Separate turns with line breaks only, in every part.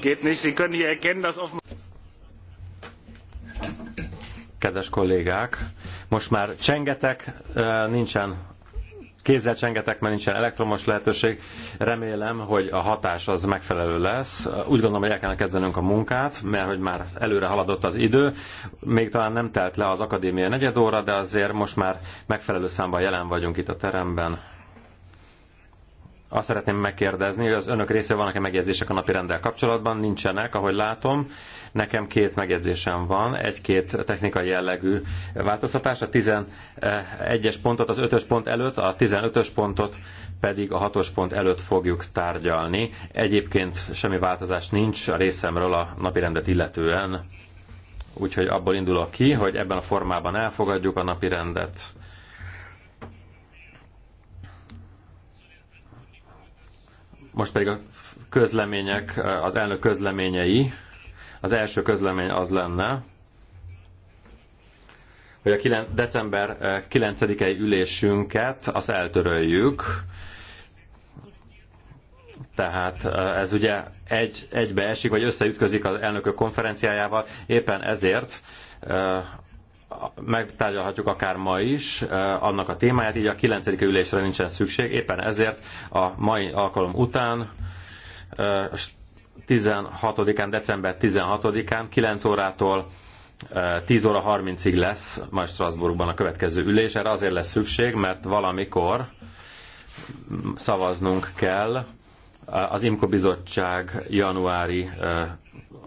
Geht nicht, Sie können hier erkennen, dass offen... Kedves kollégák, most már csengetek, nincsen kézzel csengetek, mert nincsen elektromos lehetőség. Remélem, hogy a hatás az megfelelő lesz. Úgy gondolom, hogy el kellene kezdenünk a munkát, mert hogy már előre haladott az idő. Még talán nem telt le az akadémia negyed óra, de azért most már megfelelő számban jelen vagyunk itt a teremben. Azt szeretném megkérdezni, hogy az önök részéről vannak-e megjegyzések a napi rendel kapcsolatban? Nincsenek, ahogy látom. Nekem két megjegyzésem van, egy-két technikai jellegű változtatás. A 11-es pontot az 5-ös pont előtt, a 15-ös pontot pedig a 6-os pont előtt fogjuk tárgyalni. Egyébként semmi változás nincs a részemről a napi rendet illetően. Úgyhogy abból indulok ki, hogy ebben a formában elfogadjuk a napi rendet Most pedig a közlemények, az elnök közleményei. Az első közlemény az lenne, hogy a december 9-i eh, ülésünket azt eltöröljük. Tehát eh, ez ugye egy, egybeesik vagy összeütközik az elnökök konferenciájával. Éppen ezért eh, megtárgyalhatjuk akár ma is eh, annak a témáját, így a 9. ülésre nincsen szükség. Éppen ezért a mai alkalom után 16-án, eh, december 16-án 9 órától 10 eh, óra 30-ig lesz majd Strasbourgban a következő ülés. Erre azért lesz szükség, mert valamikor szavaznunk kell az IMKO bizottság januári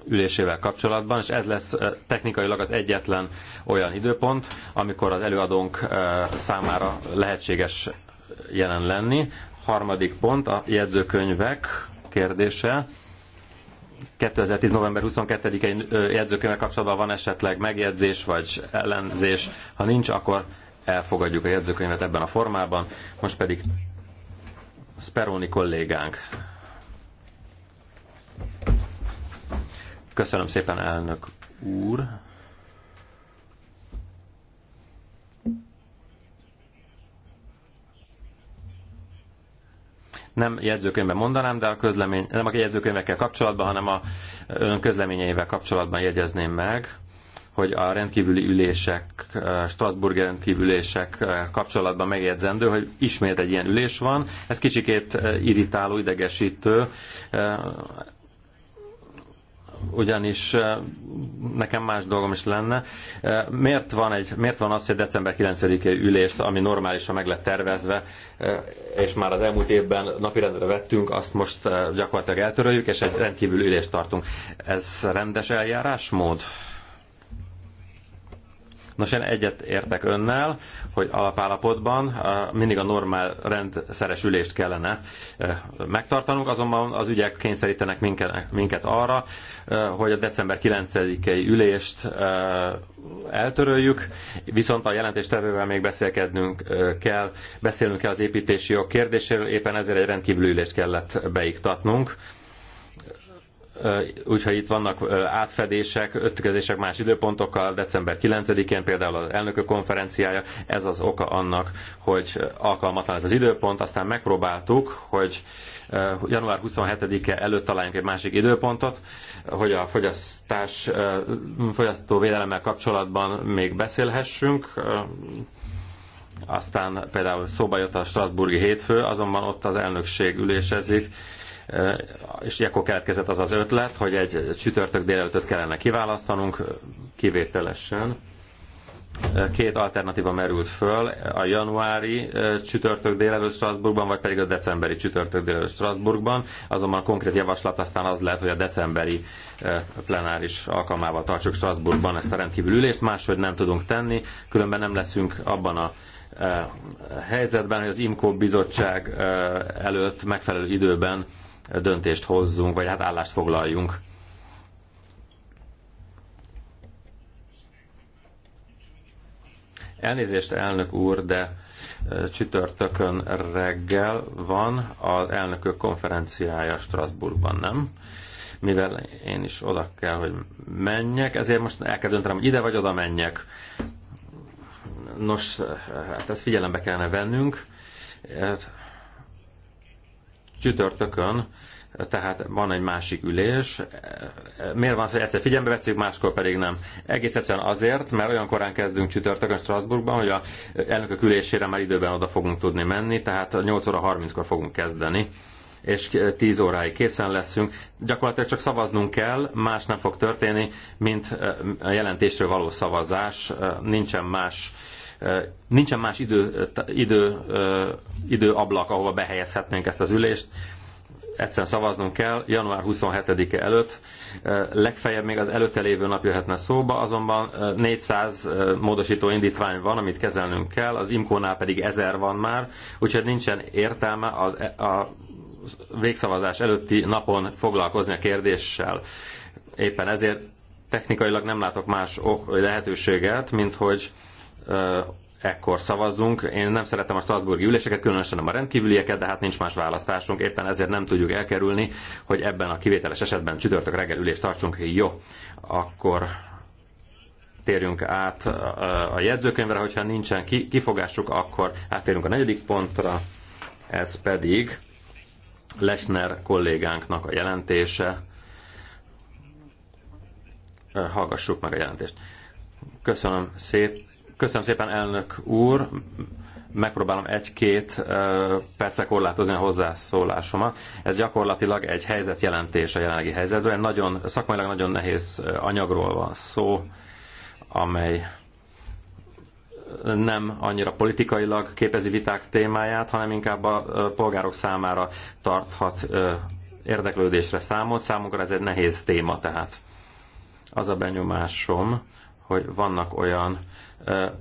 ülésével kapcsolatban, és ez lesz technikailag az egyetlen olyan időpont, amikor az előadónk számára lehetséges jelen lenni. Harmadik pont a jegyzőkönyvek kérdése. 2010. november 22-i jegyzőkönyvek kapcsolatban van esetleg megjegyzés vagy ellenzés. Ha nincs, akkor elfogadjuk a jegyzőkönyvet ebben a formában. Most pedig Speroni kollégánk Köszönöm szépen, elnök úr. nem jegyzőkönyvben mondanám, de a közlemény, nem a jegyzőkönyvekkel kapcsolatban, hanem a ön közleményeivel kapcsolatban jegyezném meg, hogy a rendkívüli ülések, Strasburg rendkívüli ülések kapcsolatban megjegyzendő, hogy ismét egy ilyen ülés van. Ez kicsikét eh, irritáló, idegesítő. Eh, ugyanis eh, nekem más dolgom is lenne. Eh, miért van, egy, miért van az, hogy december 9-i ülést, ami normálisan meg lett tervezve, eh, és már az elmúlt évben napirendre vettünk, azt most gyakorlatilag eltöröljük, és egy rendkívül ülést tartunk. Ez rendes eljárásmód? Nos, én egyet értek önnel, hogy alapállapotban mindig a normál rendszeres ülést kellene megtartanunk, azonban az ügyek kényszerítenek minket, minket arra, hogy a december 9-i ülést eltöröljük, viszont a jelentéstevővel még beszélkednünk kell, beszélnünk kell az építési jog kérdéséről, éppen ezért egy rendkívüli ülést kellett beiktatnunk úgyhogy itt vannak átfedések, ötkezések más időpontokkal, december 9-én például az elnökök konferenciája, ez az oka annak, hogy alkalmatlan ez az időpont, aztán megpróbáltuk, hogy január 27-e előtt találjunk egy másik időpontot, hogy a fogyasztás, fogyasztóvédelemmel kapcsolatban még beszélhessünk, aztán például szóba jött a Strasburgi hétfő, azonban ott az elnökség ülésezik, és akkor keletkezett az az ötlet, hogy egy csütörtök délelőtt kellene kiválasztanunk, kivételesen. Két alternatíva merült föl, a januári csütörtök délelőtt Strasbourgban, vagy pedig a decemberi csütörtök délelőtt Strasbourgban. Azonban a konkrét javaslat aztán az lehet, hogy a decemberi plenáris alkalmával tartsuk Strasbourgban ezt a rendkívül ülést, máshogy nem tudunk tenni, különben nem leszünk abban a helyzetben, hogy az IMCO bizottság előtt megfelelő időben döntést hozzunk, vagy hát állást foglaljunk. Elnézést, elnök úr, de csütörtökön reggel van az elnökök konferenciája Strasbourgban, nem? Mivel én is oda kell, hogy menjek, ezért most el kell döntenem, hogy ide vagy oda menjek. Nos, hát ezt figyelembe kellene vennünk csütörtökön, tehát van egy másik ülés. Miért van az, hogy egyszer figyelembe veszük, máskor pedig nem? Egész egyszerűen azért, mert olyan korán kezdünk csütörtökön Strasbourgban, hogy a elnökök ülésére már időben oda fogunk tudni menni, tehát 8 óra 30-kor fogunk kezdeni és 10 óráig készen leszünk. Gyakorlatilag csak szavaznunk kell, más nem fog történni, mint a jelentésről való szavazás. Nincsen más Nincsen más idő, idő, időablak, ahova behelyezhetnénk ezt az ülést. Egyszerűen szavaznunk kell, január 27-e előtt, legfeljebb még az előtte lévő nap jöhetne szóba, azonban 400 módosító indítvány van, amit kezelnünk kell, az imkónál pedig 1000 van már, úgyhogy nincsen értelme az, e, a végszavazás előtti napon foglalkozni a kérdéssel. Éppen ezért technikailag nem látok más lehetőséget, mint hogy ekkor szavazzunk. Én nem szeretem a Strasburgi üléseket, különösen nem a rendkívülieket, de hát nincs más választásunk, éppen ezért nem tudjuk elkerülni, hogy ebben a kivételes esetben csütörtök reggel ülést tartsunk. Jó, akkor térjünk át a jegyzőkönyvre, hogyha nincsen kifogásuk, akkor áttérünk a negyedik pontra, ez pedig Lesner kollégánknak a jelentése. Hallgassuk meg a jelentést. Köszönöm szépen Köszönöm szépen, elnök úr. Megpróbálom egy-két percre korlátozni a hozzászólásomat. Ez gyakorlatilag egy helyzetjelentés a jelenlegi helyzetben. Egy nagyon, szakmailag nagyon nehéz anyagról van szó, amely nem annyira politikailag képezi viták témáját, hanem inkább a polgárok számára tarthat érdeklődésre számot. Számunkra ez egy nehéz téma, tehát az a benyomásom, hogy vannak olyan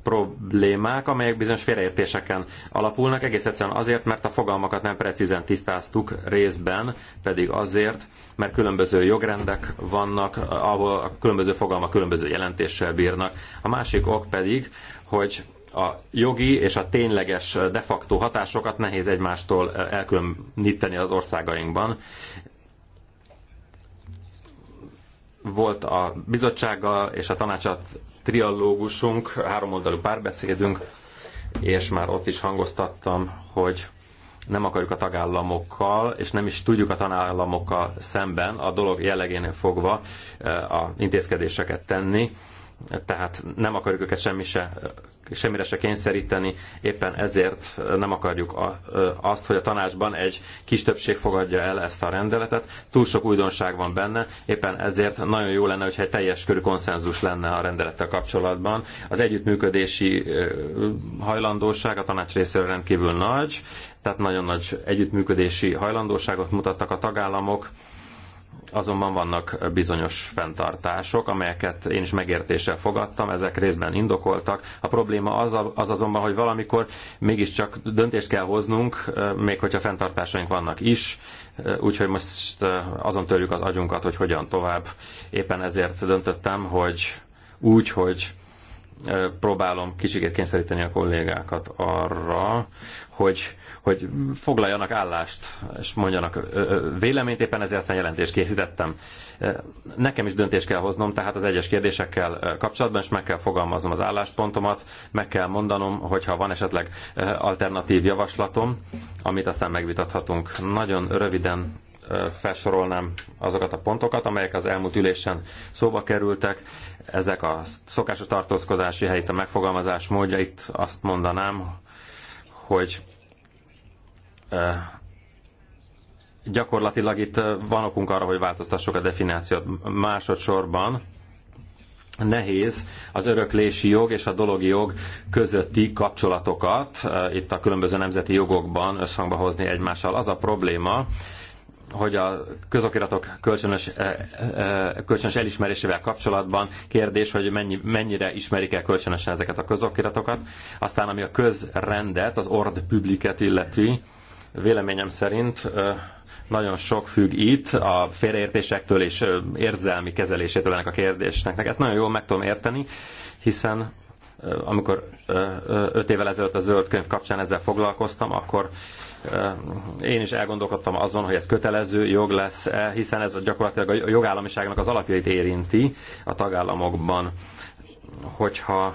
problémák, amelyek bizonyos félreértéseken alapulnak, egész egyszerűen azért, mert a fogalmakat nem precízen tisztáztuk részben, pedig azért, mert különböző jogrendek vannak, ahol a különböző fogalmak különböző jelentéssel bírnak. A másik ok pedig, hogy a jogi és a tényleges de facto hatásokat nehéz egymástól elkülöníteni az országainkban. Volt a bizottsággal és a tanácsat triallógusunk, háromoldalú párbeszédünk, és már ott is hangoztattam, hogy nem akarjuk a tagállamokkal, és nem is tudjuk a tanállamokkal szemben a dolog jellegénél fogva eh, a intézkedéseket tenni, tehát nem akarjuk őket semmi se semmire se kényszeríteni, éppen ezért nem akarjuk azt, hogy a tanácsban egy kis többség fogadja el ezt a rendeletet. Túl sok újdonság van benne, éppen ezért nagyon jó lenne, hogyha egy teljes körű konszenzus lenne a rendelettel kapcsolatban. Az együttműködési hajlandóság a tanács részéről rendkívül nagy, tehát nagyon nagy együttműködési hajlandóságot mutattak a tagállamok Azonban vannak bizonyos fenntartások, amelyeket én is megértéssel fogadtam, ezek részben indokoltak. A probléma az, a, az azonban, hogy valamikor mégiscsak döntést kell hoznunk, még hogyha fenntartásaink vannak is, úgyhogy most azon törjük az agyunkat, hogy hogyan tovább. Éppen ezért döntöttem, hogy úgy, hogy próbálom kicsikét kényszeríteni a kollégákat arra, hogy, hogy foglaljanak állást, és mondjanak véleményt, éppen ezért aztán jelentést készítettem. Nekem is döntést kell hoznom, tehát az egyes kérdésekkel kapcsolatban, és meg kell fogalmaznom az álláspontomat, meg kell mondanom, hogyha van esetleg alternatív javaslatom, amit aztán megvitathatunk. Nagyon röviden felsorolnám azokat a pontokat, amelyek az elmúlt ülésen szóba kerültek ezek a szokásos tartózkodási helyét a megfogalmazás módja. Itt azt mondanám, hogy gyakorlatilag itt van okunk arra, hogy változtassuk a definíciót. Másodszorban nehéz az öröklési jog és a dologi jog közötti kapcsolatokat itt a különböző nemzeti jogokban összhangba hozni egymással. Az a probléma, hogy a közokiratok kölcsönös, e, e, e, kölcsönös elismerésével kapcsolatban kérdés, hogy mennyi, mennyire ismerik el kölcsönösen ezeket a közokiratokat. Aztán ami a közrendet, az ord publiket illeti, véleményem szerint nagyon sok függ itt a félreértésektől és érzelmi kezelésétől ennek a kérdésnek. Ezt nagyon jól meg tudom érteni, hiszen amikor öt évvel ezelőtt a zöld könyv kapcsán ezzel foglalkoztam, akkor én is elgondolkodtam azon, hogy ez kötelező jog lesz, -e, hiszen ez gyakorlatilag a jogállamiságnak az alapjait érinti a tagállamokban, hogyha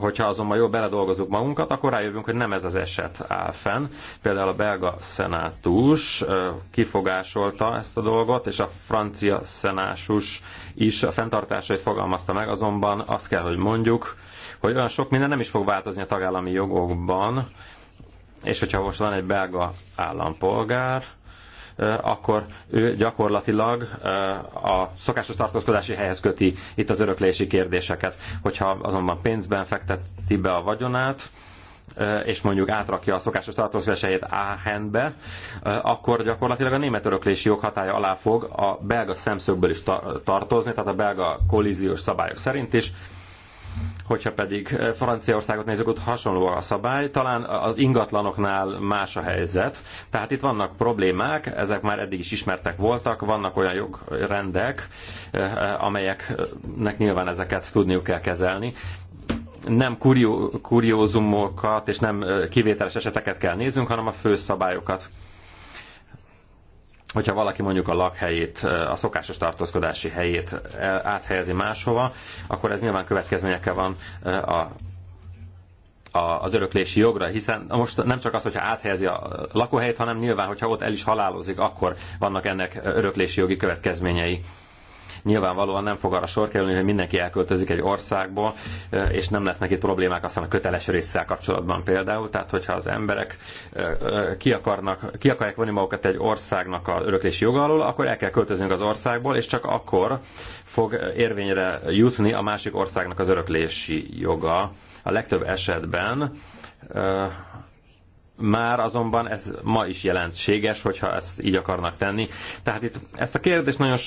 Hogyha azonban jól beledolgozunk magunkat, akkor rájövünk, hogy nem ez az eset áll fenn. Például a belga szenátus kifogásolta ezt a dolgot, és a francia szenátus is a fenntartásait fogalmazta meg, azonban azt kell, hogy mondjuk, hogy olyan sok minden nem is fog változni a tagállami jogokban, és hogyha most van egy belga állampolgár, akkor ő gyakorlatilag a szokásos tartózkodási helyhez köti itt az öröklési kérdéseket. Hogyha azonban pénzben fekteti be a vagyonát, és mondjuk átrakja a szokásos tartózkodási helyét hendbe, akkor gyakorlatilag a német öröklési jog hatája alá fog a belga szemszögből is tartozni, tehát a belga kollíziós szabályok szerint is, Hogyha pedig eh, Franciaországot nézzük, ott hasonló a szabály, talán az ingatlanoknál más a helyzet. Tehát itt vannak problémák, ezek már eddig is ismertek voltak, vannak olyan jogrendek, eh, amelyeknek nyilván ezeket tudniuk kell kezelni nem kurió, kuriózumokat és nem eh, kivételes eseteket kell néznünk, hanem a fő szabályokat hogyha valaki mondjuk a lakhelyét, a szokásos tartózkodási helyét áthelyezi máshova, akkor ez nyilván következményekkel van a az öröklési jogra, hiszen most nem csak az, hogyha áthelyezi a lakóhelyét, hanem nyilván, hogyha ott el is halálozik, akkor vannak ennek öröklési jogi következményei. Nyilvánvalóan nem fog arra sor kerülni, hogy mindenki elköltözik egy országból, és nem lesznek itt problémák aztán a köteles résszel kapcsolatban például. Tehát, hogyha az emberek ki, akarnak, ki akarják vonni magukat egy országnak az öröklési joga alól, akkor el kell költöznünk az országból, és csak akkor fog érvényre jutni a másik országnak az öröklési joga. A legtöbb esetben már azonban ez ma is jelentséges, hogyha ezt így akarnak tenni. Tehát itt ezt a kérdést nagyon,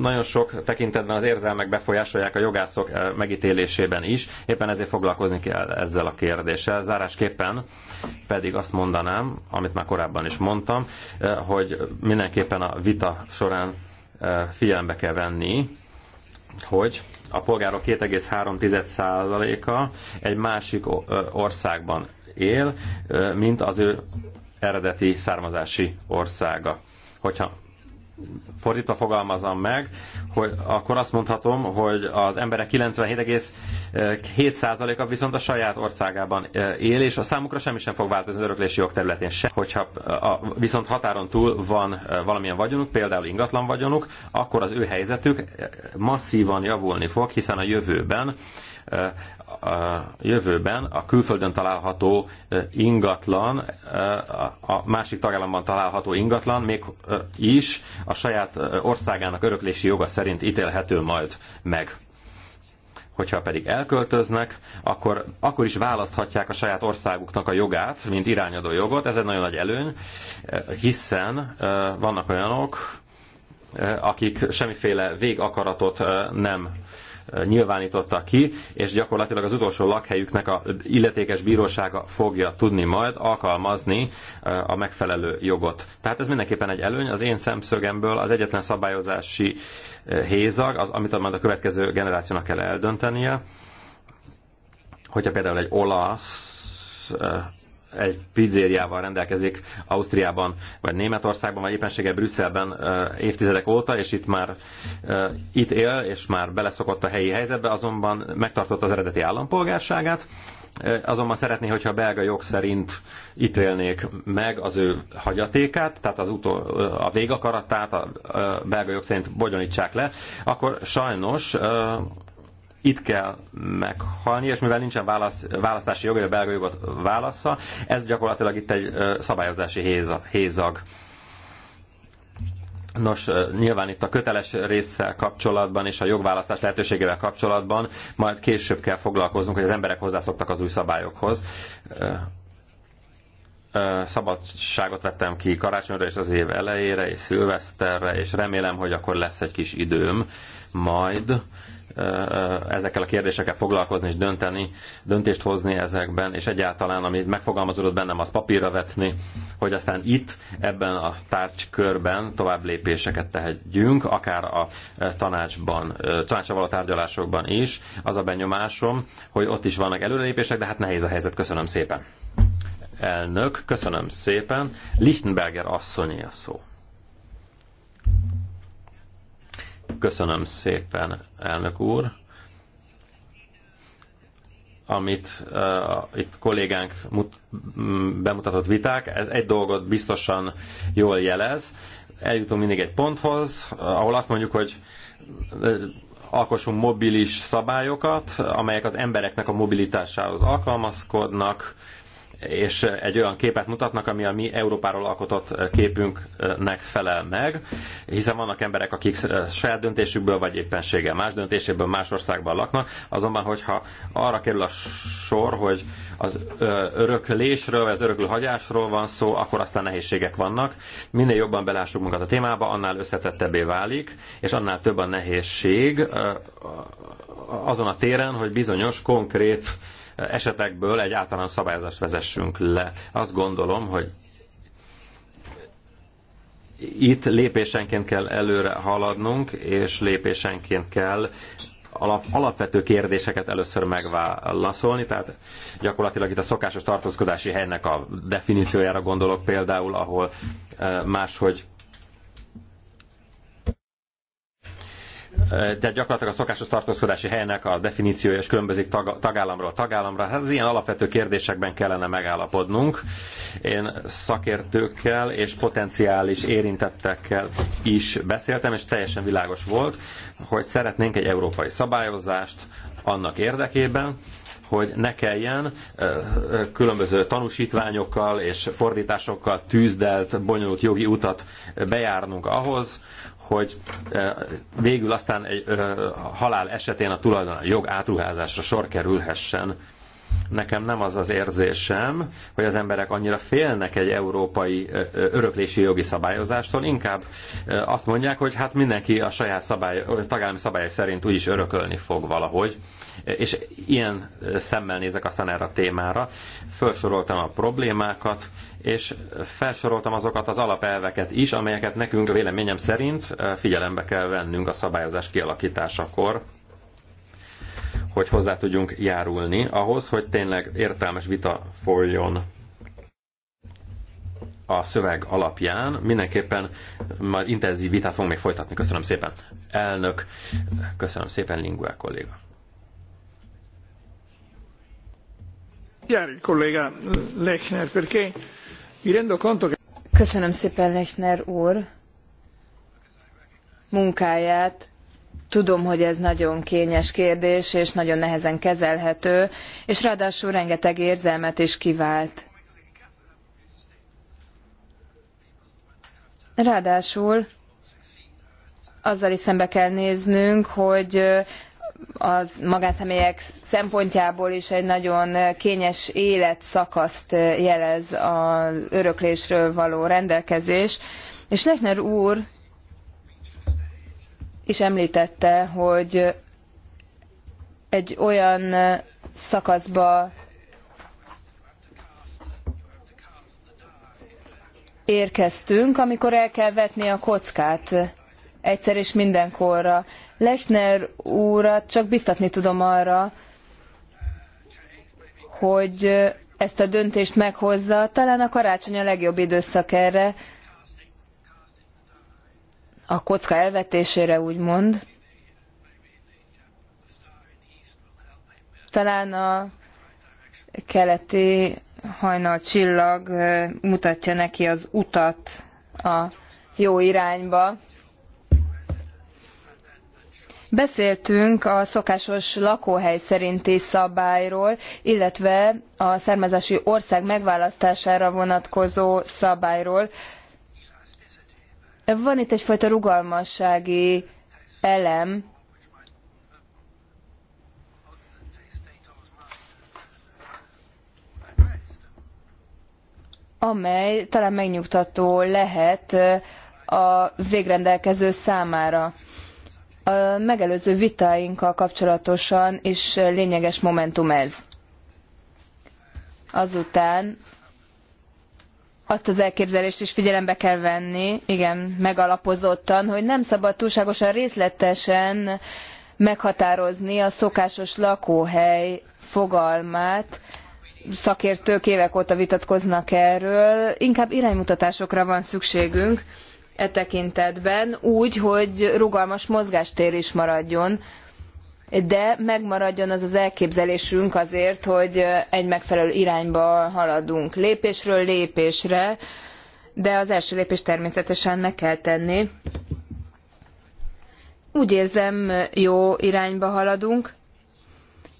nagyon sok tekintetben az érzelmek befolyásolják a jogászok eh, megítélésében is, éppen ezért foglalkozni kell ezzel a kérdéssel. Zárásképpen pedig azt mondanám, amit már korábban is mondtam, eh, hogy mindenképpen a vita során eh, figyelembe kell venni, hogy a polgárok 2,3%-a egy másik országban él, mint az ő eredeti származási országa. Hogyha fordítva fogalmazom meg, hogy akkor azt mondhatom, hogy az emberek 97,7%-a viszont a saját országában él, és a számukra semmi sem fog változni az öröklési jog területén se. Hogyha a, viszont határon túl van valamilyen vagyonuk, például ingatlan vagyonuk, akkor az ő helyzetük masszívan javulni fog, hiszen a jövőben a jövőben a külföldön található ingatlan, a másik tagállamban található ingatlan még is a saját országának öröklési joga szerint ítélhető majd meg hogyha pedig elköltöznek, akkor, akkor is választhatják a saját országuknak a jogát, mint irányadó jogot. Ez egy nagyon nagy előny, hiszen vannak olyanok, akik semmiféle végakaratot nem nyilvánította ki, és gyakorlatilag az utolsó lakhelyüknek a illetékes bírósága fogja tudni majd alkalmazni eh, a megfelelő jogot. Tehát ez mindenképpen egy előny. Az én szemszögemből az egyetlen szabályozási eh, hézag, az, amit majd a következő generációnak kell eldöntenie, hogyha például egy olasz eh, egy pizzériával rendelkezik Ausztriában, vagy Németországban, vagy éppenséggel Brüsszelben évtizedek óta, és itt már itt él, és már beleszokott a helyi helyzetbe, azonban megtartott az eredeti állampolgárságát, azonban szeretné, hogyha a belga jog szerint ítélnék meg az ő hagyatékát, tehát az utol, a végakaratát a belga jog szerint bogyonítsák le, akkor sajnos itt kell meghalni, és mivel nincsen válasz, választási joga, a belga jogot válassza, ez gyakorlatilag itt egy szabályozási hézag. Nos, nyilván itt a köteles résszel kapcsolatban és a jogválasztás lehetőségével kapcsolatban majd később kell foglalkoznunk, hogy az emberek hozzászoktak az új szabályokhoz. Szabadságot vettem ki karácsonyra és az év elejére, és szilveszterre, és remélem, hogy akkor lesz egy kis időm majd ezekkel a kérdésekkel foglalkozni és dönteni, döntést hozni ezekben, és egyáltalán, amit megfogalmazódott bennem, az papírra vetni, hogy aztán itt, ebben a tárgykörben tovább lépéseket tehetjünk, akár a tanácsban, tanácsra való tárgyalásokban is. Az a benyomásom, hogy ott is vannak előrelépések, de hát nehéz a helyzet. Köszönöm szépen. Elnök, köszönöm szépen. Lichtenberger asszonyi a szó. Köszönöm szépen, elnök úr. Amit uh, itt kollégánk mut, bemutatott viták, ez egy dolgot biztosan jól jelez. Eljutunk mindig egy ponthoz, eh, ahol azt mondjuk, hogy eh, alkossunk mobilis szabályokat, amelyek az embereknek a mobilitásához alkalmazkodnak, uh, és egy olyan képet mutatnak, ami a mi Európáról alkotott képünknek felel meg, hiszen vannak emberek, akik saját döntésükből, vagy éppenséggel más döntéséből más országban laknak, azonban, hogyha arra kerül a sor, hogy az öröklésről, vagy az örökül hagyásról van szó, akkor aztán nehézségek vannak. Minél jobban belássuk magunkat a témába, annál összetettebbé válik, és annál több a nehézség azon a téren, hogy bizonyos konkrét esetekből egy általán szabályozást vezessünk le. Azt gondolom, hogy itt lépésenként kell előre haladnunk, és lépésenként kell alap, alapvető kérdéseket először megválaszolni, tehát gyakorlatilag itt a szokásos tartózkodási helynek a definíciójára gondolok például, ahol eh, máshogy de gyakorlatilag a szokásos tartózkodási helynek a definíciója is különbözik tag, tagállamról tagállamra. Hát az ilyen alapvető kérdésekben kellene megállapodnunk. Én szakértőkkel és potenciális érintettekkel is beszéltem, és teljesen világos volt, hogy szeretnénk egy európai szabályozást annak érdekében, hogy ne kelljen különböző tanúsítványokkal és fordításokkal tűzdelt, bonyolult jogi utat bejárnunk ahhoz, hogy végül aztán egy halál esetén a tulajdon a jog átruházásra sor kerülhessen. Nekem nem az az érzésem, hogy az emberek annyira félnek egy európai öröklési jogi szabályozástól, inkább azt mondják, hogy hát mindenki a saját szabály, tagállami szabályok szerint úgyis örökölni fog valahogy. És ilyen szemmel nézek aztán erre a témára. Felsoroltam a problémákat, és felsoroltam azokat az alapelveket is, amelyeket nekünk véleményem szerint figyelembe kell vennünk a szabályozás kialakításakor hogy hozzá tudjunk járulni ahhoz, hogy tényleg értelmes vita folyjon a szöveg alapján. Mindenképpen már intenzív vitát fogunk még folytatni. Köszönöm szépen. Elnök, köszönöm szépen, lingua kolléga.
Köszönöm szépen Lechner úr munkáját. Tudom, hogy ez nagyon kényes kérdés, és nagyon nehezen kezelhető, és ráadásul rengeteg érzelmet is kivált. Ráadásul azzal is szembe kell néznünk, hogy az magánszemélyek szempontjából is egy nagyon kényes életszakaszt jelez az öröklésről való rendelkezés. És Lechner úr is említette, hogy egy olyan szakaszba érkeztünk, amikor el kell vetni a kockát egyszer és mindenkorra. Lechner úrat csak biztatni tudom arra, hogy ezt a döntést meghozza, talán a karácsony a legjobb időszak erre, a kocka elvetésére, úgymond. Talán a keleti hajnal csillag mutatja neki az utat a jó irányba. Beszéltünk a szokásos lakóhely szerinti szabályról, illetve a származási ország megválasztására vonatkozó szabályról. Van itt egyfajta rugalmassági elem, amely talán megnyugtató lehet a végrendelkező számára. A megelőző vitáinkkal kapcsolatosan is lényeges momentum ez. Azután azt az elképzelést is figyelembe kell venni, igen, megalapozottan, hogy nem szabad túlságosan részletesen meghatározni a szokásos lakóhely fogalmát. Szakértők évek óta vitatkoznak erről, inkább iránymutatásokra van szükségünk e tekintetben, úgy, hogy rugalmas mozgástér is maradjon de megmaradjon az az elképzelésünk azért, hogy egy megfelelő irányba haladunk lépésről lépésre, de az első lépést természetesen meg kell tenni. Úgy érzem, jó irányba haladunk,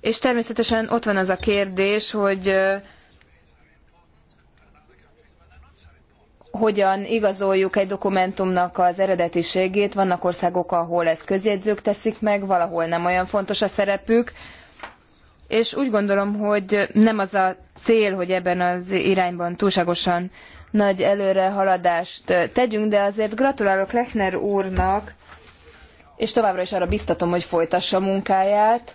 és természetesen ott van az a kérdés, hogy hogyan igazoljuk egy dokumentumnak az eredetiségét. Vannak országok, ahol ezt közjegyzők teszik meg, valahol nem olyan fontos a szerepük. És úgy gondolom, hogy nem az a cél, hogy ebben az irányban túlságosan nagy előrehaladást tegyünk, de azért gratulálok Lechner úrnak, és továbbra is arra biztatom, hogy folytassa munkáját.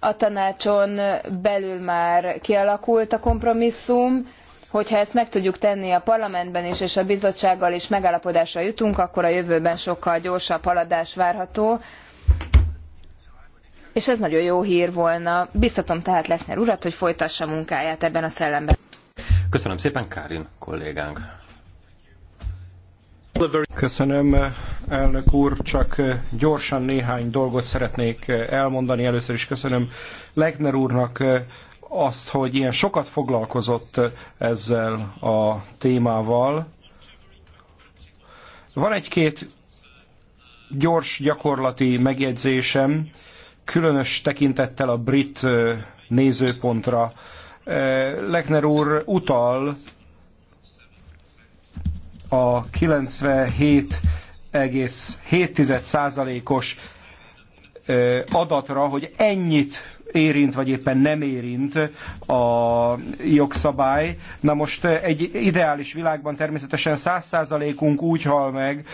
A tanácson belül már kialakult a kompromisszum, Hogyha ezt meg tudjuk tenni a parlamentben is, és a bizottsággal is megállapodásra jutunk, akkor a jövőben sokkal gyorsabb haladás várható. És ez nagyon jó hír volna. Biztatom tehát Lechner urat, hogy folytassa munkáját ebben a szellemben.
Köszönöm szépen, Kárin kollégánk.
Köszönöm, elnök úr. Csak gyorsan néhány dolgot szeretnék elmondani. Először is köszönöm Legner úrnak azt, hogy ilyen sokat foglalkozott ezzel a témával. Van egy-két gyors gyakorlati megjegyzésem, különös tekintettel a brit nézőpontra. Lechner úr utal a 97,7%-os adatra, hogy ennyit érint, vagy éppen nem érint a jogszabály. Na most eh, egy ideális világban természetesen száz százalékunk úgy hal meg,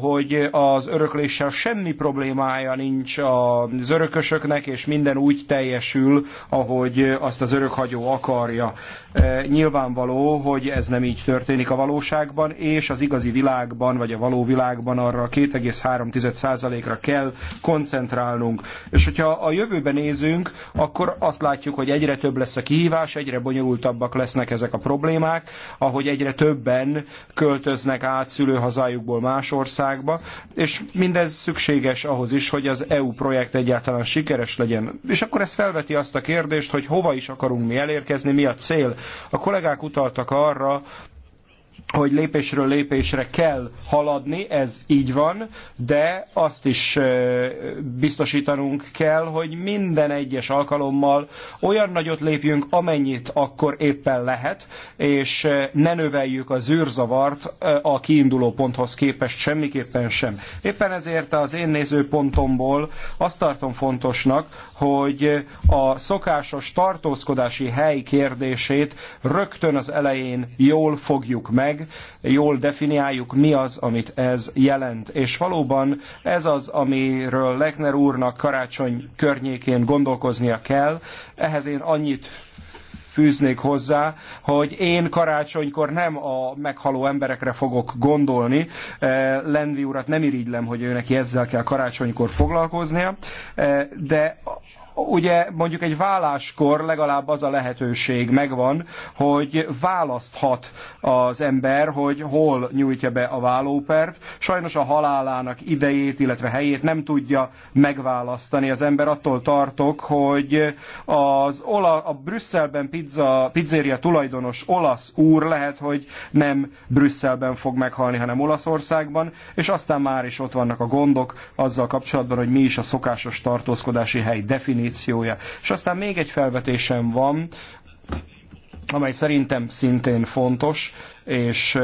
hogy az örökléssel semmi problémája nincs az örökösöknek, és minden úgy teljesül, ahogy azt az örökhagyó akarja. Eh, nyilvánvaló, hogy ez nem így történik a valóságban, és az igazi világban, vagy a való világban arra 23 százalékra kell koncentrálnunk. És hogyha a jövőben nézünk, figyelünk, akkor azt látjuk, hogy egyre több lesz a kihívás, egyre bonyolultabbak lesznek ezek a problémák, ahogy egyre többen költöznek át szülőhazájukból más országba, és mindez szükséges ahhoz is, hogy az EU projekt egyáltalán sikeres legyen. És akkor ez felveti azt a kérdést, hogy hova is akarunk mi elérkezni, mi a cél. A kollégák utaltak arra, hogy lépésről lépésre kell haladni, ez így van, de azt is biztosítanunk kell, hogy minden egyes alkalommal olyan nagyot lépjünk, amennyit akkor éppen lehet, és ne növeljük az űrzavart a kiinduló ponthoz képest semmiképpen sem. Éppen ezért az én nézőpontomból azt tartom fontosnak, hogy a szokásos tartózkodási hely kérdését rögtön az elején jól fogjuk meg, meg, jól definiáljuk, mi az, amit ez jelent. És valóban ez az, amiről Lechner úrnak karácsony környékén gondolkoznia kell. Ehhez én annyit fűznék hozzá, hogy én karácsonykor nem a meghaló emberekre fogok gondolni. E, Lenvi urat nem irigylem, hogy őnek ezzel kell karácsonykor foglalkoznia, e, de ugye mondjuk egy válláskor legalább az a lehetőség megvan, hogy választhat az ember, hogy hol nyújtja be a vállópert. Sajnos a halálának idejét, illetve helyét nem tudja megválasztani az ember. Attól tartok, hogy az ola, a Brüsszelben pizza, pizzéria tulajdonos olasz úr lehet, hogy nem Brüsszelben fog meghalni, hanem Olaszországban, és aztán már is ott vannak a gondok azzal kapcsolatban, hogy mi is a szokásos tartózkodási hely definíció definíciója. És aztán még egy felvetésem van, amely szerintem szintén fontos, és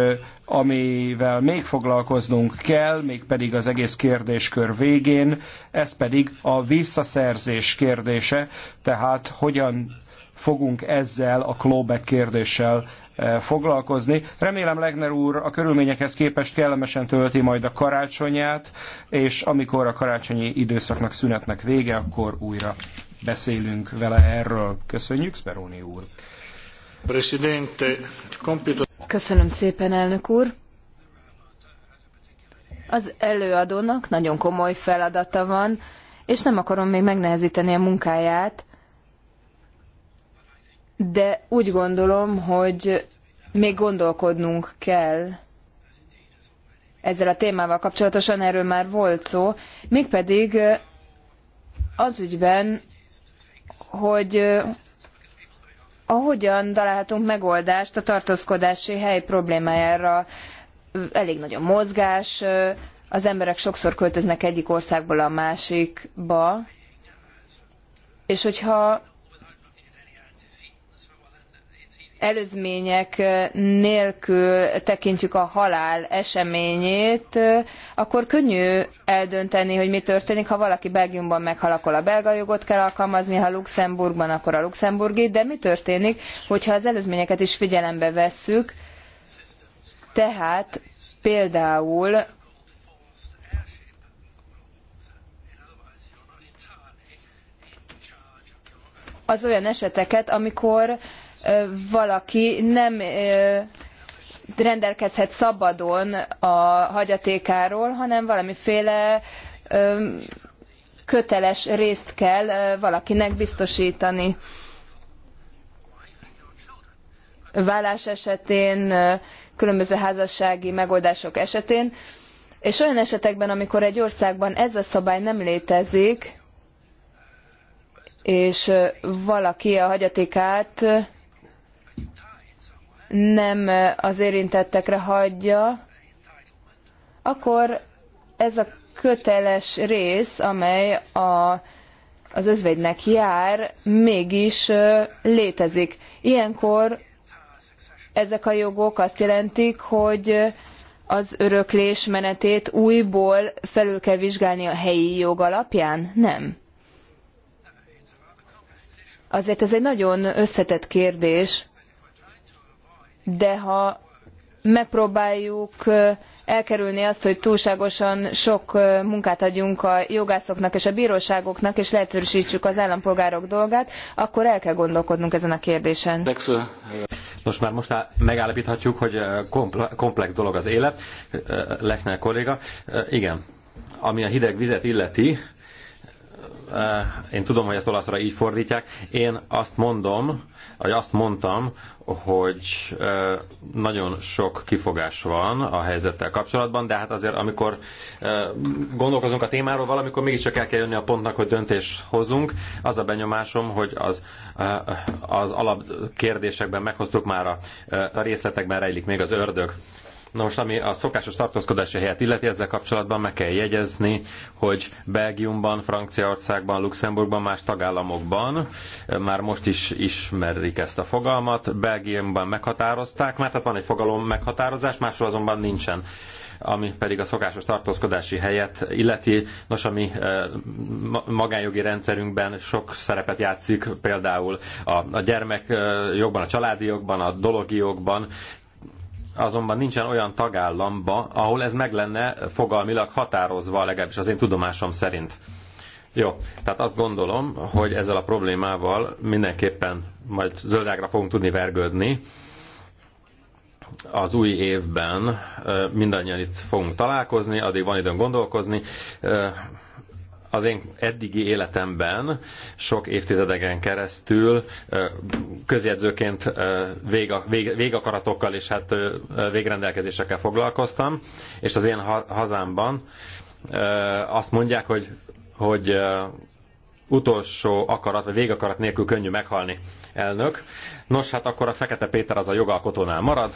amivel még foglalkoznunk kell, még pedig az egész kérdéskör végén, ez pedig a visszaszerzés kérdése, tehát hogyan fogunk ezzel a clawback kérdéssel eh, foglalkozni. Remélem Legner úr a körülményekhez képest kellemesen tölti majd a karácsonyát, és amikor a karácsonyi időszaknak szünetnek vége, akkor újra beszélünk vele erről. Köszönjük, Speroni úr!
Köszönöm szépen, elnök úr! Az előadónak nagyon komoly feladata van, és nem akarom még megnehezíteni a munkáját, de úgy gondolom, hogy még gondolkodnunk kell ezzel a témával kapcsolatosan, erről már volt szó, mégpedig az ügyben, hogy ahogyan találhatunk megoldást a tartózkodási hely problémájára. Elég nagy a mozgás, az emberek sokszor költöznek egyik országból a másikba, és hogyha előzmények nélkül tekintjük a halál eseményét, akkor könnyű eldönteni, hogy mi történik. Ha valaki Belgiumban meghal, akkor a belga jogot kell alkalmazni, ha Luxemburgban, akkor a luxemburgi. De mi történik, hogyha az előzményeket is figyelembe vesszük? Tehát például az olyan eseteket, amikor valaki nem rendelkezhet szabadon a hagyatékáról, hanem valamiféle köteles részt kell valakinek biztosítani. Vállás esetén, különböző házassági megoldások esetén, és olyan esetekben, amikor egy országban ez a szabály nem létezik, és valaki a hagyatékát nem az érintettekre hagyja, akkor ez a köteles rész, amely a, az özvegynek jár, mégis létezik. Ilyenkor ezek a jogok azt jelentik, hogy az öröklés menetét újból felül kell vizsgálni a helyi jog alapján? Nem. Azért ez egy nagyon összetett kérdés, de ha megpróbáljuk elkerülni azt, hogy túlságosan sok munkát adjunk a jogászoknak és a bíróságoknak, és leegyszerűsítsük az állampolgárok dolgát, akkor el kell gondolkodnunk ezen a kérdésen.
Nos, már most megállapíthatjuk, hogy komplex dolog az élet, Lechner kolléga. Igen, ami a hideg vizet illeti, Eh, én tudom, hogy ezt olaszra így fordítják. Én azt mondom, vagy azt mondtam, hogy eh, nagyon sok kifogás van a helyzettel kapcsolatban, de hát azért, amikor eh, gondolkozunk a témáról, valamikor mégiscsak el kell jönni a pontnak, hogy döntés hozunk. Az a benyomásom, hogy az, az alapkérdésekben meghoztuk már a, a részletekben rejlik még az ördög. Na most, ami a szokásos tartózkodási helyet illeti, ezzel kapcsolatban meg kell jegyezni, hogy Belgiumban, Franciaországban, Luxemburgban, más tagállamokban eh, már most is ismerik ezt a fogalmat. Belgiumban meghatározták, mert tehát van egy fogalom meghatározás, máshol azonban nincsen ami pedig a szokásos tartózkodási helyet illeti. Nos, ami eh, magánjogi rendszerünkben sok szerepet játszik, például a, a gyermek eh, jogban, a családi jogban, a dologi jogban, azonban nincsen olyan tagállamba, ahol ez meg lenne fogalmilag határozva, legalábbis az én tudomásom szerint. Jó, tehát azt gondolom, hogy ezzel a problémával mindenképpen majd zöldágra fogunk tudni vergődni. Az új évben mindannyian itt fogunk találkozni, addig van időn gondolkozni az én eddigi életemben sok évtizedeken keresztül közjegyzőként vég, vég, végakaratokkal és hát végrendelkezésekkel foglalkoztam, és az én hazámban azt mondják, hogy, hogy utolsó akarat, vagy végakarat nélkül könnyű meghalni, elnök. Nos, hát akkor a Fekete Péter az a jogalkotónál marad.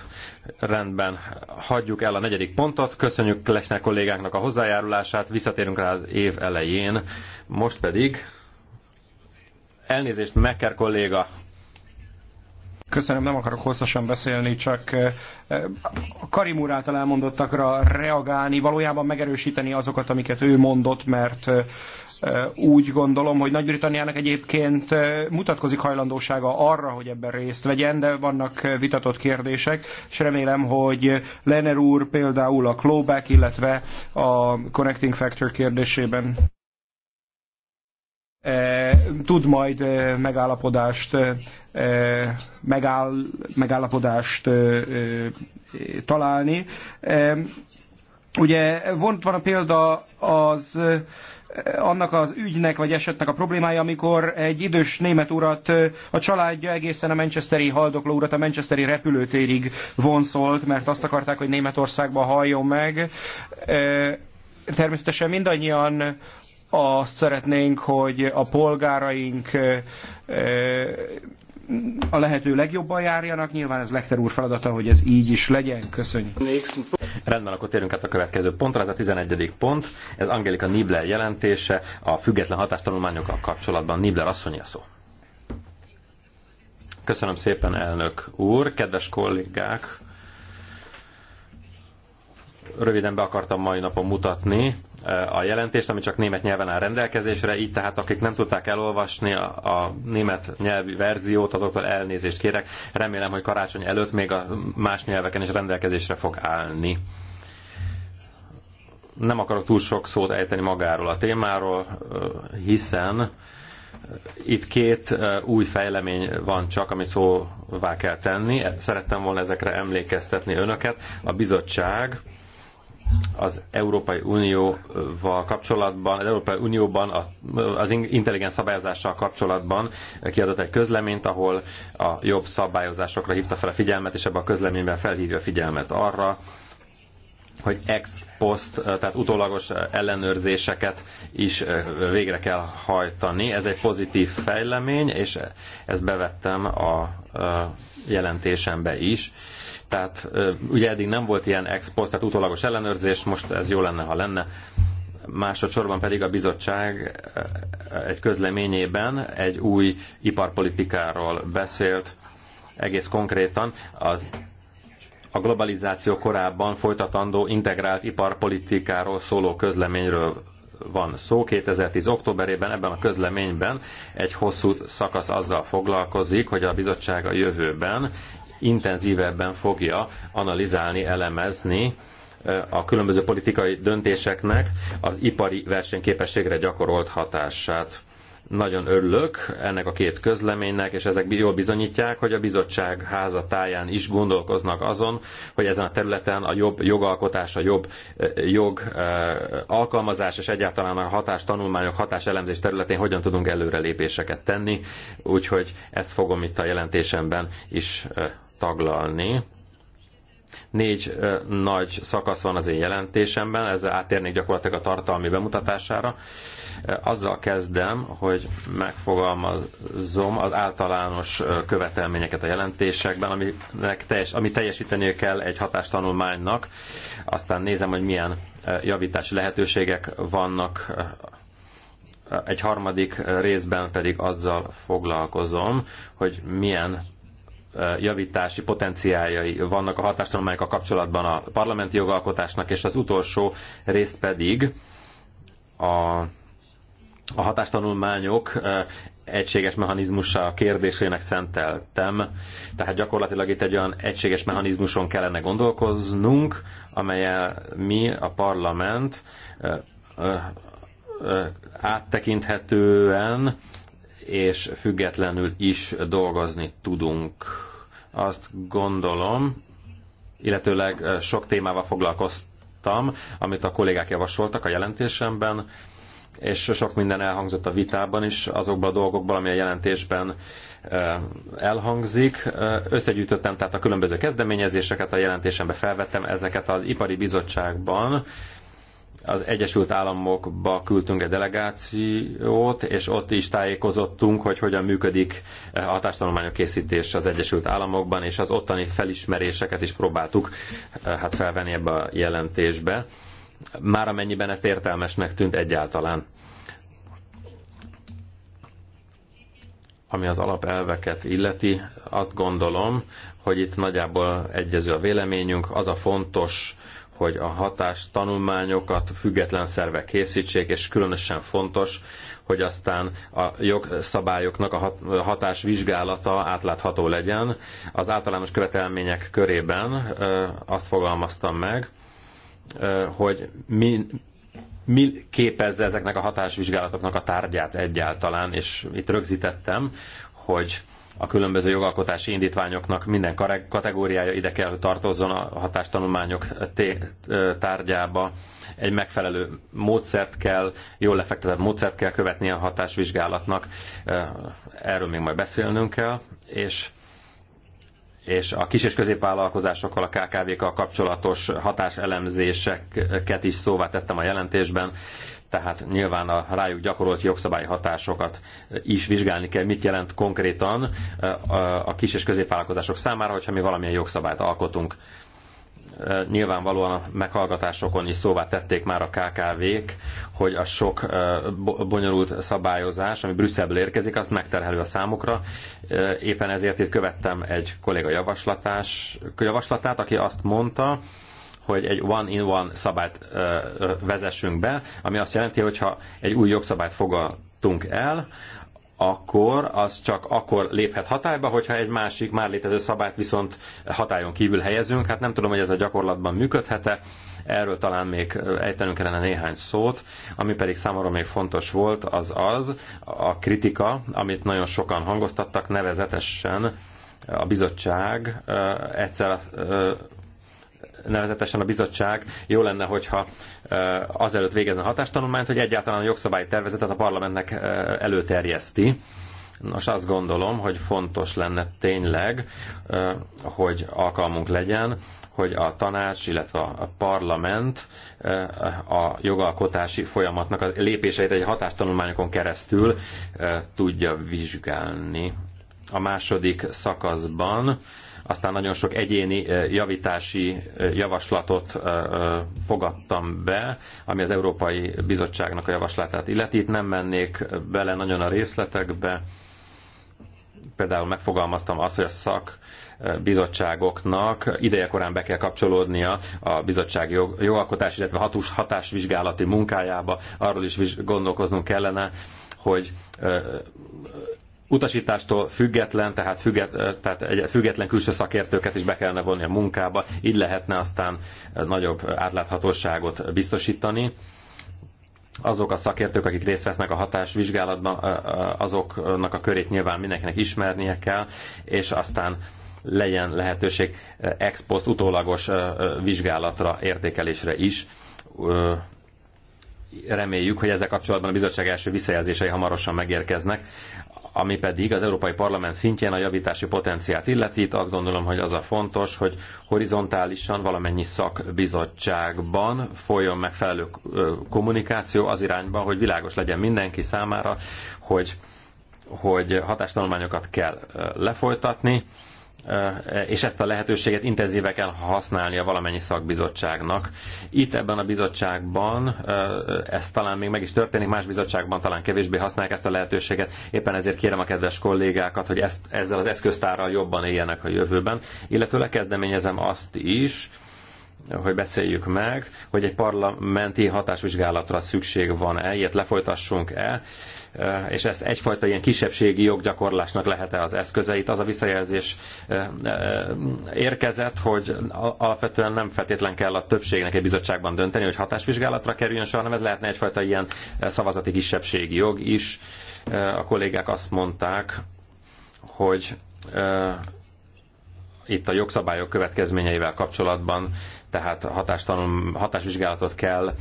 Rendben, hagyjuk el a negyedik pontot. Köszönjük Lesnek kollégánknak a hozzájárulását. Visszatérünk rá az év elején. Most pedig elnézést, Mekker kolléga,
Köszönöm, nem akarok hosszasan beszélni, csak eh, eh, Karim úr által elmondottakra reagálni, valójában megerősíteni azokat, amiket ő mondott, mert eh, úgy gondolom, hogy Nagy-Britanniának egyébként mutatkozik hajlandósága arra, hogy ebben részt vegyen, de vannak vitatott kérdések, és remélem, hogy Lenner úr például a clawback, illetve a connecting factor kérdésében tud majd megállapodást, megáll, megállapodást találni. Ugye volt van a példa az annak az ügynek vagy esetnek a problémája, amikor egy idős német urat a családja egészen a manchesteri haldokló urat a manchesteri repülőtérig vonszolt, mert azt akarták, hogy Németországba halljon meg. Természetesen mindannyian azt szeretnénk, hogy a polgáraink a lehető legjobban járjanak. Nyilván ez Lechter úr feladata, hogy ez így is
legyen. Köszönjük. Rendben, akkor térünk át a következő pontra. Ez a 11. pont. Ez Angelika Nibler jelentése a független hatástanulmányokkal kapcsolatban. Nibler asszony a szó. Köszönöm szépen, elnök úr. Kedves kollégák, röviden be akartam mai napon mutatni, a jelentést, ami csak német nyelven áll rendelkezésre, így tehát akik nem tudták elolvasni a, a német nyelvi verziót, azoktól elnézést kérek. Remélem, hogy karácsony előtt még a más nyelveken is rendelkezésre fog állni. Nem akarok túl sok szót ejteni magáról a témáról, hiszen itt két új fejlemény van csak, ami szóvá kell tenni. Szerettem volna ezekre emlékeztetni önöket. A bizottság az Európai Unióval kapcsolatban, az Európai Unióban az intelligens szabályozással kapcsolatban kiadott egy közleményt, ahol a jobb szabályozásokra hívta fel a figyelmet, és ebben a közleményben felhívja a figyelmet arra, hogy ex post, tehát utólagos ellenőrzéseket is végre kell hajtani. Ez egy pozitív fejlemény, és ezt bevettem a jelentésembe is tehát ugye eddig nem volt ilyen ex post, tehát utólagos ellenőrzés, most ez jó lenne, ha lenne. Másodszorban pedig a bizottság egy közleményében egy új iparpolitikáról beszélt, egész konkrétan az a globalizáció korábban folytatandó integrált iparpolitikáról szóló közleményről van szó. 2010. októberében ebben a közleményben egy hosszú szakasz azzal foglalkozik, hogy a bizottság a jövőben intenzívebben fogja analizálni, elemezni eh, a különböző politikai döntéseknek az ipari versenyképességre gyakorolt hatását. Nagyon örülök ennek a két közleménynek, és ezek jól bizonyítják, hogy a bizottság házatáján is gondolkoznak azon, hogy ezen a területen a jobb jogalkotás, a jobb eh, jog eh, alkalmazás és egyáltalán a tanulmányok hatás elemzés területén hogyan tudunk előrelépéseket tenni. Úgyhogy ezt fogom itt a jelentésemben is taglalni. Négy ö, nagy szakasz van az én jelentésemben, ezzel átérnék gyakorlatilag a tartalmi bemutatására. Azzal kezdem, hogy megfogalmazom az általános követelményeket a jelentésekben, aminek teljes, ami teljesíteni kell egy hatástanulmánynak. Aztán nézem, hogy milyen javítási lehetőségek vannak egy harmadik részben pedig azzal foglalkozom, hogy milyen javítási potenciáljai vannak a hatástanulmányokkal kapcsolatban a parlamenti jogalkotásnak, és az utolsó részt pedig a, a hatástanulmányok egységes mechanizmusa kérdésének szenteltem. Tehát gyakorlatilag itt egy olyan egységes mechanizmuson kellene gondolkoznunk, amelyel mi, a parlament áttekinthetően és függetlenül is dolgozni tudunk. Azt gondolom, illetőleg eh, sok témával foglalkoztam, amit a kollégák javasoltak a jelentésemben, és sok minden elhangzott a vitában is, azokban a dolgokban, ami a jelentésben eh, elhangzik. Eh, összegyűjtöttem tehát a különböző kezdeményezéseket, a jelentésembe felvettem ezeket az ipari bizottságban, az Egyesült Államokba küldtünk egy delegációt, és ott is tájékozottunk, hogy hogyan működik a hatástanulmányok készítés az Egyesült Államokban, és az ottani felismeréseket is próbáltuk hát felvenni ebbe a jelentésbe. Már amennyiben ezt értelmesnek tűnt egyáltalán. Ami az alapelveket illeti, azt gondolom, hogy itt nagyjából egyező a véleményünk. Az a fontos, hogy a hatás tanulmányokat független szervek készítsék, és különösen fontos, hogy aztán a jogszabályoknak a hatás vizsgálata átlátható legyen. Az általános követelmények körében azt fogalmaztam meg, hogy mi, mi képezze ezeknek a hatásvizsgálatoknak a tárgyát egyáltalán, és itt rögzítettem, hogy a különböző jogalkotási indítványoknak minden kategóriája ide kell, hogy tartozzon a hatástanulmányok tárgyába. Egy megfelelő módszert kell, jól lefektetett módszert kell követni a hatásvizsgálatnak. Erről még majd beszélnünk kell, és és a kis- és középvállalkozásokkal, a KKV-kkal kapcsolatos hatáselemzéseket is szóvá tettem a jelentésben tehát nyilván a rájuk gyakorolt jogszabályi hatásokat is vizsgálni kell, mit jelent konkrétan a kis és középvállalkozások számára, hogyha mi valamilyen jogszabályt alkotunk. Nyilvánvalóan a meghallgatásokon is szóvá tették már a KKV-k, hogy a sok bonyolult szabályozás, ami Brüsszelből érkezik, az megterhelő a számukra. Éppen ezért itt követtem egy kolléga javaslatás, javaslatát, aki azt mondta, hogy egy one-in-one -one szabályt vezessünk be, ami azt jelenti, hogy ha egy új jogszabályt fogadtunk el, akkor az csak akkor léphet hatályba, hogyha egy másik már létező szabályt viszont hatályon kívül helyezünk. Hát nem tudom, hogy ez a gyakorlatban működhet-e. Erről talán még ejtenünk kellene néhány szót. Ami pedig számomra még fontos volt, az az a kritika, amit nagyon sokan hangoztattak, nevezetesen a bizottság egyszer nevezetesen a bizottság jó lenne, hogyha azelőtt végezne a hatástanulmányt, hogy egyáltalán a jogszabálytervezetet a parlamentnek előterjeszti. Nos, azt gondolom, hogy fontos lenne tényleg, hogy alkalmunk legyen, hogy a tanács, illetve a parlament a jogalkotási folyamatnak a lépéseit egy hatástanulmányokon keresztül tudja vizsgálni. A második szakaszban aztán nagyon sok egyéni javítási javaslatot fogadtam be, ami az Európai Bizottságnak a javaslatát illeti. Itt nem mennék bele nagyon a részletekbe, például megfogalmaztam azt, hogy a szak bizottságoknak idejekorán be kell kapcsolódnia a bizottság jog, jogalkotás, illetve hatós, hatásvizsgálati munkájába. Arról is gondolkoznunk kellene, hogy utasítástól független, tehát, függet, tehát egy, független külső szakértőket is be kellene vonni a munkába, így lehetne aztán nagyobb átláthatóságot biztosítani azok a szakértők, akik részt vesznek a hatásvizsgálatban, azoknak a körét nyilván mindenkinek ismernie kell, és aztán legyen lehetőség ex post utólagos vizsgálatra, értékelésre is. Reméljük, hogy ezzel kapcsolatban a bizottság első visszajelzései hamarosan megérkeznek ami pedig az Európai Parlament szintjén a javítási potenciát illeti. Itt azt gondolom, hogy az a fontos, hogy horizontálisan valamennyi szakbizottságban folyjon megfelelő kommunikáció az irányba, hogy világos legyen mindenki számára, hogy, hogy hatástanulmányokat kell lefolytatni, Eh, és ezt a lehetőséget intenzíve kell használnia valamennyi szakbizottságnak. Itt ebben a bizottságban eh, ez talán még meg is történik, más bizottságban talán kevésbé használják ezt a lehetőséget. Éppen ezért kérem a kedves kollégákat, hogy ezt, ezzel az eszköztárral jobban éljenek a jövőben. Illetőleg kezdeményezem azt is, hogy beszéljük meg, hogy egy parlamenti hatásvizsgálatra szükség van-e, ilyet lefolytassunk-e, e, és ez egyfajta ilyen kisebbségi joggyakorlásnak lehet-e az eszközeit. Az a visszajelzés e, e, érkezett, hogy alapvetően nem feltétlen kell a többségnek egy bizottságban dönteni, hogy hatásvizsgálatra kerüljön soha, hanem ez lehetne egyfajta ilyen szavazati kisebbségi jog is. A kollégák azt mondták, hogy itt a jogszabályok következményeivel kapcsolatban tehát hatástalan, hatásvizsgálatot kell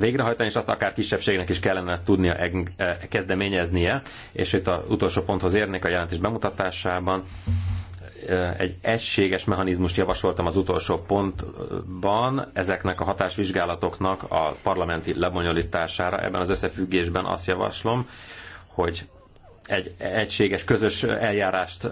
végrehajtani, és azt akár kisebbségnek is kellene tudnia kezdeményeznie. És itt az utolsó ponthoz érnék a jelentés bemutatásában. Egy egységes mechanizmust javasoltam az utolsó pontban ezeknek a hatásvizsgálatoknak a parlamenti lebonyolítására. Ebben az összefüggésben azt javaslom, hogy egy egységes, közös eljárást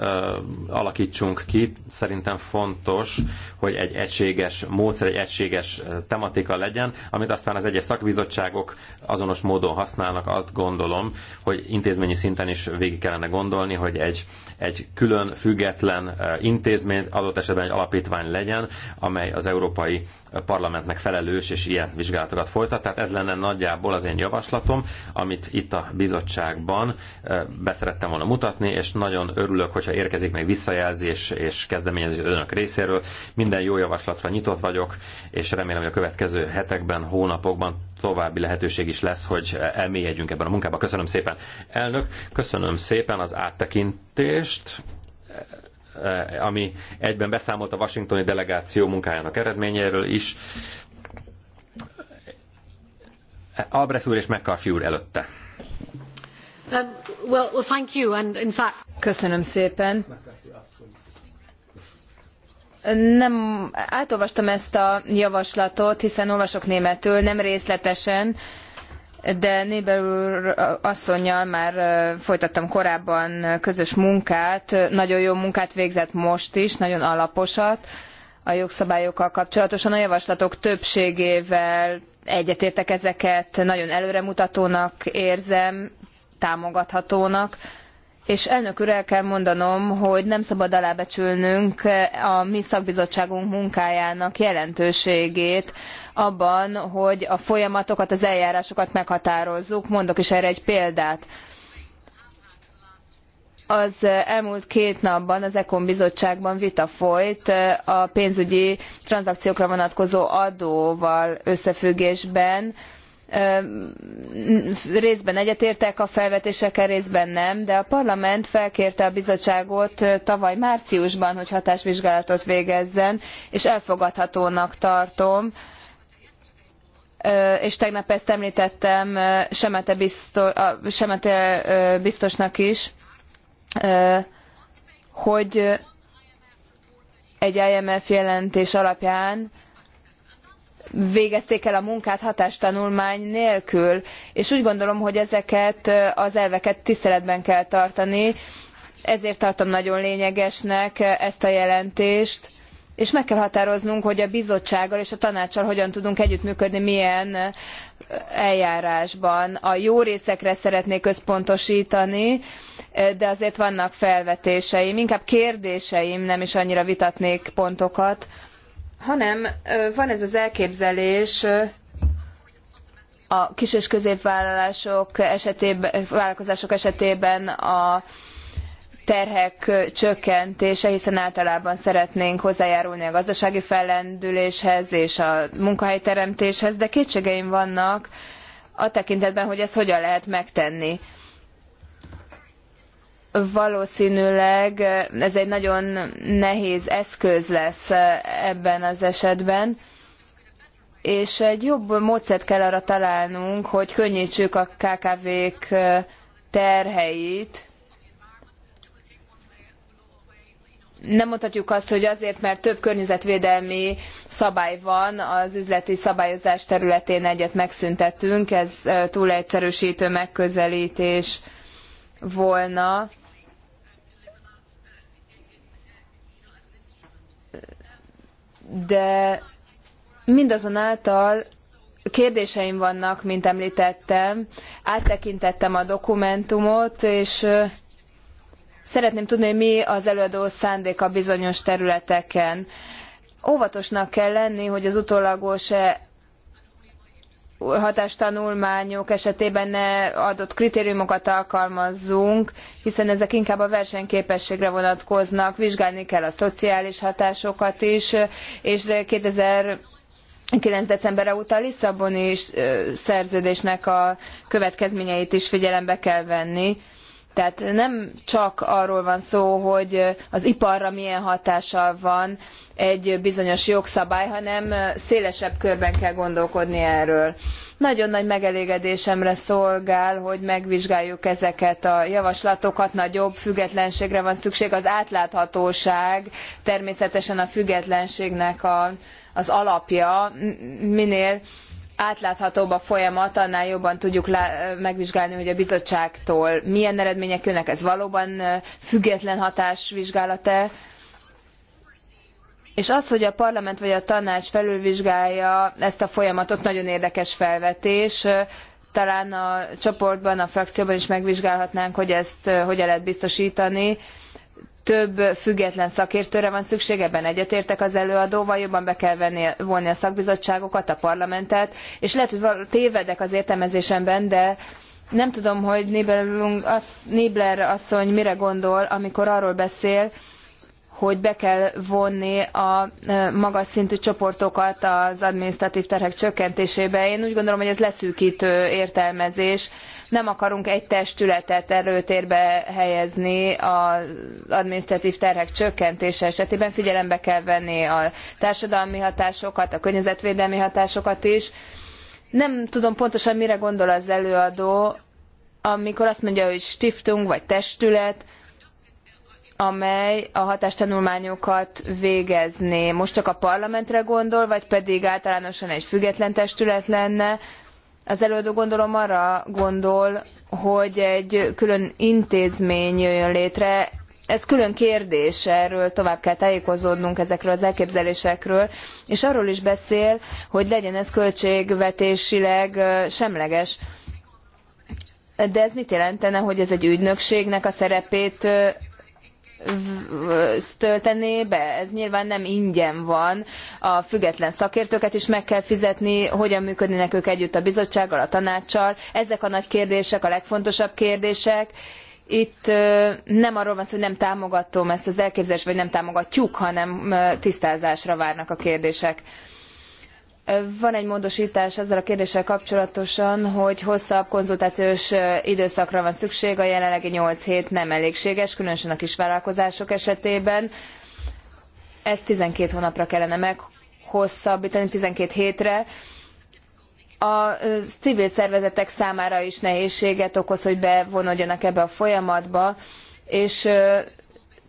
alakítsunk ki. Szerintem fontos, hogy egy egységes módszer, egy egységes tematika legyen, amit aztán az egyes szakbizottságok azonos módon használnak. Azt gondolom, hogy intézményi szinten is végig kellene gondolni, hogy egy, egy külön, független intézmény, adott esetben egy alapítvány legyen, amely az európai parlamentnek felelős, és ilyen vizsgálatokat folytat. Tehát ez lenne nagyjából az én javaslatom, amit itt a bizottságban beszerettem volna mutatni, és nagyon örülök, hogyha érkezik még visszajelzés és kezdeményezés önök részéről. Minden jó javaslatra nyitott vagyok, és remélem, hogy a következő hetekben, hónapokban további lehetőség is lesz, hogy elmélyedjünk ebben a munkában. Köszönöm szépen, elnök, köszönöm szépen az áttekintést. Eh, ami egyben beszámolt a washingtoni delegáció munkájának eredményeiről is. Albrecht úr és McCarthy úr előtte.
Um, well, well, thank you, and in fact...
Köszönöm szépen. Nem, átolvastam ezt a javaslatot, hiszen olvasok németül, nem részletesen, de Nébel úr asszonynal már folytattam korábban közös munkát, nagyon jó munkát végzett most is, nagyon alaposat a jogszabályokkal kapcsolatosan. A javaslatok többségével egyetértek ezeket, nagyon előremutatónak érzem, támogathatónak. És elnök úr, el kell mondanom, hogy nem szabad alábecsülnünk a mi szakbizottságunk munkájának jelentőségét, abban, hogy a folyamatokat, az eljárásokat meghatározzuk. Mondok is erre egy példát. Az elmúlt két napban az EKON bizottságban vita folyt a pénzügyi tranzakciókra vonatkozó adóval összefüggésben, részben egyetértek a felvetésekkel, részben nem, de a parlament felkérte a bizottságot tavaly márciusban, hogy hatásvizsgálatot végezzen, és elfogadhatónak tartom, és tegnap ezt említettem Semete, biztos, Semete biztosnak is, hogy egy IMF jelentés alapján végezték el a munkát hatástanulmány nélkül, és úgy gondolom, hogy ezeket az elveket tiszteletben kell tartani, ezért tartom nagyon lényegesnek ezt a jelentést, és meg kell határoznunk, hogy a bizottsággal és a tanácssal hogyan tudunk együttműködni, milyen eljárásban. A jó részekre szeretnék összpontosítani, de azért vannak felvetéseim, inkább kérdéseim, nem is annyira vitatnék pontokat, hanem van ez az elképzelés, a kis és középvállalások esetében, vállalkozások esetében a terhek csökkentése, hiszen általában szeretnénk hozzájárulni a gazdasági fellendüléshez és a munkahelyteremtéshez, de kétségeim vannak a tekintetben, hogy ezt hogyan lehet megtenni. Valószínűleg ez egy nagyon nehéz eszköz lesz ebben az esetben, és egy jobb módszert kell arra találnunk, hogy könnyítsük a KKV-k terheit, nem mondhatjuk azt, hogy azért, mert több környezetvédelmi szabály van, az üzleti szabályozás területén egyet megszüntetünk, ez túl egyszerűsítő megközelítés volna. De mindazonáltal kérdéseim vannak, mint említettem, áttekintettem a dokumentumot, és Szeretném tudni, hogy mi az előadó szándéka bizonyos területeken. Óvatosnak kell lenni, hogy az utólagos eh, hatástanulmányok esetében ne adott kritériumokat alkalmazzunk, hiszen ezek inkább a versenyképességre vonatkoznak, vizsgálni kell a szociális hatásokat is, és 2000 9. decemberre óta a Lisszaboni eh, szerződésnek a következményeit is figyelembe kell venni. Tehát nem csak arról van szó, hogy az iparra milyen hatással van egy bizonyos jogszabály, hanem szélesebb körben kell gondolkodni erről. Nagyon nagy megelégedésemre szolgál, hogy megvizsgáljuk ezeket a javaslatokat, nagyobb függetlenségre van szükség, az átláthatóság természetesen a függetlenségnek a, az alapja, minél átláthatóbb a folyamat, annál jobban tudjuk megvizsgálni, hogy a bizottságtól milyen eredmények jönnek. Ez valóban független e És az, hogy a parlament vagy a tanács felülvizsgálja ezt a folyamatot, nagyon érdekes felvetés. Talán a csoportban, a frakcióban is megvizsgálhatnánk, hogy ezt hogyan lehet biztosítani több független szakértőre van szükség, ebben egyetértek az előadóval, jobban be kell venni, vonni a szakbizottságokat, a parlamentet, és lehet, hogy tévedek az értelmezésemben, de nem tudom, hogy Nébler asszony mire gondol, amikor arról beszél, hogy be kell vonni a magas szintű csoportokat az adminisztratív terhek csökkentésébe. Én úgy gondolom, hogy ez leszűkítő értelmezés nem akarunk egy testületet előtérbe helyezni az adminisztratív terhek csökkentése esetében, figyelembe kell venni a társadalmi hatásokat, a környezetvédelmi hatásokat is. Nem tudom pontosan, mire gondol az előadó, amikor azt mondja, hogy stiftung vagy testület, amely a hatástanulmányokat végezné. Most csak a parlamentre gondol, vagy pedig általánosan egy független testület lenne, az előadó gondolom arra gondol, hogy egy külön intézmény jöjjön létre. Ez külön kérdés, erről tovább kell tájékozódnunk ezekről az elképzelésekről, és arról is beszél, hogy legyen ez költségvetésileg semleges. De ez mit jelentene, hogy ez egy ügynökségnek a szerepét tölteni be. Ez nyilván nem ingyen van. A független szakértőket is meg kell fizetni, hogyan működnének ők együtt a bizottsággal, a tanácssal. Ezek a nagy kérdések, a legfontosabb kérdések. Itt nem arról van szó, hogy nem támogatom ezt az elképzelést, vagy nem támogatjuk, hanem tisztázásra várnak a kérdések. Van egy módosítás ezzel a kérdéssel kapcsolatosan, hogy hosszabb konzultációs időszakra van szükség, a jelenlegi 8 hét nem elégséges, különösen a kisvállalkozások esetében. Ezt 12 hónapra kellene meghosszabbítani, 12 hétre. A civil szervezetek számára is nehézséget okoz, hogy bevonódjanak ebbe a folyamatba, és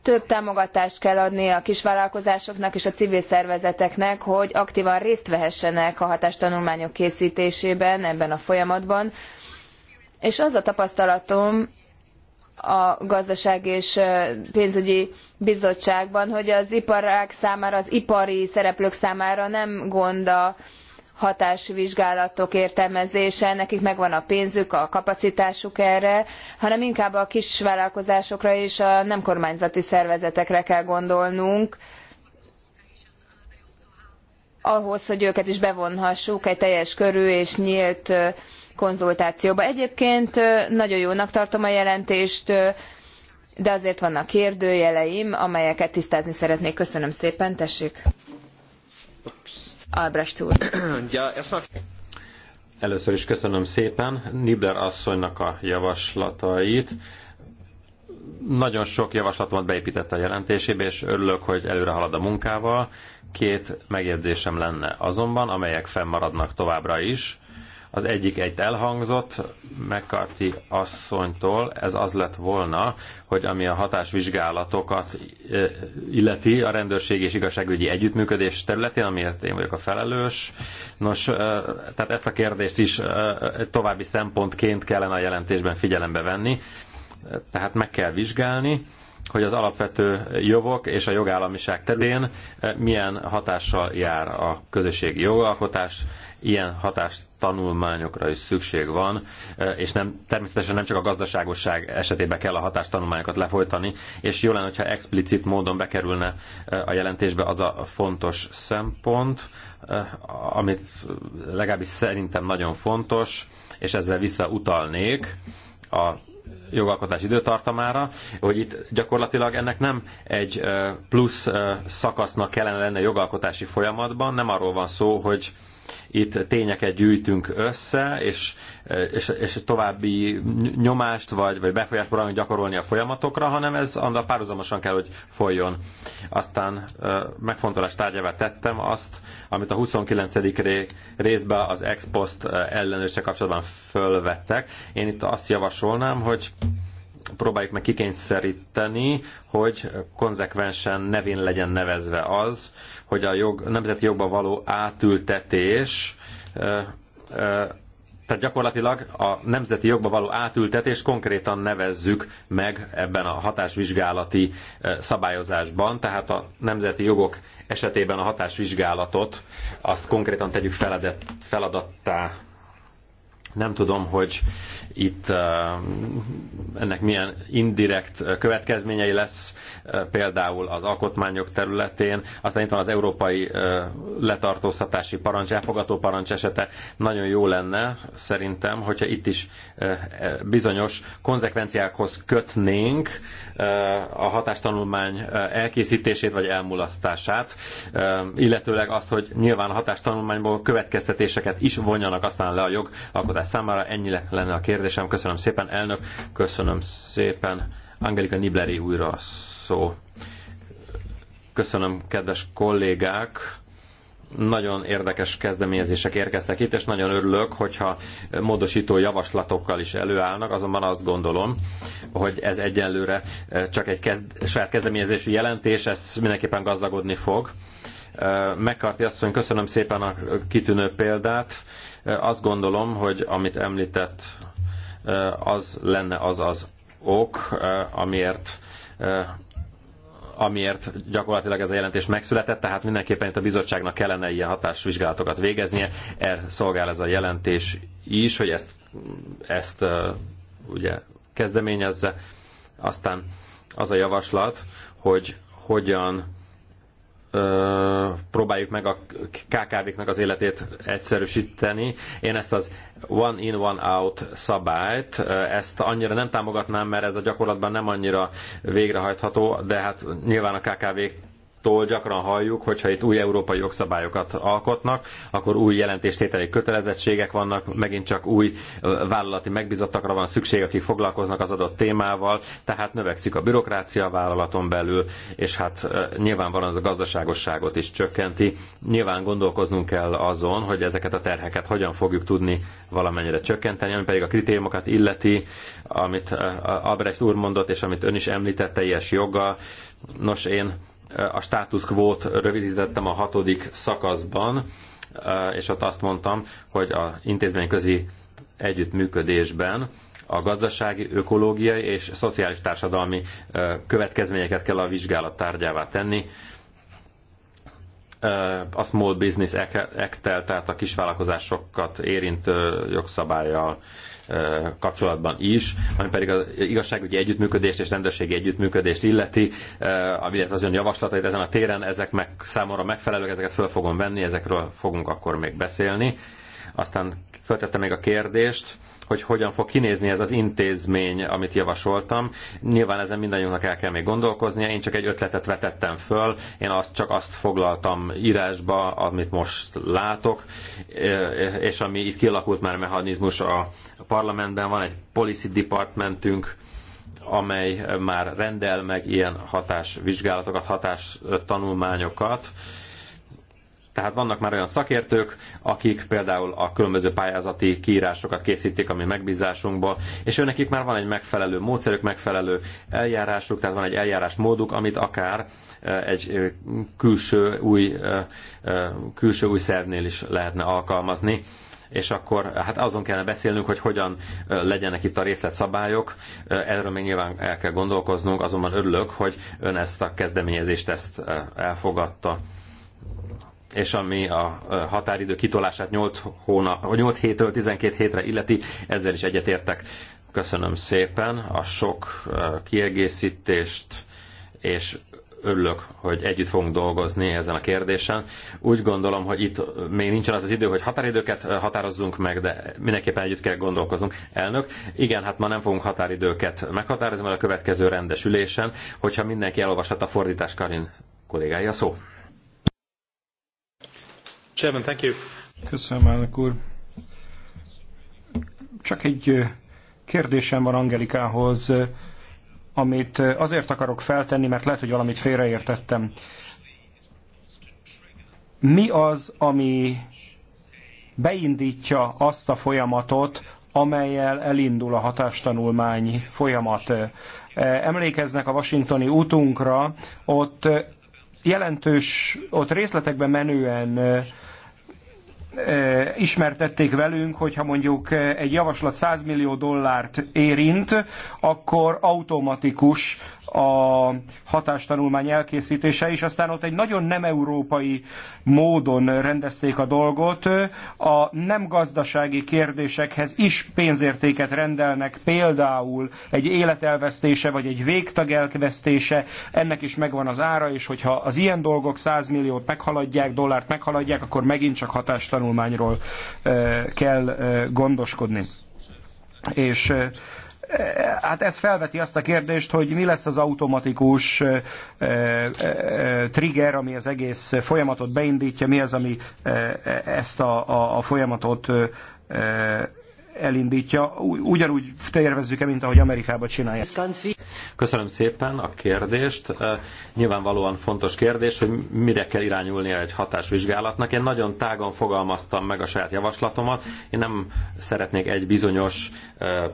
több támogatást kell adni a kisvállalkozásoknak és a civil szervezeteknek, hogy aktívan részt vehessenek a hatástanulmányok készítésében, ebben a folyamatban. És az a tapasztalatom a gazdaság és pénzügyi bizottságban, hogy az iparák számára, az ipari szereplők számára nem gond a hatásvizsgálatok értelmezése, nekik megvan a pénzük, a kapacitásuk erre, hanem inkább a kisvállalkozásokra és a nem kormányzati szervezetekre kell gondolnunk, ahhoz, hogy őket is bevonhassuk egy teljes körű és nyílt konzultációba. Egyébként nagyon jónak tartom a jelentést, de azért vannak kérdőjeleim, amelyeket tisztázni szeretnék. Köszönöm szépen, tessék!
Ups. Albrecht úr. Először is köszönöm szépen Nibler asszonynak a javaslatait. Nagyon sok javaslatomat beépítette a jelentésébe, és örülök, hogy előre halad a munkával. Két megjegyzésem lenne azonban, amelyek fennmaradnak továbbra is. Az egyik egy elhangzott McCarthy asszonytól, ez az lett volna, hogy ami a hatásvizsgálatokat e, illeti a rendőrség és igazságügyi együttműködés területén, amiért én vagyok a felelős. Nos, e, tehát ezt a kérdést is e, további szempontként kellene a jelentésben figyelembe venni. Tehát meg kell vizsgálni hogy az alapvető jogok és a jogállamiság terén milyen hatással jár a közösségi jogalkotás, ilyen hatást tanulmányokra is szükség van, eh, és nem, természetesen nem csak a gazdaságosság esetében kell a hatástanulmányokat lefolytani, és jó lenne, hogyha explicit módon bekerülne eh, a jelentésbe az a fontos szempont, eh, amit legalábbis szerintem nagyon fontos, és ezzel visszautalnék a jogalkotás időtartamára, hogy itt gyakorlatilag ennek nem egy plusz szakasznak kellene lenne jogalkotási folyamatban, nem arról van szó, hogy itt tényeket gyűjtünk össze, és, és, és további nyomást vagy, vagy befolyást próbálunk gyakorolni a folyamatokra, hanem ez annak párhuzamosan kell, hogy folyjon. Aztán megfontolás tárgyává tettem azt, amit a 29. részben az ex post ellenőrse kapcsolatban fölvettek. Én itt azt javasolnám, hogy próbáljuk meg kikényszeríteni, hogy konzekvensen nevén legyen nevezve az, hogy a jog, nemzeti jogba való átültetés tehát gyakorlatilag a nemzeti jogba való átültetés konkrétan nevezzük meg ebben a hatásvizsgálati szabályozásban, tehát a nemzeti jogok esetében a hatásvizsgálatot azt konkrétan tegyük feladattá nem tudom, hogy itt eh, ennek milyen indirekt eh, következményei lesz, eh, például az alkotmányok területén. Aztán itt van az európai letartóztatási parancs, elfogató parancs esete. Nagyon jó lenne szerintem, hogyha itt is bizonyos konzekvenciákhoz kötnénk a hatástanulmány elkészítését vagy elmulasztását, illetőleg azt, hogy nyilván a hatástanulmányból következtetéseket is vonjanak aztán le a jogalkotás számára ennyi lenne a kérdésem. Köszönöm szépen, elnök, köszönöm szépen. Angelika Nibleri újra szó. Köszönöm, kedves kollégák! Nagyon érdekes kezdeményezések érkeztek itt, és nagyon örülök, hogyha módosító javaslatokkal is előállnak, azonban azt gondolom, hogy ez egyenlőre csak egy kezd, saját kezdeményezésű jelentés, ez mindenképpen gazdagodni fog McCarthy asszony, köszönöm szépen a kitűnő példát. Azt gondolom, hogy amit említett, eh, az lenne az az ok, eh, amiért eh, amiért gyakorlatilag ez a jelentés megszületett, tehát mindenképpen itt a bizottságnak kellene ilyen hatásvizsgálatokat végeznie. Erre szolgál ez a jelentés is, hogy ezt, ezt ugye kezdeményezze. Aztán az a javaslat, hogy hogyan próbáljuk meg a KKV-knak az életét egyszerűsíteni. Én ezt az one in, one out szabályt, ezt annyira nem támogatnám, mert ez a gyakorlatban nem annyira végrehajtható, de hát nyilván a KKV-k tól gyakran halljuk, hogyha itt új európai jogszabályokat alkotnak, akkor új jelentéstételi kötelezettségek vannak, megint csak új vállalati megbizottakra van szükség, akik foglalkoznak az adott témával, tehát növekszik a bürokrácia a vállalaton belül, és hát nyilvánvalóan az a gazdaságosságot is csökkenti. Nyilván gondolkoznunk kell azon, hogy ezeket a terheket hogyan fogjuk tudni valamennyire csökkenteni, ami pedig a kritériumokat illeti, amit Albrecht úr mondott, és amit ön is említett ilyes joga. Nos, én a status quo-t rövidítettem a hatodik szakaszban, eh, és ott azt mondtam, hogy a intézményközi együttműködésben a gazdasági, ökológiai és szociális társadalmi eh, következményeket kell a vizsgálat tárgyává tenni. Eh, a Small Business Act-tel, tehát a kisvállalkozásokat érintő jogszabályjal kapcsolatban is, ami pedig az igazságügyi együttműködést és rendőrségi együttműködést illeti, illetve az ön javaslatait ezen a téren, ezek meg, számomra megfelelők, ezeket föl fogom venni, ezekről fogunk akkor még beszélni. Aztán föltette még a kérdést, hogy hogyan fog kinézni ez az intézmény, amit javasoltam. Nyilván ezen mindannyiunknak el kell még gondolkoznia, én csak egy ötletet vetettem föl, én azt, csak azt foglaltam írásba, amit most látok, e, és ami itt kialakult már mechanizmus a parlamentben, van egy policy departmentünk, amely már rendel meg ilyen hatásvizsgálatokat, hatástanulmányokat, tehát vannak már olyan szakértők, akik például a különböző pályázati kiírásokat készítik a mi megbízásunkból, és őnekik már van egy megfelelő módszerük, megfelelő eljárásuk, tehát van egy eljárásmóduk, amit akár egy külső új, külső új szervnél is lehetne alkalmazni és akkor hát azon kellene beszélnünk, hogy hogyan legyenek itt a részletszabályok. Erről még nyilván el kell gondolkoznunk, azonban örülök, hogy ön ezt a kezdeményezést ezt elfogadta és ami a határidő kitolását 8, hóna, 8 héttől 12 hétre illeti, ezzel is egyetértek. Köszönöm szépen a sok kiegészítést, és örülök, hogy együtt fogunk dolgozni ezen a kérdésen. Úgy gondolom, hogy itt még nincsen az az idő, hogy határidőket határozzunk meg, de mindenképpen együtt kell gondolkozunk. Elnök, igen, hát ma nem fogunk határidőket meghatározni, mert a következő rendes ülésen, hogyha mindenki elolvashat a fordítás Karin kollégája szó. Chairman, thank you.
Köszönöm, elnök úr. Csak egy kérdésem van Angelikához, amit azért akarok feltenni, mert lehet, hogy valamit félreértettem. Mi az, ami beindítja azt a folyamatot, amelyel elindul a hatástanulmány folyamat. Emlékeznek a washingtoni útunkra, ott jelentős, ott részletekben menően Eh, ismertették velünk, hogyha mondjuk eh, egy javaslat 100 millió dollárt érint, akkor automatikus a hatástanulmány elkészítése is. Aztán ott egy nagyon nem európai módon rendezték a dolgot. A nem gazdasági kérdésekhez is pénzértéket rendelnek, például egy életelvesztése vagy egy végtag elvesztése, ennek is megvan az ára, és hogyha az ilyen dolgok 100 milliót meghaladják, dollárt meghaladják, akkor megint csak hatástanulmány tanulmányról eh, kell eh, gondoskodni. És eh, Hát ez felveti azt a kérdést, hogy mi lesz az automatikus trigger, ami az egész folyamatot beindítja, mi az, ami ezt a, a, a folyamatot elindítja, ugyanúgy tervezzük-e, mint ahogy Amerikában csinálják.
Köszönöm szépen a kérdést. Nyilvánvalóan fontos kérdés, hogy mire kell irányulnia egy hatásvizsgálatnak. Én nagyon tágan fogalmaztam meg a saját javaslatomat. Én nem szeretnék egy bizonyos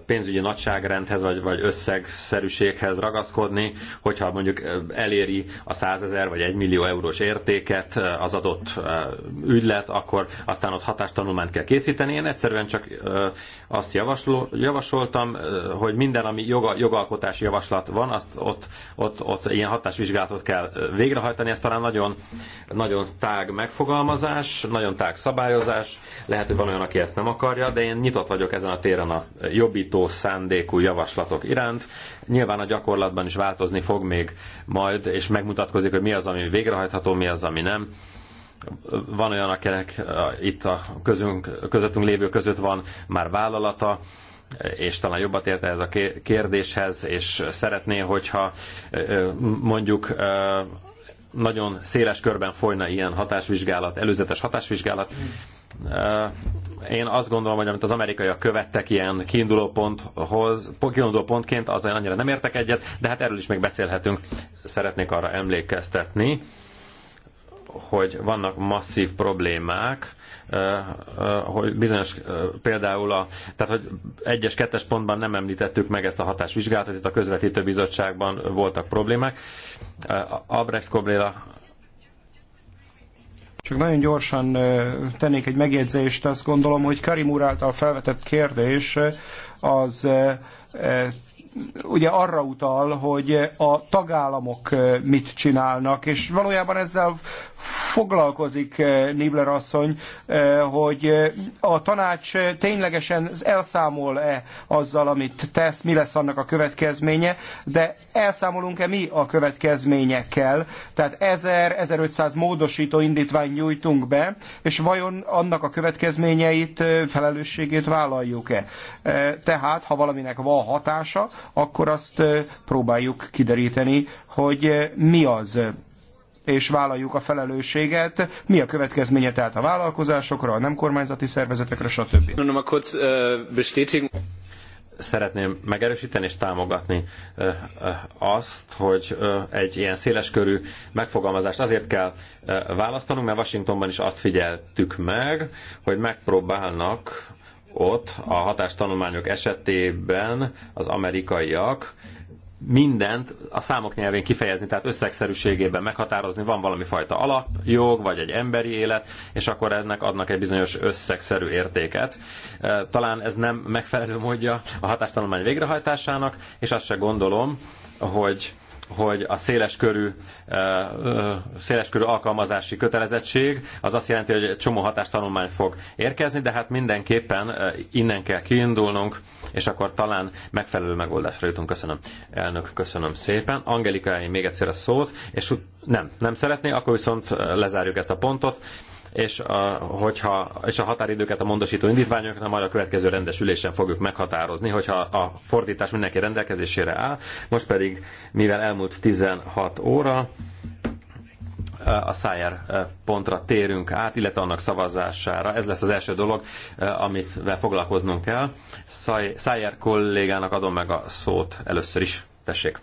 pénzügyi nagyságrendhez vagy, vagy összegszerűséghez ragaszkodni, hogyha mondjuk eléri a 100 ezer vagy 1 millió eurós értéket az adott ügylet, akkor aztán ott hatástanulmányt kell készíteni. Én egyszerűen csak azt javasol, javasoltam, hogy minden, ami joga, jogalkotási javaslat van, azt ott, ott, ott ilyen hatásvizsgálatot kell végrehajtani. Ez talán nagyon, nagyon tág megfogalmazás, nagyon tág szabályozás. Lehet, hogy van olyan, aki ezt nem akarja, de én nyitott vagyok ezen a téren a jobbító szándékú javaslatok iránt. Nyilván a gyakorlatban is változni fog még majd, és megmutatkozik, hogy mi az, ami végrehajtható, mi az, ami nem van olyan, akinek eh, itt a közünk, közöttünk lévő között van már vállalata, és talán jobbat érte ez a kérdéshez, és szeretné, hogyha eh, mondjuk eh, nagyon széles körben folyna ilyen hatásvizsgálat, előzetes hatásvizsgálat. Én azt gondolom, hogy amit az amerikaiak követtek ilyen kiinduló ponthoz, kiinduló pontként, azzal annyira nem értek egyet, de hát erről is még beszélhetünk. Szeretnék arra emlékeztetni, hogy vannak masszív problémák, hogy bizonyos például a, tehát hogy egyes, kettes pontban nem említettük meg ezt a hatásvizsgálatot, itt a közvetítő bizottságban voltak problémák. Abrecht Kobléla
csak nagyon gyorsan tennék egy megjegyzést, azt gondolom, hogy Karim úr által felvetett kérdés az ugye arra utal, hogy a tagállamok eh, mit csinálnak, és valójában ezzel foglalkozik eh, Nibler asszony, eh, hogy a tanács ténylegesen elszámol-e azzal, amit tesz, mi lesz annak a következménye, de elszámolunk-e mi a következményekkel. Tehát 1000-1500 módosító indítvány nyújtunk be, és vajon annak a következményeit, felelősségét vállaljuk-e. Tehát, ha valaminek van hatása, akkor azt próbáljuk kideríteni, hogy mi az, és vállaljuk a felelősséget, mi a következménye tehát a vállalkozásokra, a nem kormányzati szervezetekre, stb.
Szeretném megerősíteni és támogatni azt, hogy egy ilyen széleskörű megfogalmazást azért kell választanunk, mert Washingtonban is azt figyeltük meg, hogy megpróbálnak ott a hatástanulmányok esetében az amerikaiak mindent a számok nyelvén kifejezni, tehát összegszerűségében meghatározni, van valami fajta alapjog, vagy egy emberi élet, és akkor ennek adnak egy bizonyos összegszerű értéket. Talán ez nem megfelelő módja a hatástanulmány végrehajtásának, és azt se gondolom, hogy hogy a széleskörű, eh, eh, körű alkalmazási kötelezettség az azt jelenti, hogy egy csomó hatástanulmány fog érkezni, de hát mindenképpen eh, innen kell kiindulnunk, és akkor talán megfelelő megoldásra jutunk. Köszönöm. Elnök, köszönöm szépen. Angelika, én még egyszer a szót, és nem, nem szeretné, akkor viszont lezárjuk ezt a pontot és a, hogyha, és a határidőket a mondosító indítványoknál majd a következő ülésen fogjuk meghatározni, hogyha a fordítás mindenki rendelkezésére áll. Most pedig, mivel elmúlt 16 óra, a Szájer pontra térünk át, illetve annak szavazására. Ez lesz az első dolog, amit foglalkoznunk kell. Szájer kollégának adom meg a szót először is. Tessék!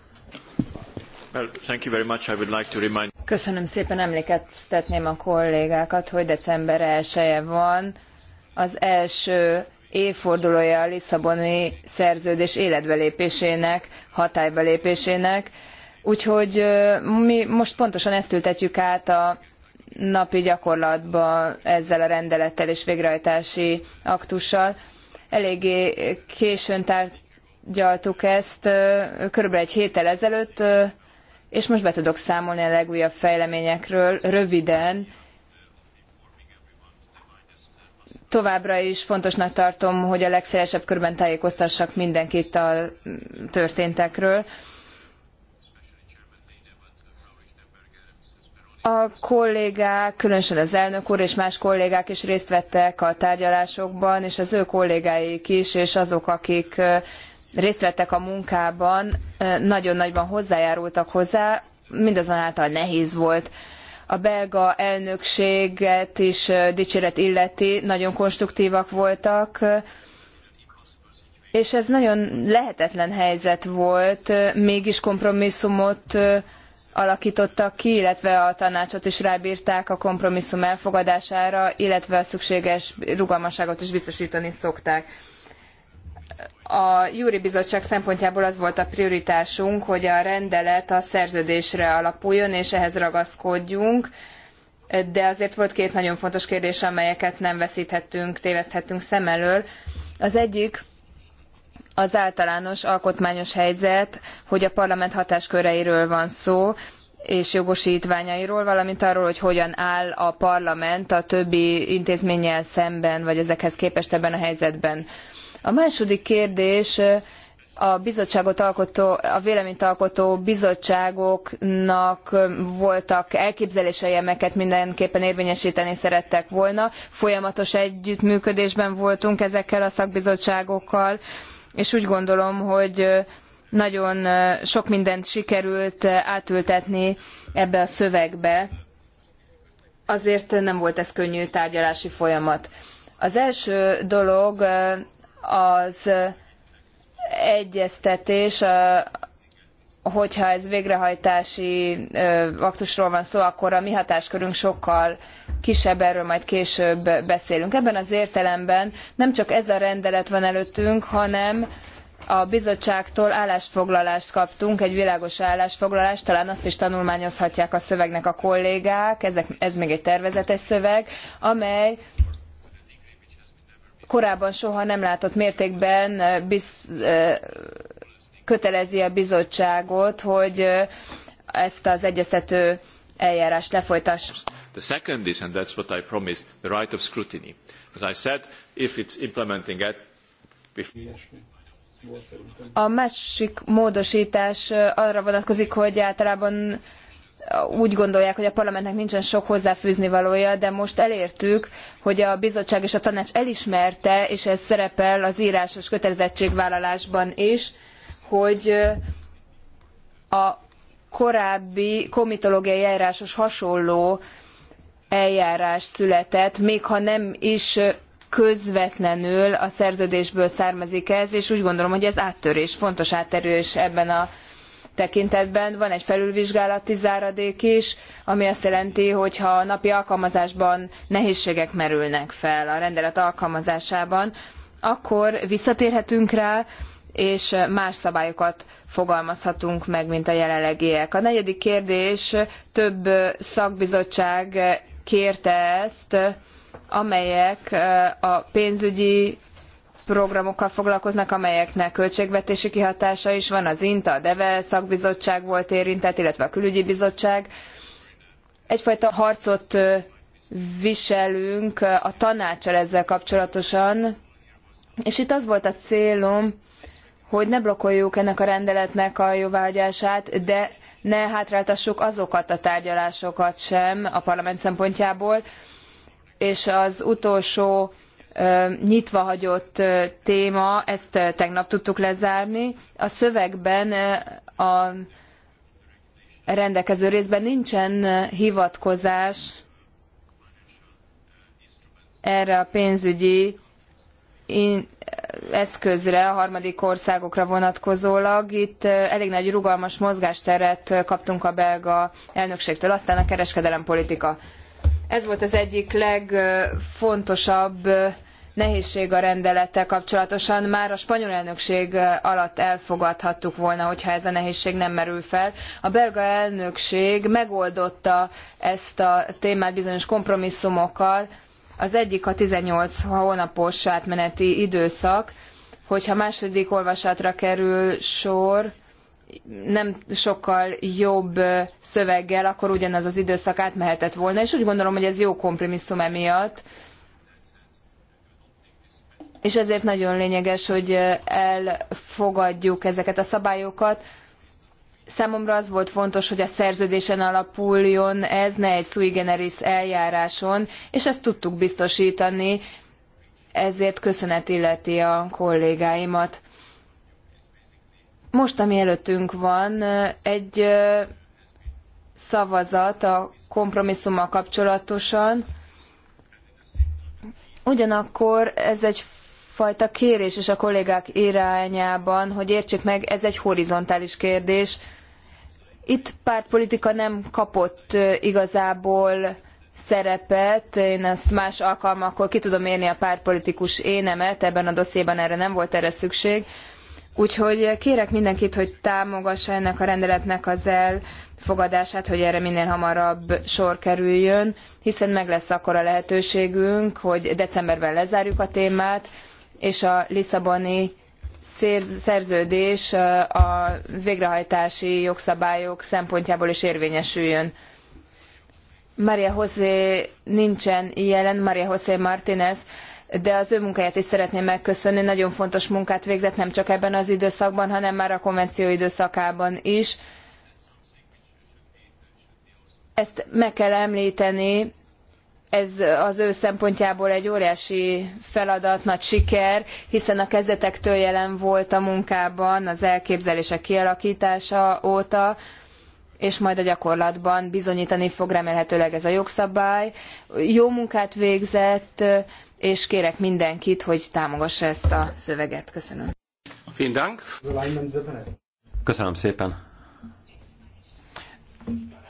Köszönöm szépen, emlékeztetném a kollégákat, hogy december 1 -e van az első évfordulója a Lisszaboni szerződés hatályba lépésének, úgyhogy mi most pontosan ezt ültetjük át a napi gyakorlatba ezzel a rendelettel és végrehajtási aktussal. Eléggé későn tárgyaltuk ezt, körülbelül egy héttel ezelőtt, és most be tudok számolni a legújabb fejleményekről röviden. Továbbra is fontosnak tartom, hogy a legszélesebb körben tájékoztassak mindenkit a történtekről. A kollégák, különösen az elnök úr és más kollégák is részt vettek a tárgyalásokban, és az ő kollégáik is, és azok, akik részt vettek a munkában, nagyon nagyban hozzájárultak hozzá, mindazonáltal nehéz volt. A belga elnökséget is dicséret illeti, nagyon konstruktívak voltak, és ez nagyon lehetetlen helyzet volt, mégis kompromisszumot alakítottak ki, illetve a tanácsot is rábírták a kompromisszum elfogadására, illetve a szükséges rugalmasságot is biztosítani szokták a Júri Bizottság szempontjából az volt a prioritásunk, hogy a rendelet a szerződésre alapuljon, és ehhez ragaszkodjunk, de azért volt két nagyon fontos kérdés, amelyeket nem veszíthettünk, téveszthettünk szem elől. Az egyik az általános alkotmányos helyzet, hogy a parlament hatásköreiről van szó, és jogosítványairól, valamint arról, hogy hogyan áll a parlament a többi intézménnyel szemben, vagy ezekhez képest ebben a helyzetben. A második kérdés a bizottságot alkotó, a véleményt alkotó bizottságoknak voltak elképzelései, amelyeket mindenképpen érvényesíteni szerettek volna. Folyamatos együttműködésben voltunk ezekkel a szakbizottságokkal, és úgy gondolom, hogy nagyon sok mindent sikerült átültetni ebbe a szövegbe. Azért nem volt ez könnyű tárgyalási folyamat. Az első dolog az egyeztetés, hogyha ez végrehajtási aktusról van szó, akkor a mi hatáskörünk sokkal kisebb, erről majd később beszélünk. Ebben az értelemben nem csak ez a rendelet van előttünk, hanem a bizottságtól állásfoglalást kaptunk, egy világos állásfoglalást, talán azt is tanulmányozhatják a szövegnek a kollégák, ezek, ez még egy tervezetes szöveg, amely korábban soha nem látott mértékben eh, biz, eh, kötelezi a bizottságot, hogy eh, ezt az egyeztető eljárást lefolytassa.
The second is, and that's what I promised, the right of scrutiny. As I said, if it's implementing it, if...
A másik módosítás arra vonatkozik, hogy általában úgy gondolják, hogy a parlamentnek nincsen sok hozzáfűzni valója, de most elértük, hogy a bizottság és a tanács elismerte, és ez szerepel az írásos kötelezettségvállalásban is, hogy a korábbi komitológiai eljárásos hasonló eljárás született, még ha nem is közvetlenül a szerződésből származik ez, és úgy gondolom, hogy ez áttörés, fontos áttörés ebben a tekintetben van egy felülvizsgálati záradék is, ami azt jelenti, hogy ha a napi alkalmazásban nehézségek merülnek fel a rendelet alkalmazásában, akkor visszatérhetünk rá, és más szabályokat fogalmazhatunk meg, mint a jelenlegiek. A negyedik kérdés, több szakbizottság kérte ezt, amelyek a pénzügyi programokkal foglalkoznak, amelyeknek költségvetési kihatása is van, az INTA, a DEVE szakbizottság volt érintett, illetve a külügyi bizottság. Egyfajta harcot viselünk a tanácsal ezzel kapcsolatosan, és itt az volt a célom, hogy ne blokkoljuk ennek a rendeletnek a jóváhagyását, de ne hátráltassuk azokat a tárgyalásokat sem a parlament szempontjából, és az utolsó nyitva hagyott téma, ezt tegnap tudtuk lezárni. A szövegben a rendelkező részben nincsen hivatkozás erre a pénzügyi eszközre, a harmadik országokra vonatkozólag. Itt elég nagy rugalmas mozgásteret kaptunk a belga elnökségtől, aztán a kereskedelempolitika. Ez volt az egyik legfontosabb nehézség a rendelettel kapcsolatosan. Már a spanyol elnökség alatt elfogadhattuk volna, hogyha ez a nehézség nem merül fel. A belga elnökség megoldotta ezt a témát bizonyos kompromisszumokkal. Az egyik a 18 hónapos átmeneti időszak, hogyha második olvasatra kerül sor, nem sokkal jobb szöveggel, akkor ugyanaz az időszak átmehetett volna, és úgy gondolom, hogy ez jó kompromisszum emiatt. És ezért nagyon lényeges, hogy elfogadjuk ezeket a szabályokat. Számomra az volt fontos, hogy a szerződésen alapuljon ez, ne egy sui generis eljáráson, és ezt tudtuk biztosítani, ezért köszönet illeti a kollégáimat. Most, ami előttünk van, egy szavazat a kompromisszummal kapcsolatosan, ugyanakkor ez egy fajta kérés is a kollégák irányában, hogy értsék meg, ez egy horizontális kérdés. Itt pártpolitika nem kapott igazából szerepet, én ezt más alkalmakkor ki tudom érni a pártpolitikus énemet, ebben a dossziéban erre nem volt erre szükség. Úgyhogy kérek mindenkit, hogy támogassa ennek a rendeletnek az elfogadását, hogy erre minél hamarabb sor kerüljön, hiszen meg lesz akkor a lehetőségünk, hogy decemberben lezárjuk a témát, és a Lisszaboni szerződés a végrehajtási jogszabályok szempontjából is érvényesüljön. Maria José nincsen jelen, Maria José Martínez de az ő munkáját is szeretném megköszönni. Nagyon fontos munkát végzett nem csak ebben az időszakban, hanem már a konvenció időszakában is. Ezt meg kell említeni, ez az ő szempontjából egy óriási feladat, nagy siker, hiszen a kezdetektől jelen volt a munkában, az elképzelések kialakítása óta, és majd a gyakorlatban bizonyítani fog remélhetőleg ez a jogszabály. Jó munkát végzett, és kérek mindenkit, hogy támogassa ezt a szöveget. Köszönöm.
Köszönöm szépen.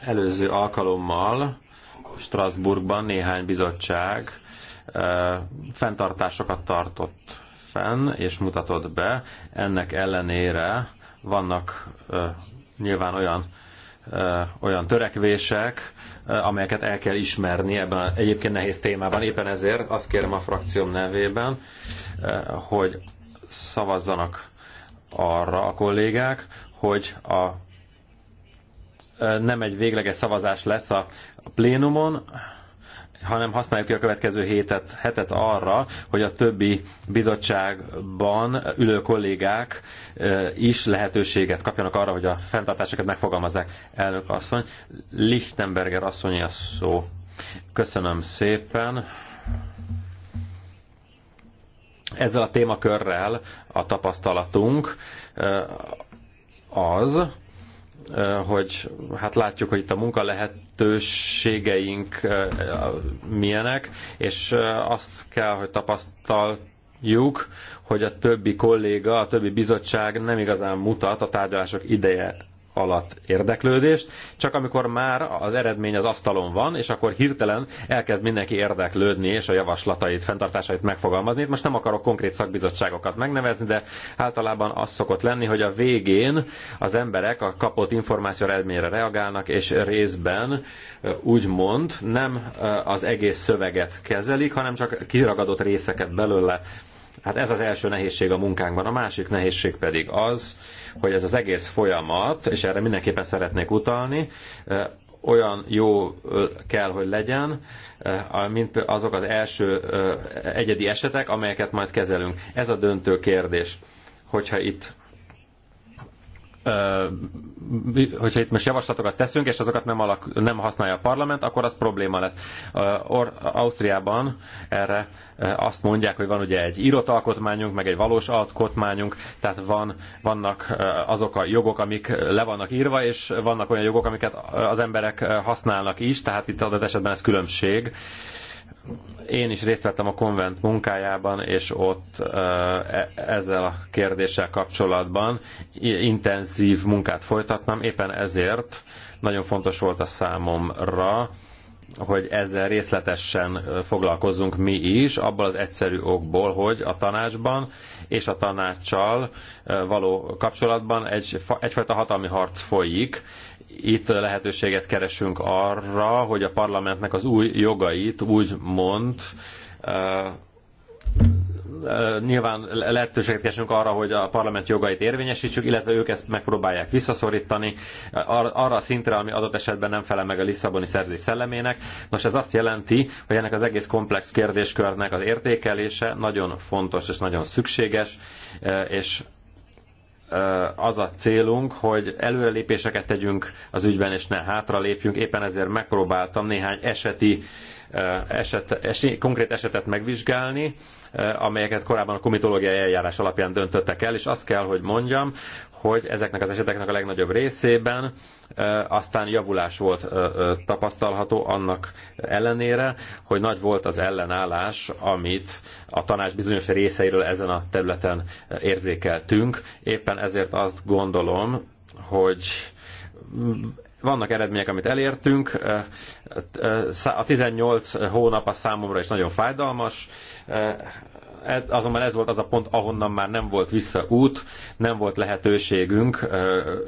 Előző alkalommal Strasbourgban néhány bizottság fenntartásokat tartott fenn és mutatott be. Ennek ellenére vannak nyilván olyan, olyan törekvések, Eh, amelyeket el kell ismerni ebben egyébként nehéz témában. Éppen ezért azt kérem a frakcióm nevében, eh, hogy szavazzanak arra a kollégák, hogy a eh, nem egy végleges szavazás lesz a plénumon, hanem használjuk ki a következő hétet, hetet arra, hogy a többi bizottságban ülő kollégák is lehetőséget kapjanak arra, hogy a fenntartásokat megfogalmazzák. Elnök asszony, Lichtenberger asszony a szó. Köszönöm szépen. Ezzel a témakörrel a tapasztalatunk az, hogy hát látjuk, hogy itt a munka lehetőségeink milyenek, és azt kell, hogy tapasztaljuk, hogy a többi kolléga, a többi bizottság nem igazán mutat a tárgyalások ideje alatt érdeklődést, csak amikor már az eredmény az asztalon van, és akkor hirtelen elkezd mindenki érdeklődni, és a javaslatait, fenntartásait megfogalmazni. Itt most nem akarok konkrét szakbizottságokat megnevezni, de általában az szokott lenni, hogy a végén az emberek a kapott információ eredményre reagálnak, és részben úgymond nem az egész szöveget kezelik, hanem csak kiragadott részeket belőle Hát ez az első nehézség a munkánkban. A másik nehézség pedig az, hogy ez az egész folyamat, és erre mindenképpen szeretnék utalni, olyan jó kell, hogy legyen, mint azok az első egyedi esetek, amelyeket majd kezelünk. Ez a döntő kérdés. Hogyha itt hogyha itt most javaslatokat teszünk, és azokat nem, alak, nem használja a parlament, akkor az probléma lesz. Or, Ausztriában erre azt mondják, hogy van ugye egy írott alkotmányunk, meg egy valós alkotmányunk, tehát van, vannak azok a jogok, amik le vannak írva, és vannak olyan jogok, amiket az emberek használnak is, tehát itt adott esetben ez különbség. Uh, én is részt vettem a konvent munkájában, és ott e, ezzel a kérdéssel kapcsolatban intenzív munkát folytatnám. Éppen ezért nagyon fontos volt a számomra, hogy ezzel részletesen foglalkozzunk mi is, abból az egyszerű okból, hogy a tanácsban és a tanácssal való kapcsolatban egy, egyfajta hatalmi harc folyik, itt lehetőséget keresünk arra, hogy a parlamentnek az új jogait úgy mond, nyilván lehetőséget keresünk arra, hogy a parlament jogait érvényesítsük, illetve ők ezt megpróbálják visszaszorítani arra a szintre, ami adott esetben nem felel meg a Lisszaboni szerzés szellemének. Nos, ez azt jelenti, hogy ennek az egész komplex kérdéskörnek az értékelése nagyon fontos és nagyon szükséges, és az a célunk, hogy előrelépéseket tegyünk az ügyben, és ne hátralépjünk. Éppen ezért megpróbáltam néhány eseti, eset, eset, konkrét esetet megvizsgálni, amelyeket korábban a komitológiai eljárás alapján döntöttek el, és azt kell, hogy mondjam, hogy ezeknek az eseteknek a legnagyobb részében aztán javulás volt tapasztalható annak ellenére, hogy nagy volt az ellenállás, amit a tanács bizonyos részeiről ezen a területen érzékeltünk. Éppen ezért azt gondolom, hogy vannak eredmények, amit elértünk. A 18 hónap a számomra is nagyon fájdalmas azonban ez volt az a pont, ahonnan már nem volt út, nem volt lehetőségünk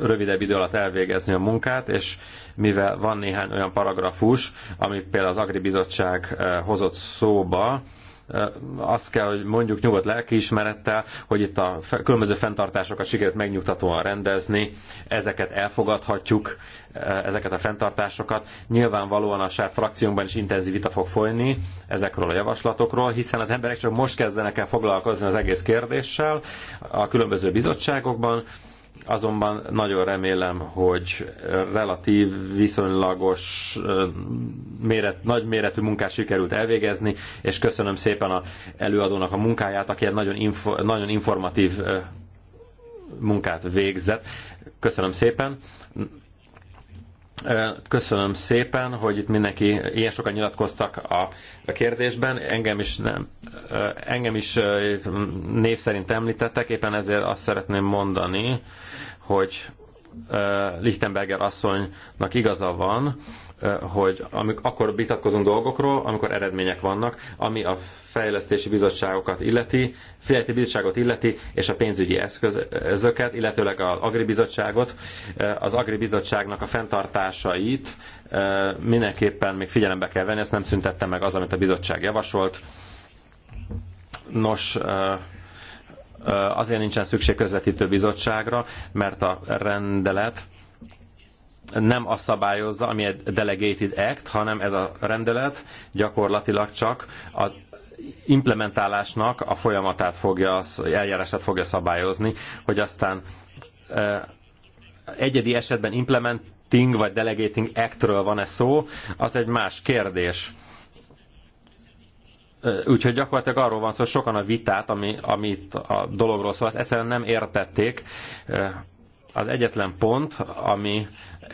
rövidebb idő alatt elvégezni a munkát, és mivel van néhány olyan paragrafus, amit például az Agribizottság hozott szóba, azt kell, hogy mondjuk nyugodt lelkiismerettel, hogy itt a különböző fenntartásokat sikerült megnyugtatóan rendezni, ezeket elfogadhatjuk, ezeket a fenntartásokat. Nyilvánvalóan a saját frakciónkban is intenzív vita fog folyni ezekről a javaslatokról, hiszen az emberek csak most kezdenek el foglalkozni az egész kérdéssel a különböző bizottságokban, Azonban nagyon remélem, hogy relatív, viszonylagos, méret, nagy méretű munkát sikerült elvégezni, és köszönöm szépen a előadónak a munkáját, aki egy nagyon, info, nagyon informatív munkát végzett. Köszönöm szépen. Köszönöm szépen, hogy itt mindenki ilyen sokan nyilatkoztak a, a kérdésben. Engem is, nem, engem is név szerint említettek, éppen ezért azt szeretném mondani, hogy Lichtenberger asszonynak igaza van, hogy amik, akkor vitatkozunk dolgokról, amikor eredmények vannak, ami a fejlesztési bizottságokat illeti, fejlesztési bizottságot illeti, és a pénzügyi eszközöket, illetőleg az agribizottságot, az agribizottságnak a fenntartásait mindenképpen még figyelembe kell venni, ezt nem szüntette meg az, amit a bizottság javasolt. Nos, azért nincsen szükség közvetítő bizottságra, mert a rendelet nem azt szabályozza, ami egy delegated act, hanem ez a rendelet gyakorlatilag csak az implementálásnak a folyamatát fogja, az eljárását fogja szabályozni, hogy aztán egyedi esetben implementing vagy delegating actről van-e szó, az egy más kérdés. Úgyhogy gyakorlatilag arról van szó, hogy sokan a vitát, ami, amit a dologról szól, azt egyszerűen nem értették. Az egyetlen pont, ami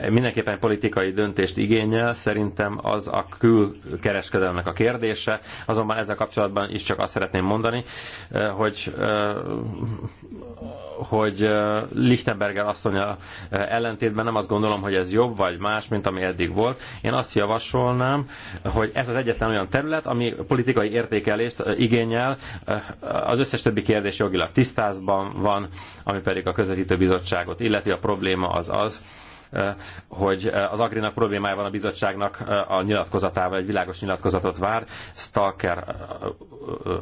mindenképpen politikai döntést igényel, szerintem az a külkereskedelmek a kérdése, azonban ezzel kapcsolatban is csak azt szeretném mondani, eh, hogy eh, hogy eh, Lichtenberger asszonya ellentétben nem azt gondolom, hogy ez jobb vagy más, mint ami eddig volt. Én azt javasolnám, hogy ez az egyetlen olyan terület, ami politikai értékelést igényel, az összes többi kérdés jogilag tisztázban van, ami pedig a közvetítő bizottságot illeti. A probléma az az, Eh, hogy eh, az Agrinak problémája van a bizottságnak eh, a nyilatkozatával, egy világos nyilatkozatot vár. Stalker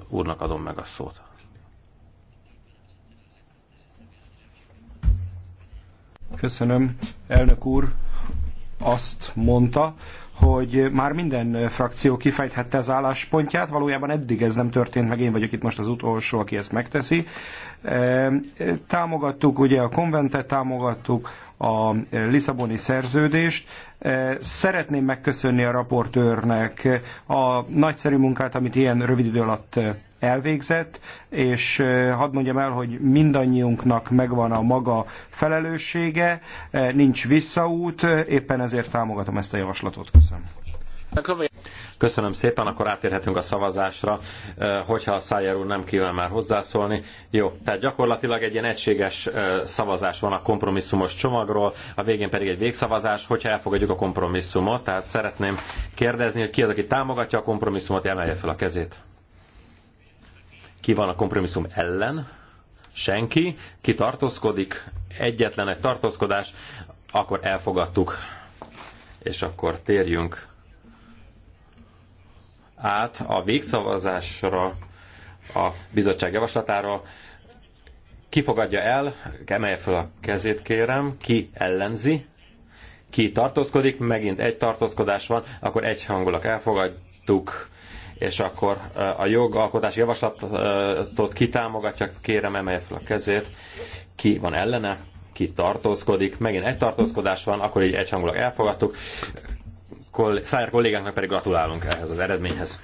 úrnak adom meg a szót.
Köszönöm. Elnök úr azt mondta, hogy már minden frakció kifejthette az álláspontját, valójában eddig ez nem történt, meg én vagyok itt most az utolsó, aki ezt megteszi. Támogattuk ugye a konventet, támogattuk a Lisszaboni szerződést. Eh, szeretném megköszönni a raportőrnek a nagyszerű munkát, amit ilyen rövid idő alatt eh, elvégzett, és eh, hadd mondjam el, hogy mindannyiunknak megvan a maga felelőssége, nincs visszaút, éppen ezért támogatom ezt a
javaslatot. Köszönöm. Köszönöm szépen, akkor átérhetünk a szavazásra, eh, hogyha a Szájer úr nem kíván már hozzászólni. Jó, tehát gyakorlatilag egy ilyen egységes eh, szavazás van a kompromisszumos csomagról, a végén pedig egy végszavazás, hogyha elfogadjuk a kompromisszumot. Tehát szeretném kérdezni, hogy ki az, aki támogatja a kompromisszumot, emelje fel a kezét. Ki van a kompromisszum ellen? Senki. Ki tartózkodik? Egyetlen egy tartózkodás. Akkor elfogadtuk. És akkor térjünk át a végszavazásra, a bizottság javaslatára. Ki fogadja el, emelje fel a kezét kérem, ki ellenzi, ki tartózkodik, megint egy tartózkodás van, akkor hangulak elfogadtuk, és akkor eh, a jogalkotási javaslatot kitámogatja, kérem emelje fel a kezét, ki van ellene, ki tartózkodik, megint egy tartózkodás van, akkor így egyhangulag elfogadtuk koll- Szájer kollégánknak pedig gratulálunk ehhez az eredményhez.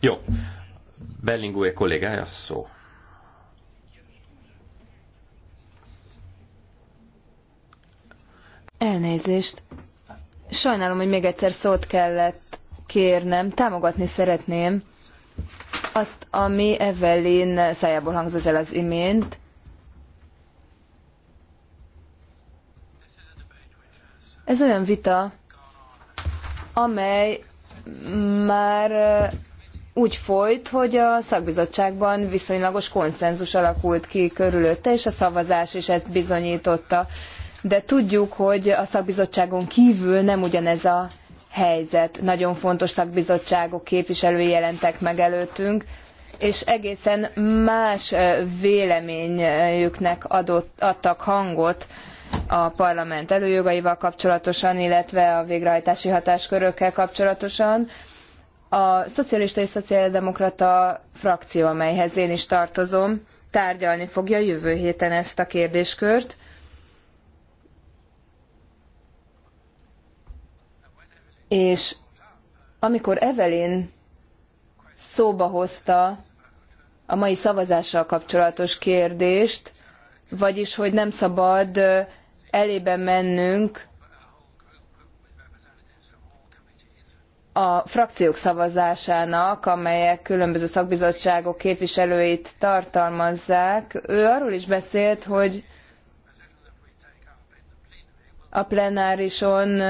Jó. Bellingué kollégája szó.
Elnézést. Sajnálom, hogy még egyszer szót kellett kérnem. Támogatni szeretném azt, ami Evelyn szájából hangzott el az imént. Ez olyan vita, amely már úgy folyt, hogy a szakbizottságban viszonylagos konszenzus alakult ki körülötte, és a szavazás is ezt bizonyította. De tudjuk, hogy a szakbizottságon kívül nem ugyanez a helyzet. Nagyon fontos szakbizottságok képviselői jelentek meg előttünk, és egészen más véleményüknek adott, adtak hangot a parlament előjogaival kapcsolatosan, illetve a végrehajtási hatáskörökkel kapcsolatosan. A szocialista és szociáldemokrata frakció, amelyhez én is tartozom, tárgyalni fogja jövő héten ezt a kérdéskört. És amikor Evelyn szóba hozta a mai szavazással kapcsolatos kérdést, vagyis hogy nem szabad elébe mennünk a frakciók szavazásának, amelyek különböző szakbizottságok képviselőit tartalmazzák. Ő arról is beszélt, hogy a plenárison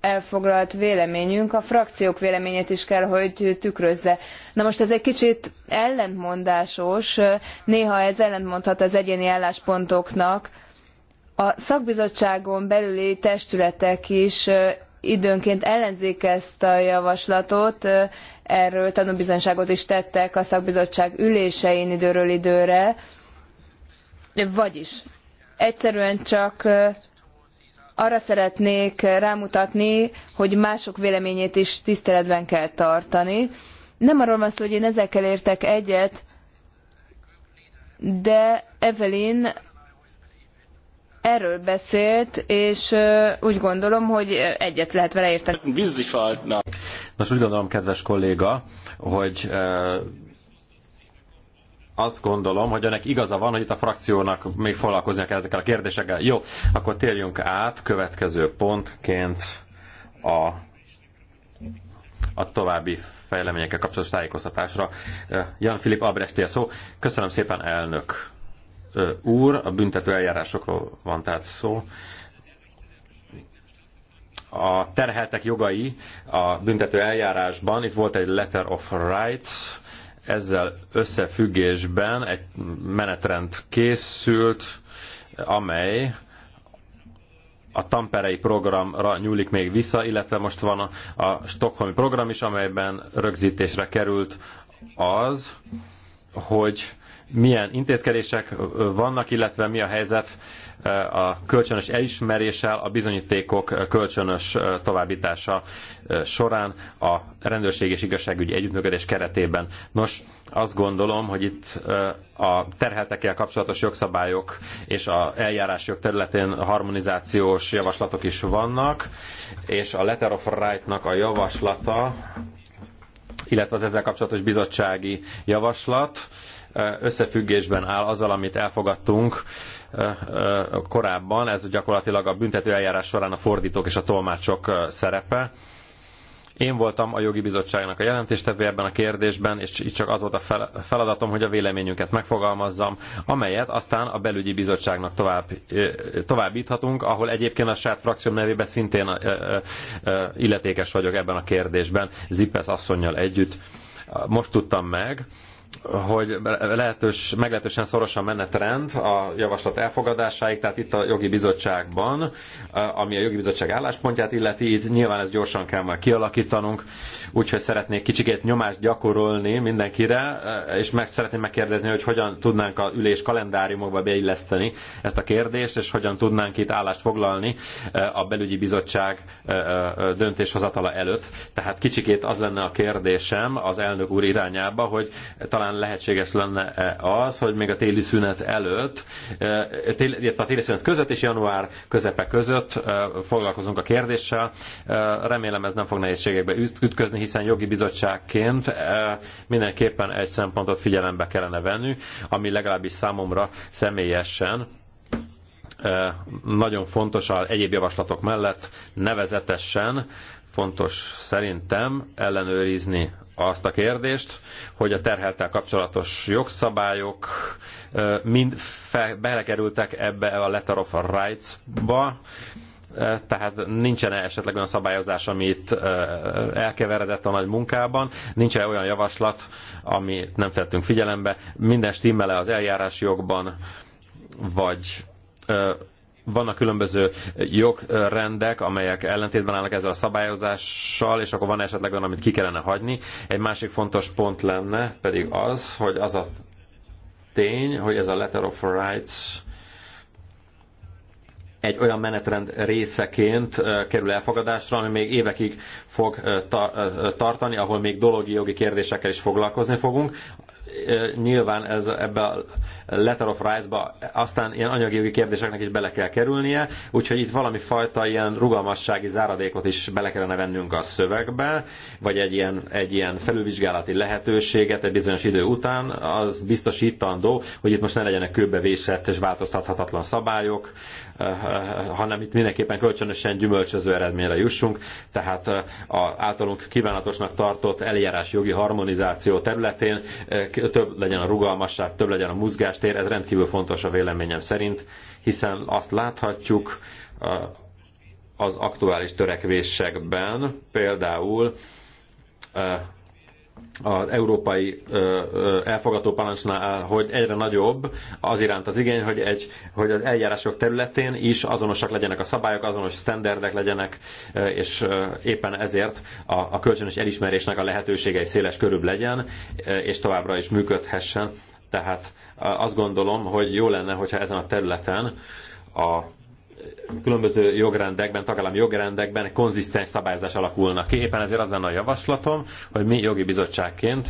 elfoglalt véleményünk a frakciók véleményét is kell, hogy tükrözze. Na most ez egy kicsit ellentmondásos, néha ez ellentmondhat az egyéni álláspontoknak, a szakbizottságon belüli testületek is időnként ellenzik ezt a javaslatot, erről tanúbizonyságot is tettek a szakbizottság ülésein időről időre, vagyis egyszerűen csak arra szeretnék rámutatni, hogy mások véleményét is tiszteletben kell tartani. Nem arról van szó, hogy én ezekkel értek egyet, de Evelyn erről beszélt, és úgy gondolom, hogy egyet lehet vele érteni.
Nos, úgy gondolom, kedves kolléga, hogy azt gondolom, hogy önnek igaza van, hogy itt a frakciónak még foglalkoznia kell ezekkel a kérdésekkel. Jó, akkor térjünk át következő pontként a, a további fejleményekkel kapcsolatos tájékoztatásra. Jan Filip Abresti szó. Köszönöm szépen, elnök úr, a büntető eljárásokról van tehát szó. A terheltek jogai a büntető eljárásban, itt volt egy letter of rights, ezzel összefüggésben egy menetrend készült, amely a Tamperei programra nyúlik még vissza, illetve most van a, a Stockholmi program is, amelyben rögzítésre került az, hogy milyen intézkedések vannak, illetve mi a helyzet a kölcsönös elismeréssel, a bizonyítékok kölcsönös továbbítása során a rendőrség és igazságügyi együttműködés keretében. Nos, azt gondolom, hogy itt a terheltekkel kapcsolatos jogszabályok és a eljárásjog területén harmonizációs javaslatok is vannak, és a Letter of Right-nak a javaslata, illetve az ezzel kapcsolatos bizottsági javaslat, összefüggésben áll azzal, amit elfogadtunk korábban. Ez gyakorlatilag a büntető eljárás során a fordítók és a tolmácsok szerepe. Én voltam a jogi bizottságnak a jelentéstevő ebben a kérdésben, és itt csak az volt a feladatom, hogy a véleményünket megfogalmazzam, amelyet aztán a belügyi bizottságnak tovább, továbbíthatunk, ahol egyébként a saját frakcióm nevében szintén illetékes vagyok ebben a kérdésben, Zippes asszonynal együtt. Most tudtam meg, hogy lehetős, meglehetősen szorosan menetrend a javaslat elfogadásáig, tehát itt a jogi bizottságban, eh, ami a jogi bizottság álláspontját illeti, itt nyilván ezt gyorsan kell majd kialakítanunk, úgyhogy szeretnék kicsikét nyomást gyakorolni mindenkire, eh, és meg szeretném megkérdezni, hogy hogyan tudnánk a ülés kalendáriumokba beilleszteni ezt a kérdést, és hogyan tudnánk itt állást foglalni eh, a belügyi bizottság döntéshozatala előtt. Tehát kicsikét az lenne a kérdésem az elnök úr irányába, hogy talán talán lehetséges lenne -e az, hogy még a téli szünet előtt, e, illetve a téli szünet között és január közepe között e, foglalkozunk a kérdéssel. E, remélem ez nem fog nehézségekbe ütközni, hiszen jogi bizottságként mindenképpen egy szempontot figyelembe kellene venni, ami legalábbis számomra személyesen nagyon fontos az egyéb javaslatok mellett nevezetesen fontos szerintem ellenőrizni azt a kérdést, hogy a terheltel kapcsolatos jogszabályok mind belekerültek ebbe a Letter of Rights-ba, tehát nincsen -e esetleg olyan szabályozás, amit elkeveredett a nagy munkában, nincs -e olyan javaslat, amit nem feltünk figyelembe, minden -e az eljárás jogban, vagy vannak különböző jogrendek, amelyek ellentétben állnak ezzel a szabályozással, és akkor van esetleg olyan, amit ki kellene hagyni. Egy másik fontos pont lenne pedig az, hogy az a tény, hogy ez a Letter of Rights egy olyan menetrend részeként kerül elfogadásra, ami még évekig fog tartani, ahol még dologi jogi kérdésekkel is foglalkozni fogunk. Nyilván ez ebbe a letter of rights-ba aztán ilyen anyagi jogi kérdéseknek is bele kell kerülnie, úgyhogy itt valami fajta ilyen rugalmassági záradékot is bele kellene vennünk a szövegbe, vagy egy ilyen, egy ilyen felülvizsgálati lehetőséget egy bizonyos idő után, az biztosítandó, hogy itt most ne legyenek kőbevésett és változtathatatlan szabályok, eh, eh, hanem itt mindenképpen kölcsönösen gyümölcsöző eredményre jussunk, tehát eh, a általunk kívánatosnak tartott eljárás jogi harmonizáció területén több legyen a rugalmasság, több legyen a mozgás, Tér ez rendkívül fontos a véleményem szerint, hiszen azt láthatjuk az aktuális törekvésekben, például az európai elfogadó parancsnál, hogy egyre nagyobb az iránt az igény, hogy, egy, hogy az eljárások területén is azonosak legyenek a szabályok, azonos sztenderdek legyenek, és éppen ezért a, a kölcsönös elismerésnek a lehetősége is széles körül legyen, és továbbra is működhessen tehát azt gondolom, hogy jó lenne, hogyha ezen a területen a különböző jogrendekben, tagállami jogrendekben egy konzisztens szabályozás alakulna ki. Éppen ezért az lenne a javaslatom, hogy mi jogi bizottságként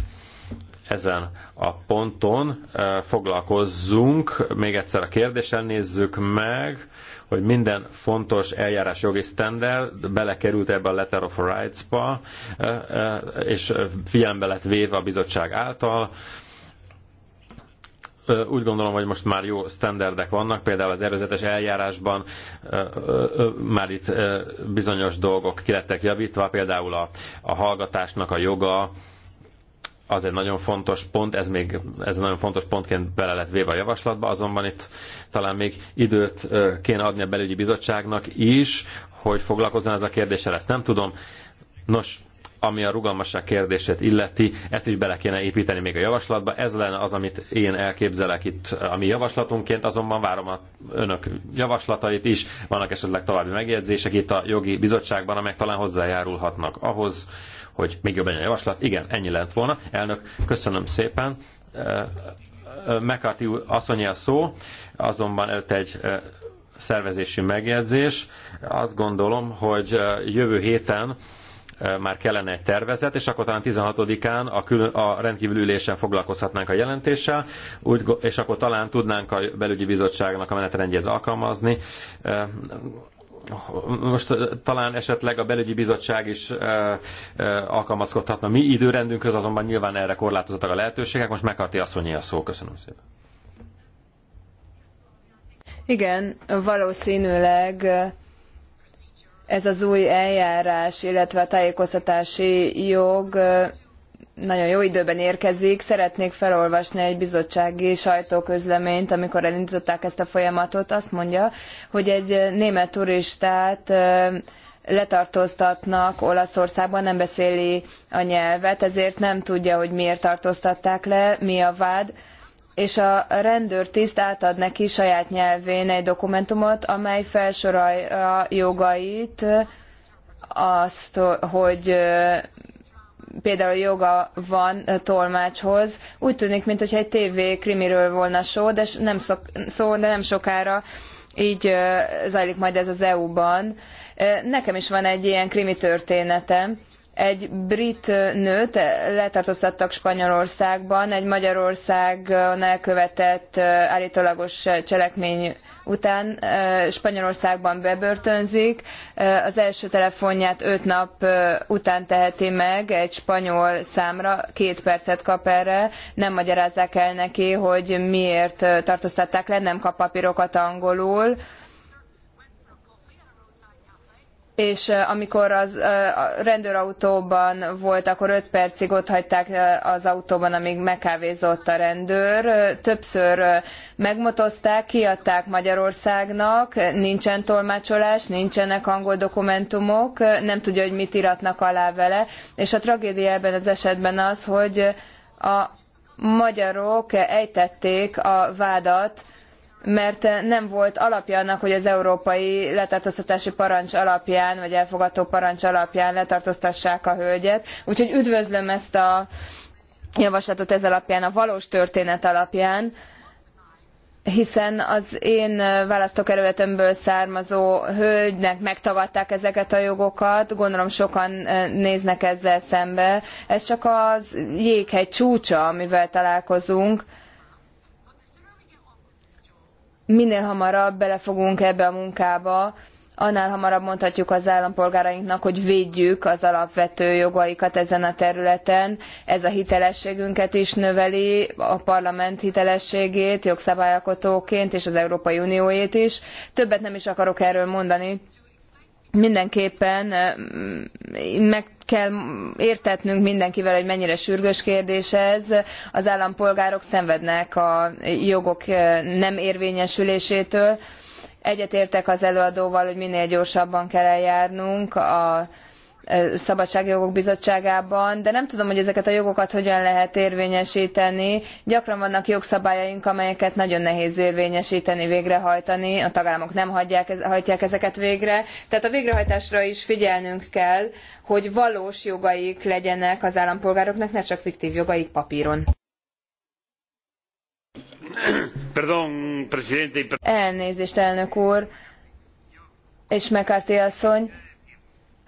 ezen a ponton foglalkozzunk. Még egyszer a kérdéssel nézzük meg, hogy minden fontos eljárás jogi standard belekerült ebbe a Letter of Rights-ba, és figyelembe lett véve a bizottság által úgy gondolom, hogy most már jó standardek vannak, például az erőzetes eljárásban már itt bizonyos dolgok kilettek javítva, például a, a hallgatásnak a joga, az egy nagyon fontos pont, ez még ez nagyon fontos pontként bele lett véve a javaslatba, azonban itt talán még időt kéne adni a belügyi bizottságnak is, hogy foglalkozzon ez a kérdéssel, ezt nem tudom. Nos, ami a rugalmasság kérdését illeti, ezt is bele kéne építeni még a javaslatba. Ez lenne az, amit én elképzelek itt a mi javaslatunként, azonban várom a önök javaslatait is. Vannak esetleg további megjegyzések itt a jogi bizottságban, amelyek talán hozzájárulhatnak ahhoz, hogy még jobb legyen a javaslat. Igen, ennyi lent volna. Elnök, köszönöm szépen. McCarthy asszonyi a szó, azonban előtte egy szervezési megjegyzés. Azt gondolom, hogy jövő héten már kellene egy tervezet, és akkor talán 16-án a, kül, a rendkívül ülésen foglalkozhatnánk a jelentéssel, úgy, és akkor talán tudnánk a belügyi bizottságnak a menetrendjéhez alkalmazni most talán esetleg a belügyi bizottság is ö, ö, alkalmazkodhatna mi időrendünkhöz, azonban nyilván erre korlátozottak a lehetőségek. Most megkati asszonyi a szó. Köszönöm szépen.
Igen, valószínűleg ez az új eljárás, illetve a tájékoztatási jog nagyon jó időben érkezik. Szeretnék felolvasni egy bizottsági sajtóközleményt, amikor elindították ezt a folyamatot. Azt mondja, hogy egy német turistát letartóztatnak Olaszországban, nem beszéli a nyelvet, ezért nem tudja, hogy miért tartóztatták le, mi a vád és a rendőrtiszt átad neki saját nyelvén egy dokumentumot, amely felsorolja jogait, azt, hogy például joga van tolmácshoz. Úgy tűnik, mintha egy TV krimiről volna szó, de nem, szok, szó, de nem sokára így zajlik majd ez az EU-ban. Nekem is van egy ilyen krimi történetem egy brit nőt letartóztattak Spanyolországban egy Magyarországon elkövetett állítólagos cselekmény után Spanyolországban bebörtönzik. Az első telefonját öt nap után teheti meg egy spanyol számra, két percet kap erre, nem magyarázzák el neki, hogy miért tartóztatták le, nem kap papírokat angolul, és amikor az, a rendőrautóban volt, akkor 5 percig ott hagyták az autóban, amíg megkávézott a rendőr. Többször megmotozták, kiadták Magyarországnak, nincsen tolmácsolás, nincsenek angol dokumentumok, nem tudja, hogy mit iratnak alá vele, és a tragédia ebben az esetben az, hogy a magyarok ejtették a vádat, mert nem volt alapja annak, hogy az európai letartóztatási parancs alapján, vagy elfogadó parancs alapján letartóztassák a hölgyet. Úgyhogy üdvözlöm ezt a javaslatot ez alapján, a valós történet alapján, hiszen az én választókerületemből származó hölgynek megtagadták ezeket a jogokat, gondolom sokan eh, néznek ezzel szembe. Ez csak az jéghegy csúcsa, amivel találkozunk minél hamarabb belefogunk ebbe a munkába, annál hamarabb mondhatjuk az állampolgárainknak, hogy védjük az alapvető jogaikat ezen a területen. Ez a hitelességünket is növeli, a parlament hitelességét jogszabályalkotóként és az Európai Unióét is. Többet nem is akarok erről mondani mindenképpen meg kell értetnünk mindenkivel, hogy mennyire sürgős kérdés ez. Az állampolgárok szenvednek a jogok nem érvényesülésétől. Egyetértek az előadóval, hogy minél gyorsabban kell eljárnunk a Szabadságjogok Bizottságában, de nem tudom, hogy ezeket a jogokat hogyan lehet érvényesíteni. Gyakran vannak jogszabályaink, amelyeket nagyon nehéz érvényesíteni, végrehajtani, a tagállamok nem hagyják, hajtják ezeket végre. Tehát a végrehajtásra is figyelnünk kell, hogy valós jogaik legyenek az állampolgároknak, ne csak fiktív jogaik papíron.
Perdón, presidente.
Elnézést, elnök úr, és McCarthy asszony.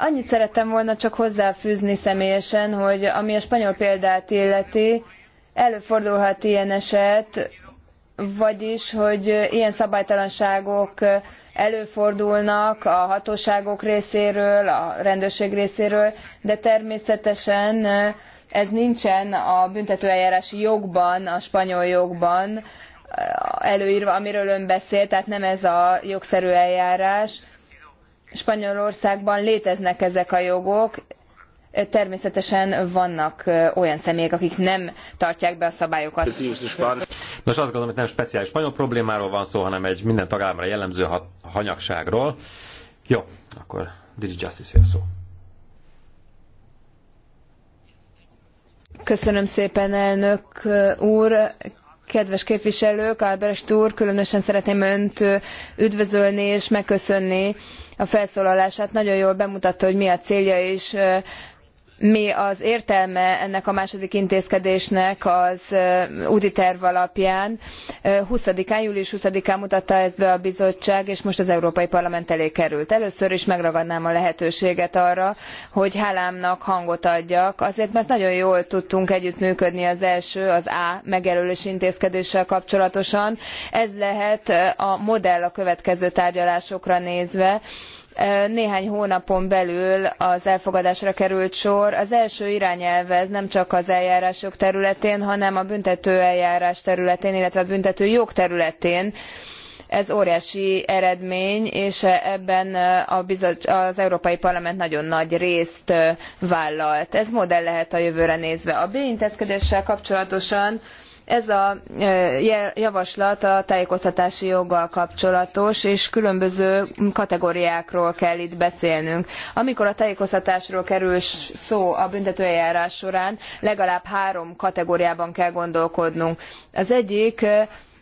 Annyit szerettem volna csak hozzáfűzni személyesen, hogy ami a spanyol példát illeti, előfordulhat ilyen eset, vagyis, hogy ilyen szabálytalanságok előfordulnak a hatóságok részéről, a rendőrség részéről, de természetesen ez nincsen a büntetőeljárási jogban, a spanyol jogban előírva, amiről ön beszélt, tehát nem ez a jogszerű eljárás Spanyolországban léteznek ezek a jogok, természetesen vannak olyan személyek, akik nem tartják be a szabályokat. Nos,
azt gondolom, hogy nem speciális spanyol problémáról van szó, hanem egy minden tagállamra jellemző hanyagságról. Jó, akkor Digi Justice szó.
Köszönöm szépen, elnök úr. Kedves képviselők, albert úr, különösen szeretném önt üdvözölni és megköszönni a felszólalását, nagyon jól bemutatta, hogy mi a célja, és mi az értelme ennek a második intézkedésnek az úti terv alapján. 20-án, július 20-án mutatta ezt be a bizottság, és most az Európai Parlament elé került. Először is megragadnám a lehetőséget arra, hogy hálámnak hangot adjak, azért mert nagyon jól tudtunk együttműködni az első, az A megjelölés intézkedéssel kapcsolatosan. Ez lehet a modell a következő tárgyalásokra nézve, néhány hónapon belül az elfogadásra került sor. Az első irányelve ez nem csak az eljárások területén, hanem a büntető eljárás területén, illetve a büntető jog területén. Ez óriási eredmény, és ebben a bizot, az Európai Parlament nagyon nagy részt vállalt. Ez modell lehet a jövőre nézve. A B intézkedéssel kapcsolatosan ez a javaslat a tájékoztatási joggal kapcsolatos, és különböző kategóriákról kell itt beszélnünk. Amikor a tájékoztatásról kerül szó a büntetőeljárás során, legalább három kategóriában kell gondolkodnunk. Az egyik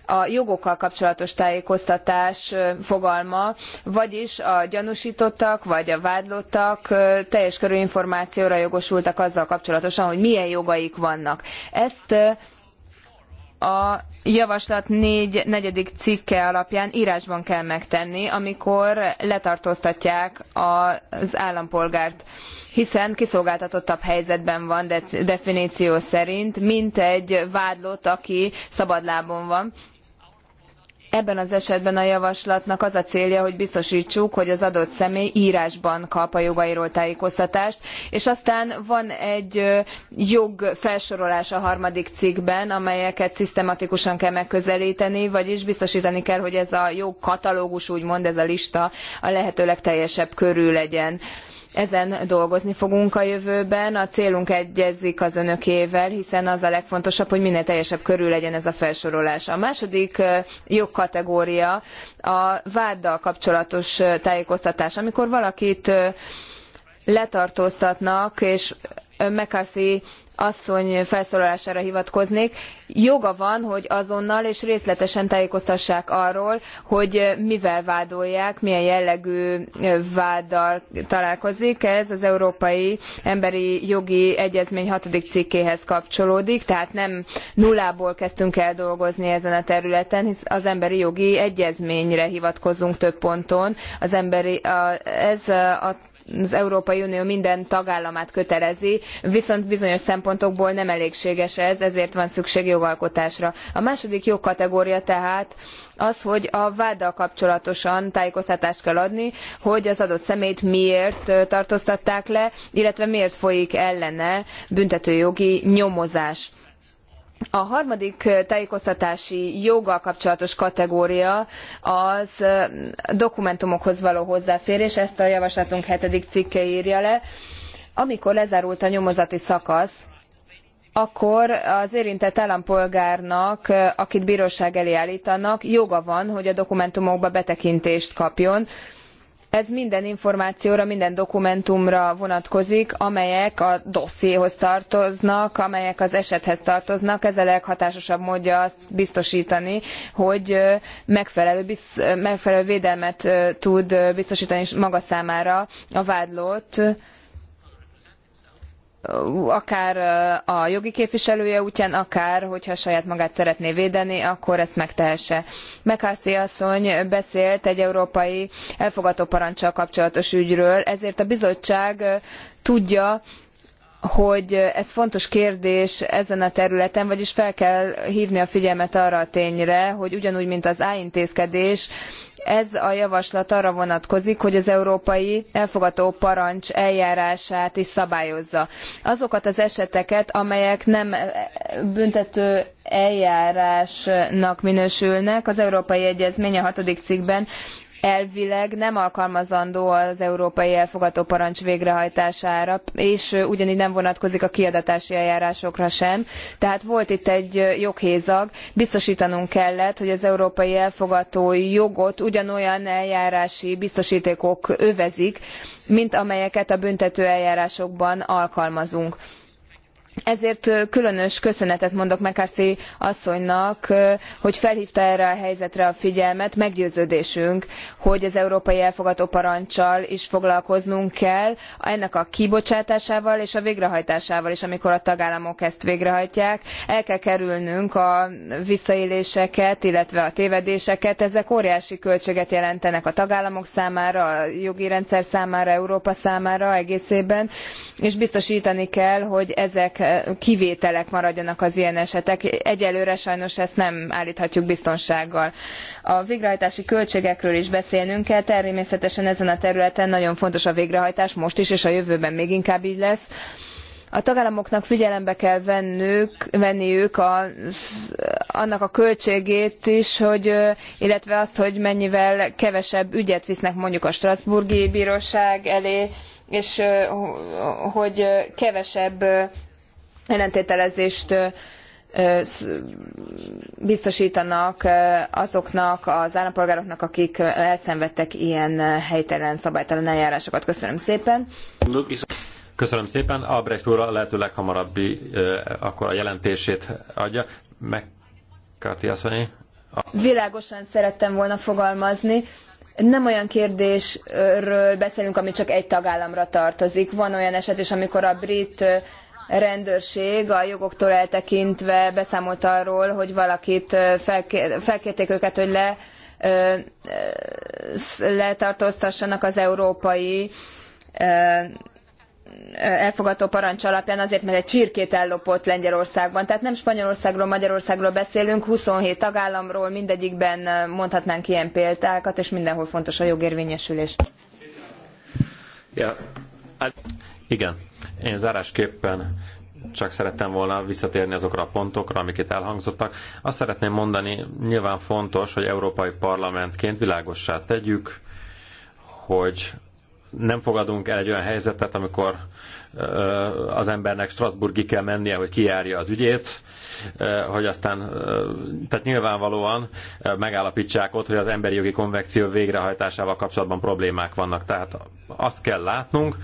a jogokkal kapcsolatos tájékoztatás fogalma, vagyis a gyanúsítottak vagy a vádlottak teljes körű információra jogosultak azzal kapcsolatosan, hogy milyen jogaik vannak. Ezt a javaslat négy negyedik cikke alapján írásban kell megtenni, amikor letartóztatják az állampolgárt, hiszen kiszolgáltatottabb helyzetben van de definíció szerint, mint egy vádlott, aki szabadlábon van Ebben az esetben a javaslatnak az a célja, hogy biztosítsuk, hogy az adott személy írásban kap a jogairól tájékoztatást, és aztán van egy jogfelsorolás a harmadik cikkben, amelyeket szisztematikusan kell megközelíteni, vagyis biztosítani kell, hogy ez a jogkatalógus, úgymond ez a lista a lehető legteljesebb körül legyen. Ezen dolgozni fogunk a jövőben, a célunk egyezik az önökével, hiszen az a legfontosabb, hogy minél teljesebb körül legyen ez a felsorolás. A második jogkategória a váddal kapcsolatos tájékoztatás. Amikor valakit letartóztatnak, és McCarthy asszony felszólalására hivatkoznék. Joga van, hogy azonnal és részletesen tájékoztassák arról, hogy mivel vádolják, milyen jellegű váddal találkozik. Ez az Európai Emberi Jogi Egyezmény hatodik cikkéhez kapcsolódik, tehát nem nullából kezdtünk el dolgozni ezen a területen, hisz az Emberi Jogi Egyezményre hivatkozunk több ponton. Az emberi, a, ez a az Európai Unió minden tagállamát kötelezi, viszont bizonyos szempontokból nem elégséges ez, ezért van szükség jogalkotásra. A második jogkategória tehát az, hogy a váddal kapcsolatosan tájékoztatást kell adni, hogy az adott szemét miért tartóztatták le, illetve miért folyik ellene büntetőjogi nyomozás a harmadik tájékoztatási joggal kapcsolatos kategória az dokumentumokhoz való hozzáférés, ezt a javaslatunk hetedik cikke írja le. Amikor lezárult a nyomozati szakasz, akkor az érintett állampolgárnak, akit bíróság elé állítanak, joga van, hogy a dokumentumokba betekintést kapjon, ez minden információra, minden dokumentumra vonatkozik, amelyek a dossziéhoz tartoznak, amelyek az esethez tartoznak. Ez a leghatásosabb módja azt biztosítani, hogy megfelelő, megfelelő védelmet tud biztosítani maga számára a vádlott, akár a jogi képviselője útján, akár hogyha saját magát szeretné védeni, akkor ezt megtehesse. McCarthy asszony beszélt egy európai elfogató parancsal kapcsolatos ügyről, ezért a bizottság tudja, hogy ez fontos kérdés ezen a területen, vagyis fel kell hívni a figyelmet arra a tényre, hogy ugyanúgy, mint az A intézkedés, ez a javaslat arra vonatkozik, hogy az európai elfogató parancs eljárását is szabályozza. Azokat az eseteket, amelyek nem büntető eljárásnak minősülnek, az Európai Egyezmény a hatodik cikkben elvileg nem alkalmazandó az európai elfogadó parancs végrehajtására, és ugyanígy nem vonatkozik a kiadatási eljárásokra sem. Tehát volt itt egy joghézag, biztosítanunk kellett, hogy az európai elfogadó jogot ugyanolyan eljárási biztosítékok övezik, mint amelyeket a büntető eljárásokban alkalmazunk ezért különös köszönetet mondok McCarthy asszonynak, hogy felhvta erre a helyzetre a figyelmet. Meggyőződésünk, hogy az európai elfogadó parancsal is foglalkoznunk kell, ennek a kibocsátásával és a végrehajtásával is, amikor a tagállamok ezt végrehajtják. El kell kerülnünk a visszaéléseket, illetve a tévedéseket. Ezek óriási költséget jelentenek a tagállamok számára, a jogi rendszer számára, Európa számára egészében, és biztosítani kell, hogy ezek kivételek maradjanak az ilyen esetek. Egyelőre sajnos ezt nem állíthatjuk biztonsággal. A végrehajtási költségekről is beszélnünk kell, természetesen ezen a területen nagyon fontos a végrehajtás most is, és a jövőben még inkább így lesz. A tagállamoknak figyelembe kell vennük, venniük az, annak a költségét is, hogy, illetve azt, hogy mennyivel kevesebb ügyet visznek mondjuk a Strasbourgi Bíróság elé, és hogy kevesebb ellentételezést biztosítanak azoknak az állampolgároknak, akik elszenvedtek ilyen helytelen, szabálytalan eljárásokat. Köszönöm szépen.
Köszönöm szépen. Albrecht úr a lehető leghamarabbi akkor a jelentését adja. McCarthy asszony.
Világosan szerettem volna fogalmazni. Nem olyan kérdésről beszélünk, ami csak egy tagállamra tartozik. Van olyan eset is, amikor a brit rendőrség a jogoktól eltekintve beszámolt arról, hogy valakit felkér, felkérték őket, hogy le letartóztassanak az európai elfogadó parancs alapján azért, mert egy csirkét ellopott Lengyelországban. Tehát nem Spanyolországról, Magyarországról beszélünk, 27 tagállamról, mindegyikben mondhatnánk ilyen példákat, és mindenhol fontos a jogérvényesülés.
Yeah. Igen, én zárásképpen csak szerettem volna visszatérni azokra a pontokra, amiket elhangzottak. Azt szeretném mondani, nyilván fontos, hogy Európai Parlamentként világossá tegyük, hogy nem fogadunk el egy olyan helyzetet, amikor az embernek Strasbourgig kell mennie, hogy kijárja az ügyét, hogy aztán, tehát nyilvánvalóan megállapítsák ott, hogy az emberi jogi konvekció végrehajtásával kapcsolatban problémák vannak. Tehát azt kell látnunk,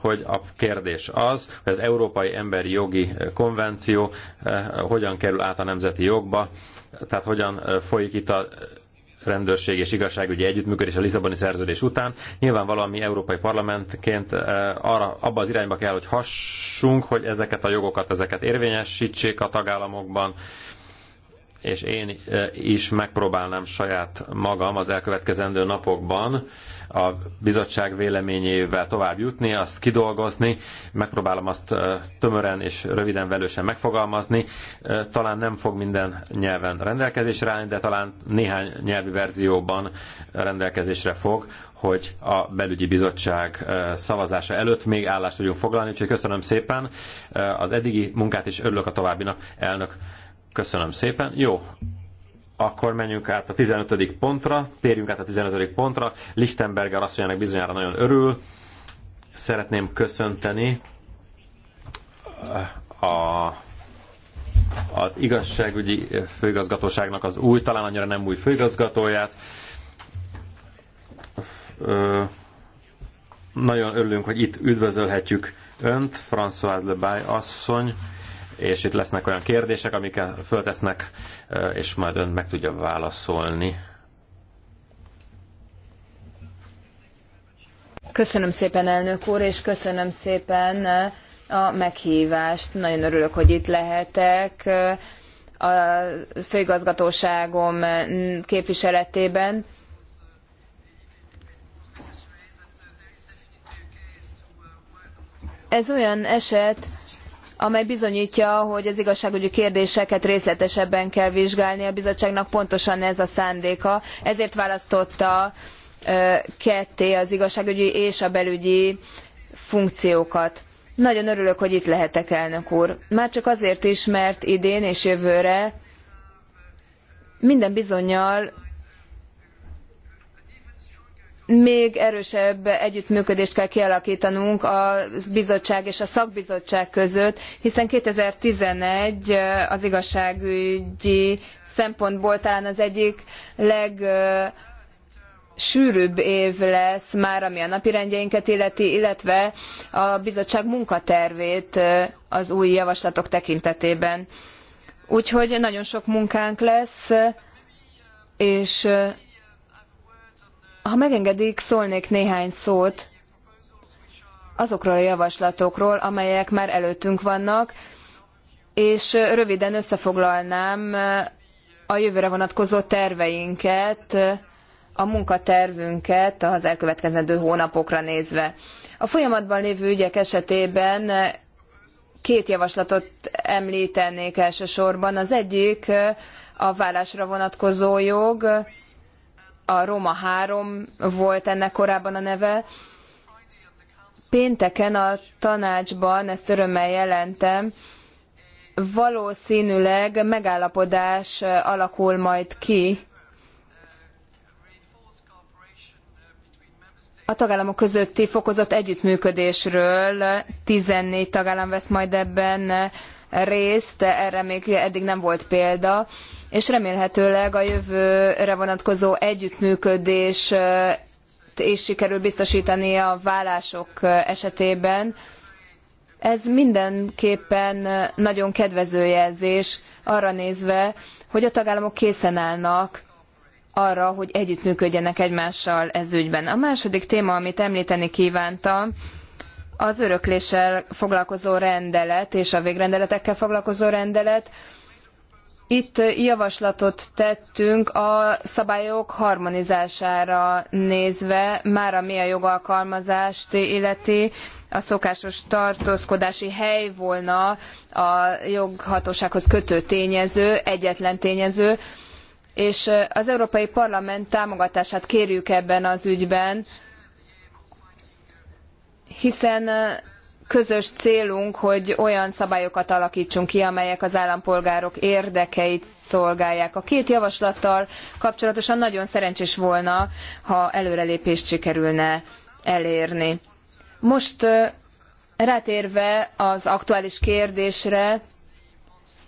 hogy a kérdés az, hogy az Európai Emberi Jogi Konvenció eh, hogyan kerül át a nemzeti jogba, tehát hogyan eh, folyik itt a rendőrség és igazságügyi együttműködés a Lisszaboni szerződés után. Nyilvánvalóan mi Európai Parlamentként eh, arra, abba az irányba kell, hogy hassunk, hogy ezeket a jogokat, ezeket érvényesítsék a tagállamokban, és én eh, is megpróbálnám saját magam az elkövetkezendő napokban a bizottság véleményével tovább jutni, azt kidolgozni, megpróbálom azt eh, tömören és röviden velősen megfogalmazni. Eh, talán nem fog minden nyelven rendelkezésre állni, de talán néhány nyelvi verzióban rendelkezésre fog, hogy a belügyi bizottság szavazása előtt még állást tudjunk foglalni. Úgyhogy köszönöm szépen az eddigi munkát, és örülök a továbbinak, elnök Köszönöm szépen. Jó, akkor menjünk át a 15. pontra, térjünk át a 15. pontra. Lichtenberger asszonyának bizonyára nagyon örül. Szeretném köszönteni a a igazságügyi főigazgatóságnak az új, talán annyira nem új főigazgatóját. Ö, nagyon örülünk, hogy itt üdvözölhetjük Önt, François Lebay asszony és itt lesznek olyan kérdések, amiket föltesznek, és majd ön meg tudja válaszolni.
Köszönöm szépen, elnök úr, és köszönöm szépen a meghívást. Nagyon örülök, hogy itt lehetek a főigazgatóságom képviseletében. Ez olyan eset, amely bizonyítja, hogy az igazságügyi kérdéseket részletesebben kell vizsgálni. A bizottságnak pontosan ez a szándéka, ezért választotta ketté az igazságügyi és a belügyi funkciókat. Nagyon örülök, hogy itt lehetek, elnök úr. Már csak azért is, mert idén és jövőre minden bizonyal még erősebb együttműködést kell kialakítanunk a bizottság és a szakbizottság között, hiszen 2011 eh, az igazságügyi szempontból talán az egyik leg eh, sűrűbb év lesz már, ami a napirendjeinket illeti, illetve a bizottság munkatervét eh, az új javaslatok tekintetében. Úgyhogy nagyon sok munkánk lesz, és ha megengedik, szólnék néhány szót azokról a javaslatokról, amelyek már előttünk vannak, és röviden összefoglalnám a jövőre vonatkozó terveinket, a munkatervünket az elkövetkezendő hónapokra nézve. A folyamatban lévő ügyek esetében két javaslatot említenék elsősorban. Az egyik a vállásra vonatkozó jog, a Roma 3 volt ennek korábban a neve. Pénteken a tanácsban, ezt örömmel jelentem, valószínűleg megállapodás alakul majd ki a tagállamok közötti fokozott együttműködésről. 14 tagállam vesz majd ebben részt, erre még eddig nem volt példa és remélhetőleg a jövőre vonatkozó együttműködés és sikerül biztosítani a vállások esetében. Ez mindenképpen nagyon kedvező jelzés arra nézve, hogy a tagállamok készen állnak arra, hogy együttműködjenek egymással ez ügyben. A második téma, amit említeni kívántam, az örökléssel foglalkozó rendelet és a végrendeletekkel foglalkozó rendelet. Itt javaslatot tettünk a szabályok harmonizására nézve, már ami a jogalkalmazást illeti, a szokásos tartózkodási hely volna a joghatósághoz kötő tényező, egyetlen tényező, és az Európai Parlament támogatását kérjük ebben az ügyben, hiszen közös célunk, hogy olyan szabályokat alakítsunk ki, amelyek az állampolgárok érdekeit szolgálják. A két javaslattal kapcsolatosan nagyon szerencsés volna, ha előrelépést sikerülne elérni. Most rátérve az aktuális kérdésre,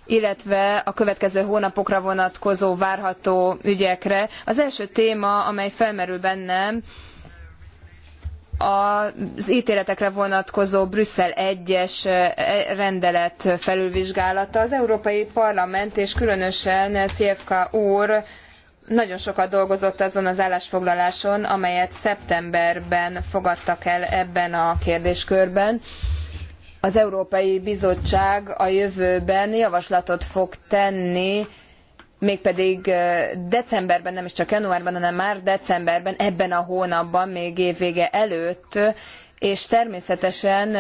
illetve a következő hónapokra vonatkozó várható ügyekre. Az első téma, amely felmerül bennem, az ítéletekre vonatkozó Brüsszel egyes es rendelet felülvizsgálata. Az Európai Parlament és különösen Cievka úr nagyon sokat dolgozott azon az állásfoglaláson, amelyet szeptemberben fogadtak el ebben a kérdéskörben. Az Európai Bizottság a jövőben javaslatot fog tenni mégpedig decemberben, nem is csak januárban, hanem már decemberben, ebben a hónapban, még évvége előtt, és természetesen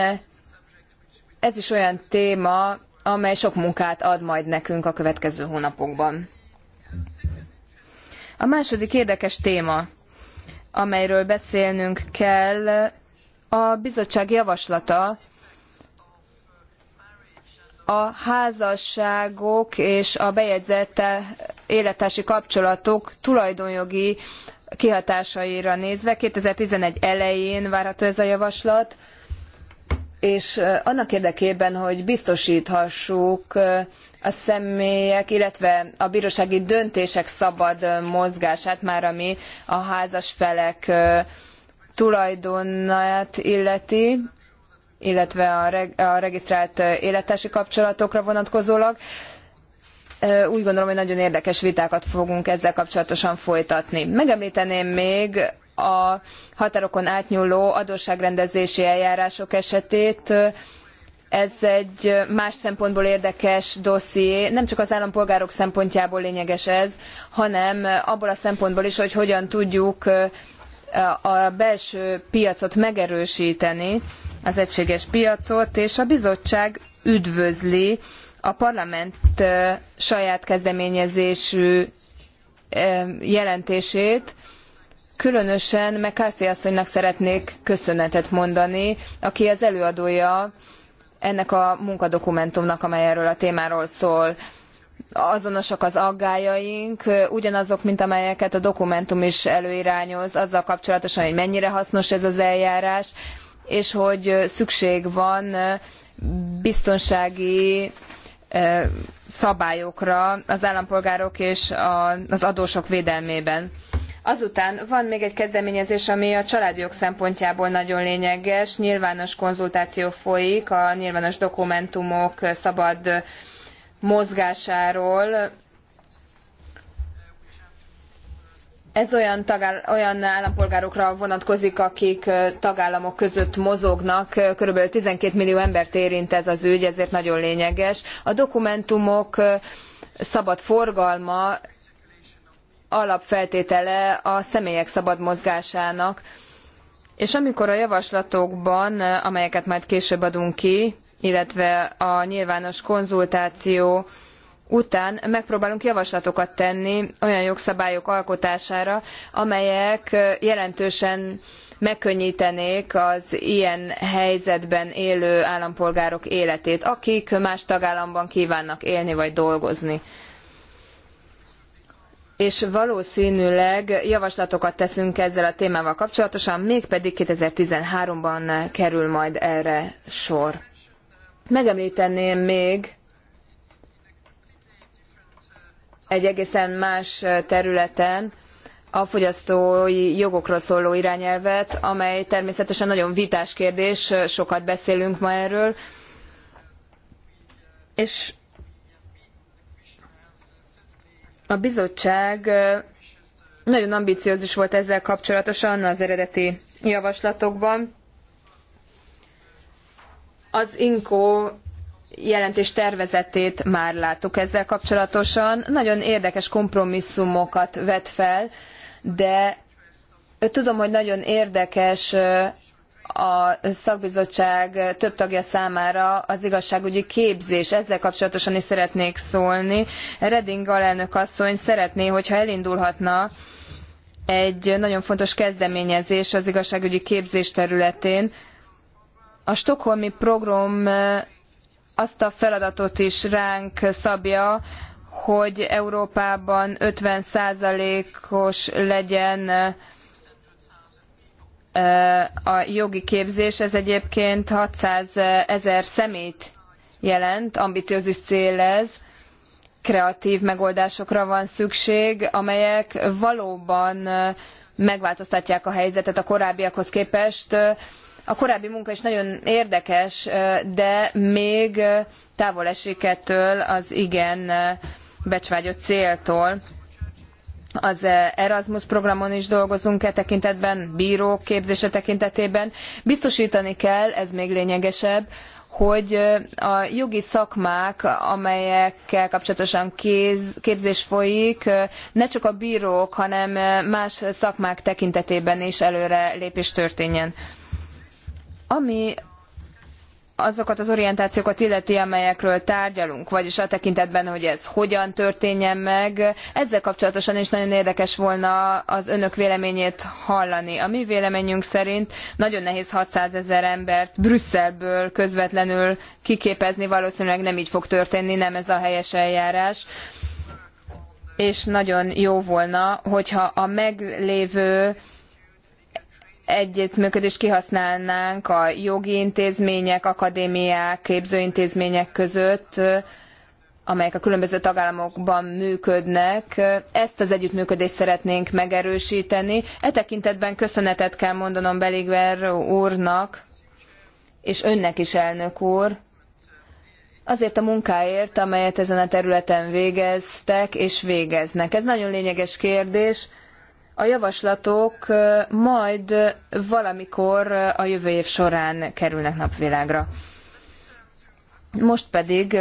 ez is olyan téma, amely sok munkát ad majd nekünk a következő hónapokban. A második érdekes téma, amelyről beszélnünk kell, a bizottság javaslata a házasságok és a bejegyzett élettársi kapcsolatok tulajdonjogi kihatásaira nézve 2011 elején várható ez a javaslat, és annak érdekében, hogy biztosíthassuk a személyek, illetve a bírósági döntések szabad mozgását, már ami a házas felek tulajdonát illeti, illetve a, reg, a regisztrált élettársi kapcsolatokra vonatkozólag. Úgy gondolom, hogy nagyon érdekes vitákat fogunk ezzel kapcsolatosan folytatni. Megemlíteném még a határokon átnyúló adósságrendezési eljárások esetét. Ez egy más szempontból érdekes dosszié, nem csak az állampolgárok szempontjából lényeges ez, hanem abból a szempontból is, hogy hogyan tudjuk a belső piacot megerősíteni, az egységes piacot, és a bizottság üdvözli a parlament saját kezdeményezésű jelentését, Különösen McCarthy asszonynak szeretnék köszönetet mondani, aki az előadója ennek a munkadokumentumnak, amely erről a témáról szól. Azonosak az aggályaink, ugyanazok, mint amelyeket a dokumentum is előirányoz, azzal kapcsolatosan, hogy mennyire hasznos ez az eljárás, és hogy szükség van biztonsági szabályokra az állampolgárok és az adósok védelmében. Azután van még egy kezdeményezés, ami a családjog szempontjából nagyon lényeges. Nyilvános konzultáció folyik a nyilvános dokumentumok szabad mozgásáról Ez olyan, tagál, olyan állampolgárokra vonatkozik, akik tagállamok között mozognak, körülbelül 12 millió embert érint ez az ügy, ezért nagyon lényeges. A dokumentumok szabad forgalma alapfeltétele a személyek szabad mozgásának, és amikor a javaslatokban, amelyeket majd később adunk ki, illetve a nyilvános konzultáció után megpróbálunk javaslatokat tenni olyan jogszabályok alkotására, amelyek jelentősen megkönnyítenék az ilyen helyzetben élő állampolgárok életét, akik más tagállamban kívánnak élni vagy dolgozni. És valószínűleg javaslatokat teszünk ezzel a témával kapcsolatosan, mégpedig 2013-ban kerül majd erre sor. Megemlíteném még egy egészen más területen a fogyasztói jogokról szóló irányelvet, amely természetesen nagyon vitás kérdés, sokat beszélünk ma erről. És a bizottság nagyon ambiciózus volt ezzel kapcsolatosan az eredeti javaslatokban. Az Inco jelentés tervezetét már láttuk ezzel kapcsolatosan. Nagyon érdekes kompromisszumokat vet fel, de tudom, hogy nagyon érdekes a szakbizottság több tagja számára az igazságügyi képzés. Ezzel kapcsolatosan is szeretnék szólni. Reding alelnök asszony szeretné, hogyha elindulhatna egy nagyon fontos kezdeményezés az igazságügyi képzés területén. A Stockholmi program azt a feladatot is ránk szabja, hogy Európában 50%-os legyen a jogi képzés, ez egyébként 600 ezer szemét jelent, ambiciózus cél ez, kreatív megoldásokra van szükség, amelyek valóban megváltoztatják a helyzetet a korábbiakhoz képest, a korábbi munka is nagyon érdekes, de még távol esik ettől az igen becsvágyott céltól. Az Erasmus programon is dolgozunk e tekintetben, bírók képzése tekintetében. Biztosítani kell, ez még lényegesebb, hogy a jogi szakmák, amelyekkel kapcsolatosan kéz, képzés folyik, ne csak a bírók, hanem más szakmák tekintetében is előre lépés történjen. Ami azokat az orientációkat illeti, amelyekről tárgyalunk, vagyis a tekintetben, hogy ez hogyan történjen meg. Ezzel kapcsolatosan is nagyon érdekes volna az önök véleményét hallani. A mi véleményünk szerint nagyon nehéz 600 ezer embert Brüsszelből közvetlenül kiképezni, valószínűleg nem így fog történni, nem ez a helyes eljárás és nagyon jó volna, hogyha a meglévő együttműködést kihasználnánk a jogi intézmények, akadémiák, képzőintézmények között, amelyek a különböző tagállamokban működnek. Ezt az együttműködést szeretnénk megerősíteni. E tekintetben köszönetet kell mondanom Beligver úrnak, és önnek is, elnök úr, azért a munkáért, amelyet ezen a területen végeztek és végeznek. Ez nagyon lényeges kérdés, a javaslatok majd valamikor a jövő év során kerülnek napvilágra. Most pedig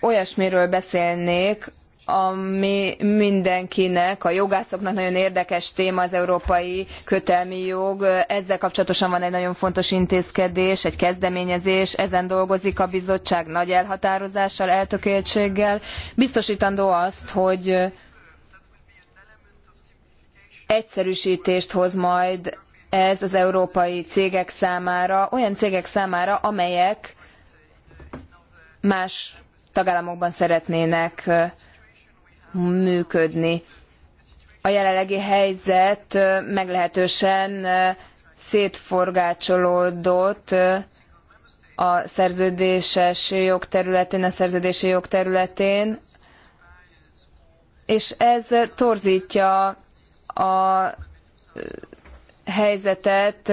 olyasmiről beszélnék, ami mindenkinek, a jogászoknak nagyon érdekes téma az európai kötelmi jog. Ezzel kapcsolatosan van egy nagyon fontos intézkedés, egy kezdeményezés, ezen dolgozik a bizottság nagy elhatározással, eltökéltséggel. Biztosítandó azt, hogy egyszerűsítést hoz majd ez az európai cégek számára, olyan cégek számára, amelyek más tagállamokban szeretnének működni. A jelenlegi helyzet meglehetősen szétforgácsolódott a szerződéses jog területén, a szerződési jog területén, és ez torzítja a helyzetet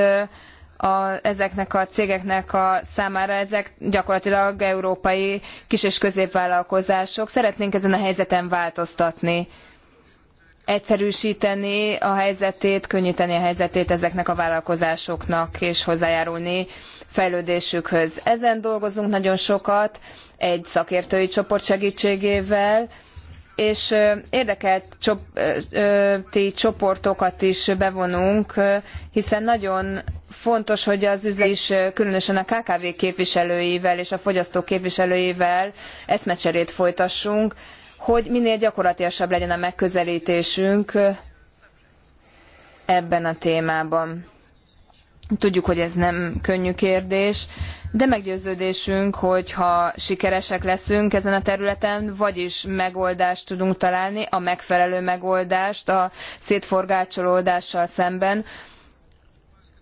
a, ezeknek a cégeknek a számára ezek gyakorlatilag európai kis- és középvállalkozások. Szeretnénk ezen a helyzeten változtatni, egyszerűsíteni a helyzetét, könnyíteni a helyzetét ezeknek a vállalkozásoknak, és hozzájárulni fejlődésükhöz. Ezen dolgozunk nagyon sokat, egy szakértői csoport segítségével, és érdekelt csoportokat is bevonunk, hiszen nagyon fontos, hogy az üzlet is, különösen a KKV képviselőivel és a fogyasztók képviselőivel eszmecserét folytassunk, hogy minél gyakorlatilasabb legyen a megközelítésünk ebben a témában. Tudjuk, hogy ez nem könnyű kérdés, de meggyőződésünk, hogy ha sikeresek leszünk ezen a területen, vagyis megoldást tudunk találni, a megfelelő megoldást a szétforgácsolódással szemben.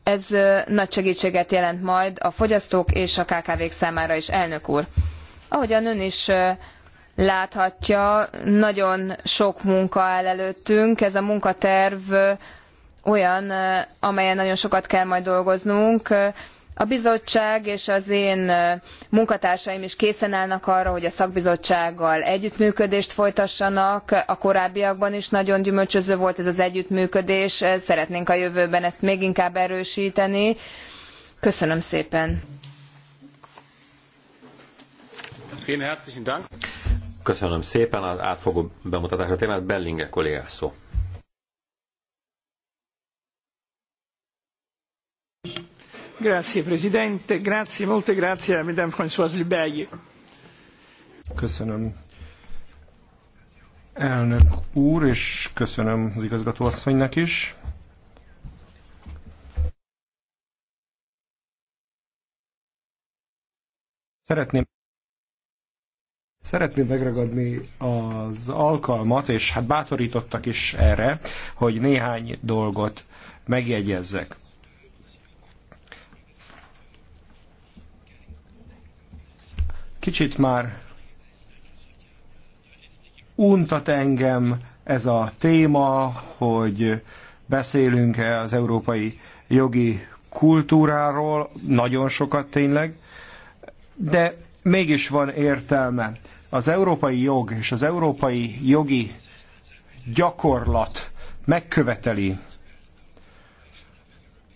Ez nagy segítséget jelent majd a fogyasztók és a KKV-k számára is, elnök úr. Ahogyan ön is láthatja, nagyon sok munka áll előttünk. Ez a munkaterv olyan, amelyen nagyon sokat kell majd dolgoznunk. A bizottság és az én munkatársaim is készen állnak arra, hogy a szakbizottsággal együttműködést folytassanak. A korábbiakban is nagyon gyümölcsöző volt ez az együttműködés, szeretnénk a jövőben ezt még inkább erősíteni. Köszönöm szépen!
Köszönöm szépen az átfogó bemutatásra témát. Bellinge kollégás szó.
Köszönöm elnök úr, és köszönöm az igazgatóasszonynak is. Szeretném Szeretném megragadni az alkalmat, és hát bátorítottak is erre, hogy néhány dolgot megjegyezzek. Kicsit már untat engem ez a téma, hogy beszélünk-e az európai jogi kultúráról, nagyon sokat tényleg, de mégis van értelme. Az európai jog és az európai jogi gyakorlat megköveteli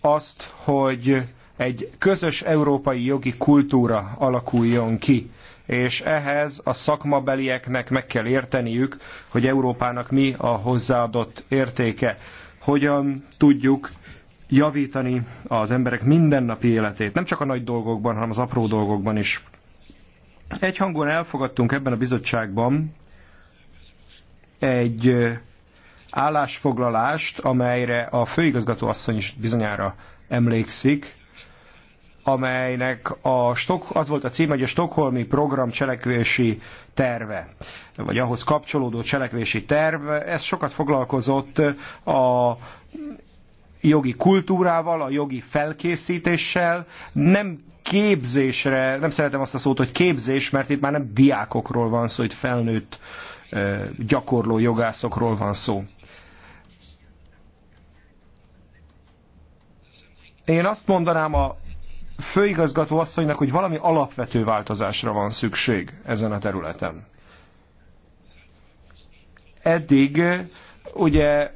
azt, hogy egy közös európai jogi kultúra alakuljon ki és ehhez a szakmabelieknek meg kell érteniük, hogy Európának mi a hozzáadott értéke. Hogyan tudjuk javítani az emberek mindennapi életét, nem csak a nagy dolgokban, hanem az apró dolgokban is. Egyhangon elfogadtunk ebben a bizottságban egy állásfoglalást, amelyre a főigazgató asszony is bizonyára emlékszik, amelynek a Stok, az volt a cím, hogy a Stockholmi Program cselekvési terve, vagy ahhoz kapcsolódó cselekvési terv. Ez sokat foglalkozott a jogi kultúrával, a jogi felkészítéssel. Nem képzésre, nem szeretem azt a szót, hogy képzés, mert itt már nem diákokról van szó, itt felnőtt gyakorló jogászokról van szó. Én azt mondanám a főigazgató asszonynak, hogy valami alapvető változásra van szükség ezen a területen. Eddig ugye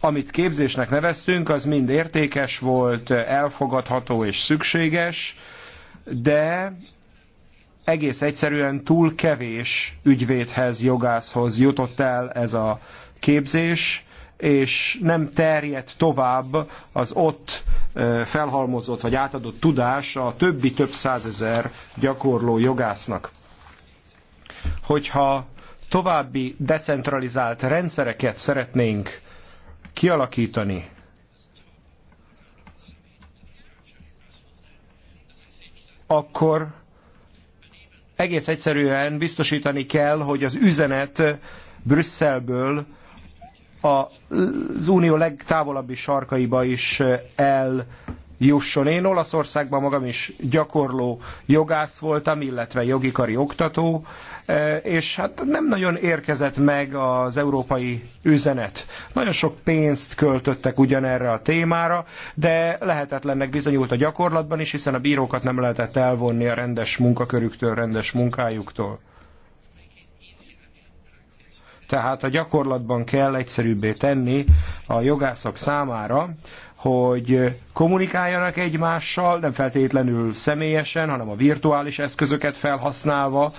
amit képzésnek neveztünk, az mind értékes volt, elfogadható és szükséges, de egész egyszerűen túl kevés ügyvédhez, jogászhoz jutott el ez a képzés, és nem terjed tovább az ott felhalmozott vagy átadott tudás a többi több százezer gyakorló jogásznak. Hogyha további decentralizált rendszereket szeretnénk kialakítani, akkor egész egyszerűen biztosítani kell, hogy az üzenet Brüsszelből az unió legtávolabbi sarkaiba is el jusson. Én Olaszországban magam is gyakorló jogász voltam, illetve jogikari oktató, és hát nem nagyon érkezett meg az európai üzenet. Nagyon sok pénzt költöttek ugyanerre a témára, de lehetetlennek bizonyult a gyakorlatban is, hiszen a bírókat nem lehetett elvonni a rendes munkakörüktől, rendes munkájuktól. Tehát a gyakorlatban kell egyszerűbbé tenni a jogászok számára, hogy kommunikáljanak egymással, nem feltétlenül személyesen, hanem a virtuális eszközöket felhasználva,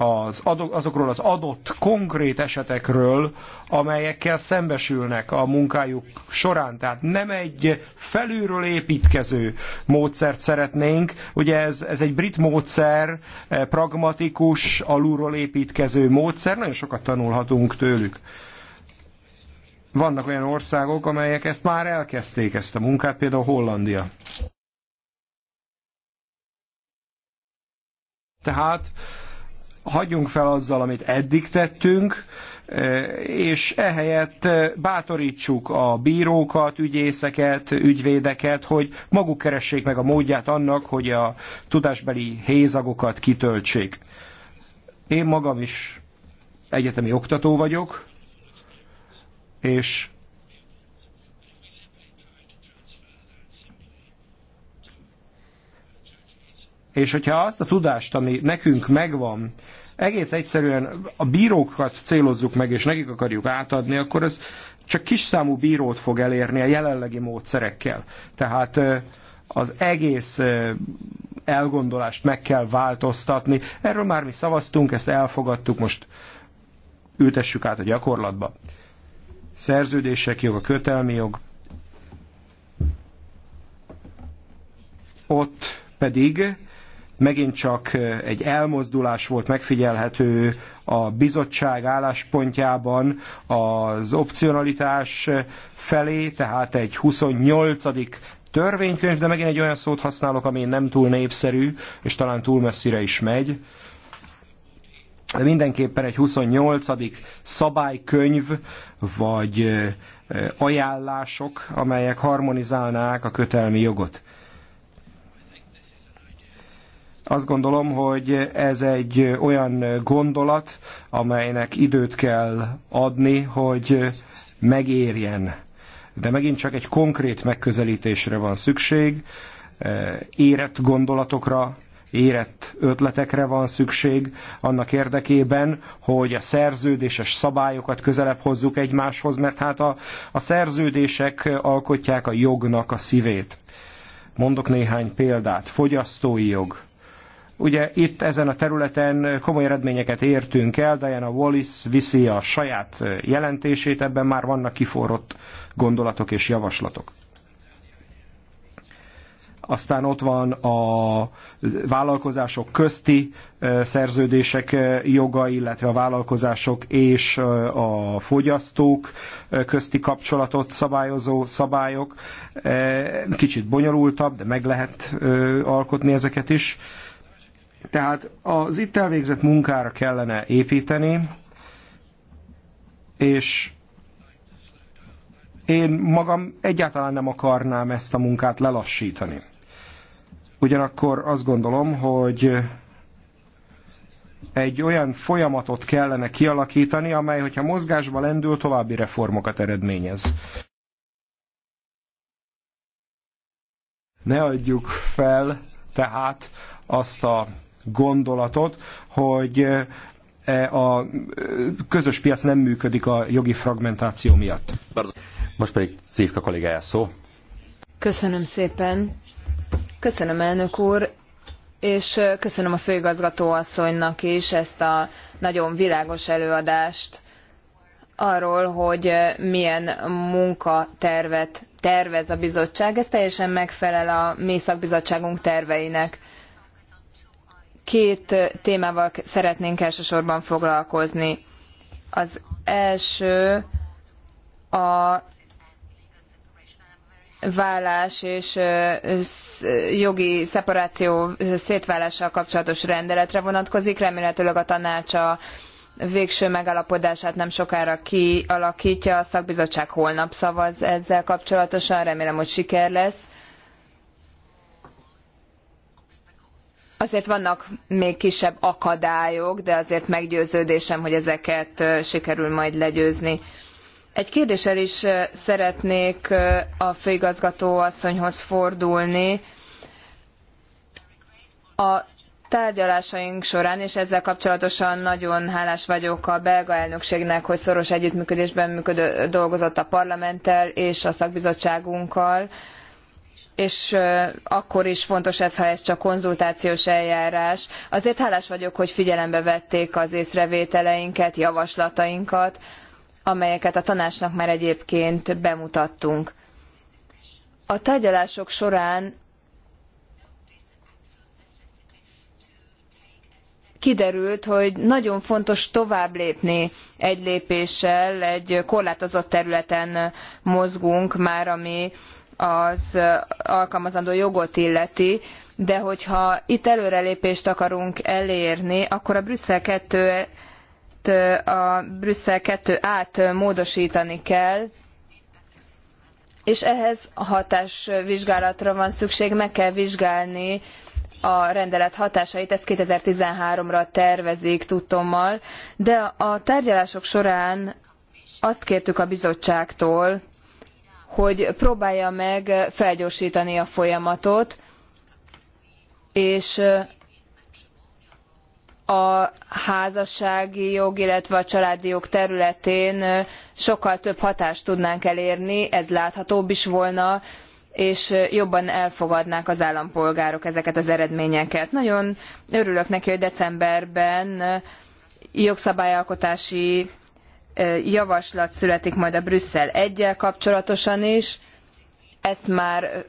az adok, azokról az adott konkrét esetekről, amelyekkel szembesülnek a munkájuk során. Tehát nem egy felülről építkező módszert szeretnénk. Ugye ez, ez egy brit módszer, eh, pragmatikus, alulról építkező módszer. Nagyon sokat tanulhatunk tőlük. Vannak olyan országok, amelyek ezt már elkezdték, ezt a munkát, például Hollandia. Tehát hagyjunk fel azzal, amit eddig tettünk, e, és ehelyett e, bátorítsuk a bírókat, ügyészeket, ügyvédeket, hogy maguk keressék meg a módját annak, hogy a tudásbeli hézagokat kitöltsék. Én magam is egyetemi oktató vagyok, és És hogyha azt a tudást, ami nekünk megvan, egész egyszerűen a bírókat célozzuk meg, és nekik akarjuk átadni, akkor ez csak kis számú bírót fog elérni a jelenlegi módszerekkel. Tehát az egész elgondolást meg kell változtatni. Erről már mi szavaztunk, ezt elfogadtuk, most ültessük át a gyakorlatba. Szerződések, jog, a kötelmi jog. Ott pedig megint csak egy elmozdulás volt megfigyelhető a bizottság álláspontjában az opcionalitás felé, tehát egy 28 törvénykönyv, de megint egy olyan szót használok, ami nem túl népszerű, és talán túl messzire is megy. De mindenképpen egy 28. szabálykönyv, vagy ajánlások, amelyek harmonizálnák a kötelmi jogot. Azt gondolom, hogy ez egy olyan gondolat, amelynek időt kell adni, hogy megérjen. De megint csak egy konkrét megközelítésre van szükség, eh, érett gondolatokra, érett ötletekre van szükség annak érdekében, hogy a szerződéses szabályokat közelebb hozzuk egymáshoz, mert hát a, a szerződések alkotják a jognak a szívét. Mondok néhány példát. Fogyasztói jog, Ugye itt ezen a területen komoly eredményeket értünk el, Diana Wallis viszi a saját jelentését, ebben már vannak kiforrott gondolatok és javaslatok. Aztán ott van a vállalkozások közti szerződések joga, illetve a vállalkozások és a fogyasztók közti kapcsolatot szabályozó szabályok. Kicsit bonyolultabb, de meg lehet alkotni ezeket is tehát az itt elvégzett munkára kellene építeni, és én magam egyáltalán nem akarnám ezt a munkát lelassítani. Ugyanakkor azt gondolom, hogy egy olyan folyamatot kellene kialakítani, amely, hogyha mozgásba lendül, további reformokat eredményez. Ne adjuk fel tehát azt a gondolatot, hogy eh, e, a eh, közös piac nem működik a jogi fragmentáció
miatt. Most pedig Szívka kollégája szó.
Köszönöm szépen. Köszönöm, elnök úr, és eh, köszönöm a főigazgató asszonynak is ezt a nagyon világos előadást arról, hogy milyen munkatervet tervez a bizottság. Ez teljesen megfelel a mi szakbizottságunk terveinek. Két témával szeretnénk elsősorban foglalkozni. Az első a vállás és jogi szeparáció szétválással kapcsolatos rendeletre vonatkozik. Remélhetőleg a tanács a végső megállapodását nem sokára kialakítja. A szakbizottság holnap szavaz ezzel kapcsolatosan. Remélem, hogy siker lesz. Azért vannak még kisebb akadályok, de azért meggyőződésem, hogy ezeket sikerül majd legyőzni. Egy kérdéssel is szeretnék a főigazgató asszonyhoz fordulni. A tárgyalásaink során, és ezzel kapcsolatosan nagyon hálás vagyok a belga elnökségnek, hogy szoros együttműködésben működő, dolgozott a parlamenttel és a szakbizottságunkkal, és akkor is fontos ez, ha ez csak konzultációs eljárás. Azért hálás vagyok, hogy figyelembe vették az észrevételeinket, javaslatainkat, amelyeket a tanácsnak már egyébként bemutattunk. A tárgyalások során kiderült, hogy nagyon fontos tovább lépni egy lépéssel, egy korlátozott területen mozgunk már, ami az alkalmazandó jogot illeti, de hogyha itt előrelépést akarunk elérni, akkor a Brüsszel 2 a Brüsszel 2 át módosítani kell, és ehhez hatásvizsgálatra van szükség, meg kell vizsgálni a rendelet hatásait, ezt 2013-ra tervezik tudtommal, de a tárgyalások során azt kértük a bizottságtól, hogy próbálja meg felgyorsítani a folyamatot, és a házassági jog, illetve a családi jog területén sokkal több hatást tudnánk elérni, ez láthatóbb is volna, és jobban elfogadnák az állampolgárok ezeket az eredményeket. Nagyon örülök neki, hogy decemberben jogszabályalkotási javaslat születik majd a Brüsszel egyel kapcsolatosan is. Ezt már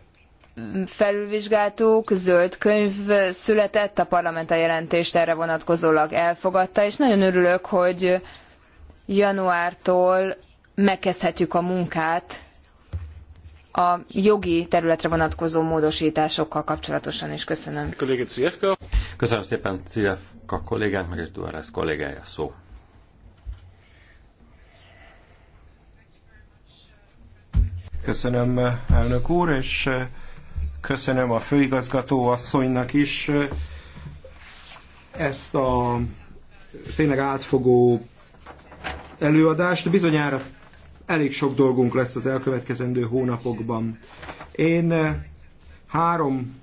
felülvizsgáltuk, zöld könyv született, a parlament a jelentést erre vonatkozólag elfogadta, és nagyon örülök, hogy januártól megkezdhetjük a munkát a jogi területre vonatkozó módosításokkal kapcsolatosan is. Köszönöm.
Köszönöm szépen Cievka kollégánk, meg és Duárez kollégája szó.
Köszönöm, elnök úr, és eh, köszönöm a főigazgató asszonynak is eh, ezt a tényleg átfogó előadást. Bizonyára elég sok dolgunk lesz az elkövetkezendő hónapokban. Én eh, három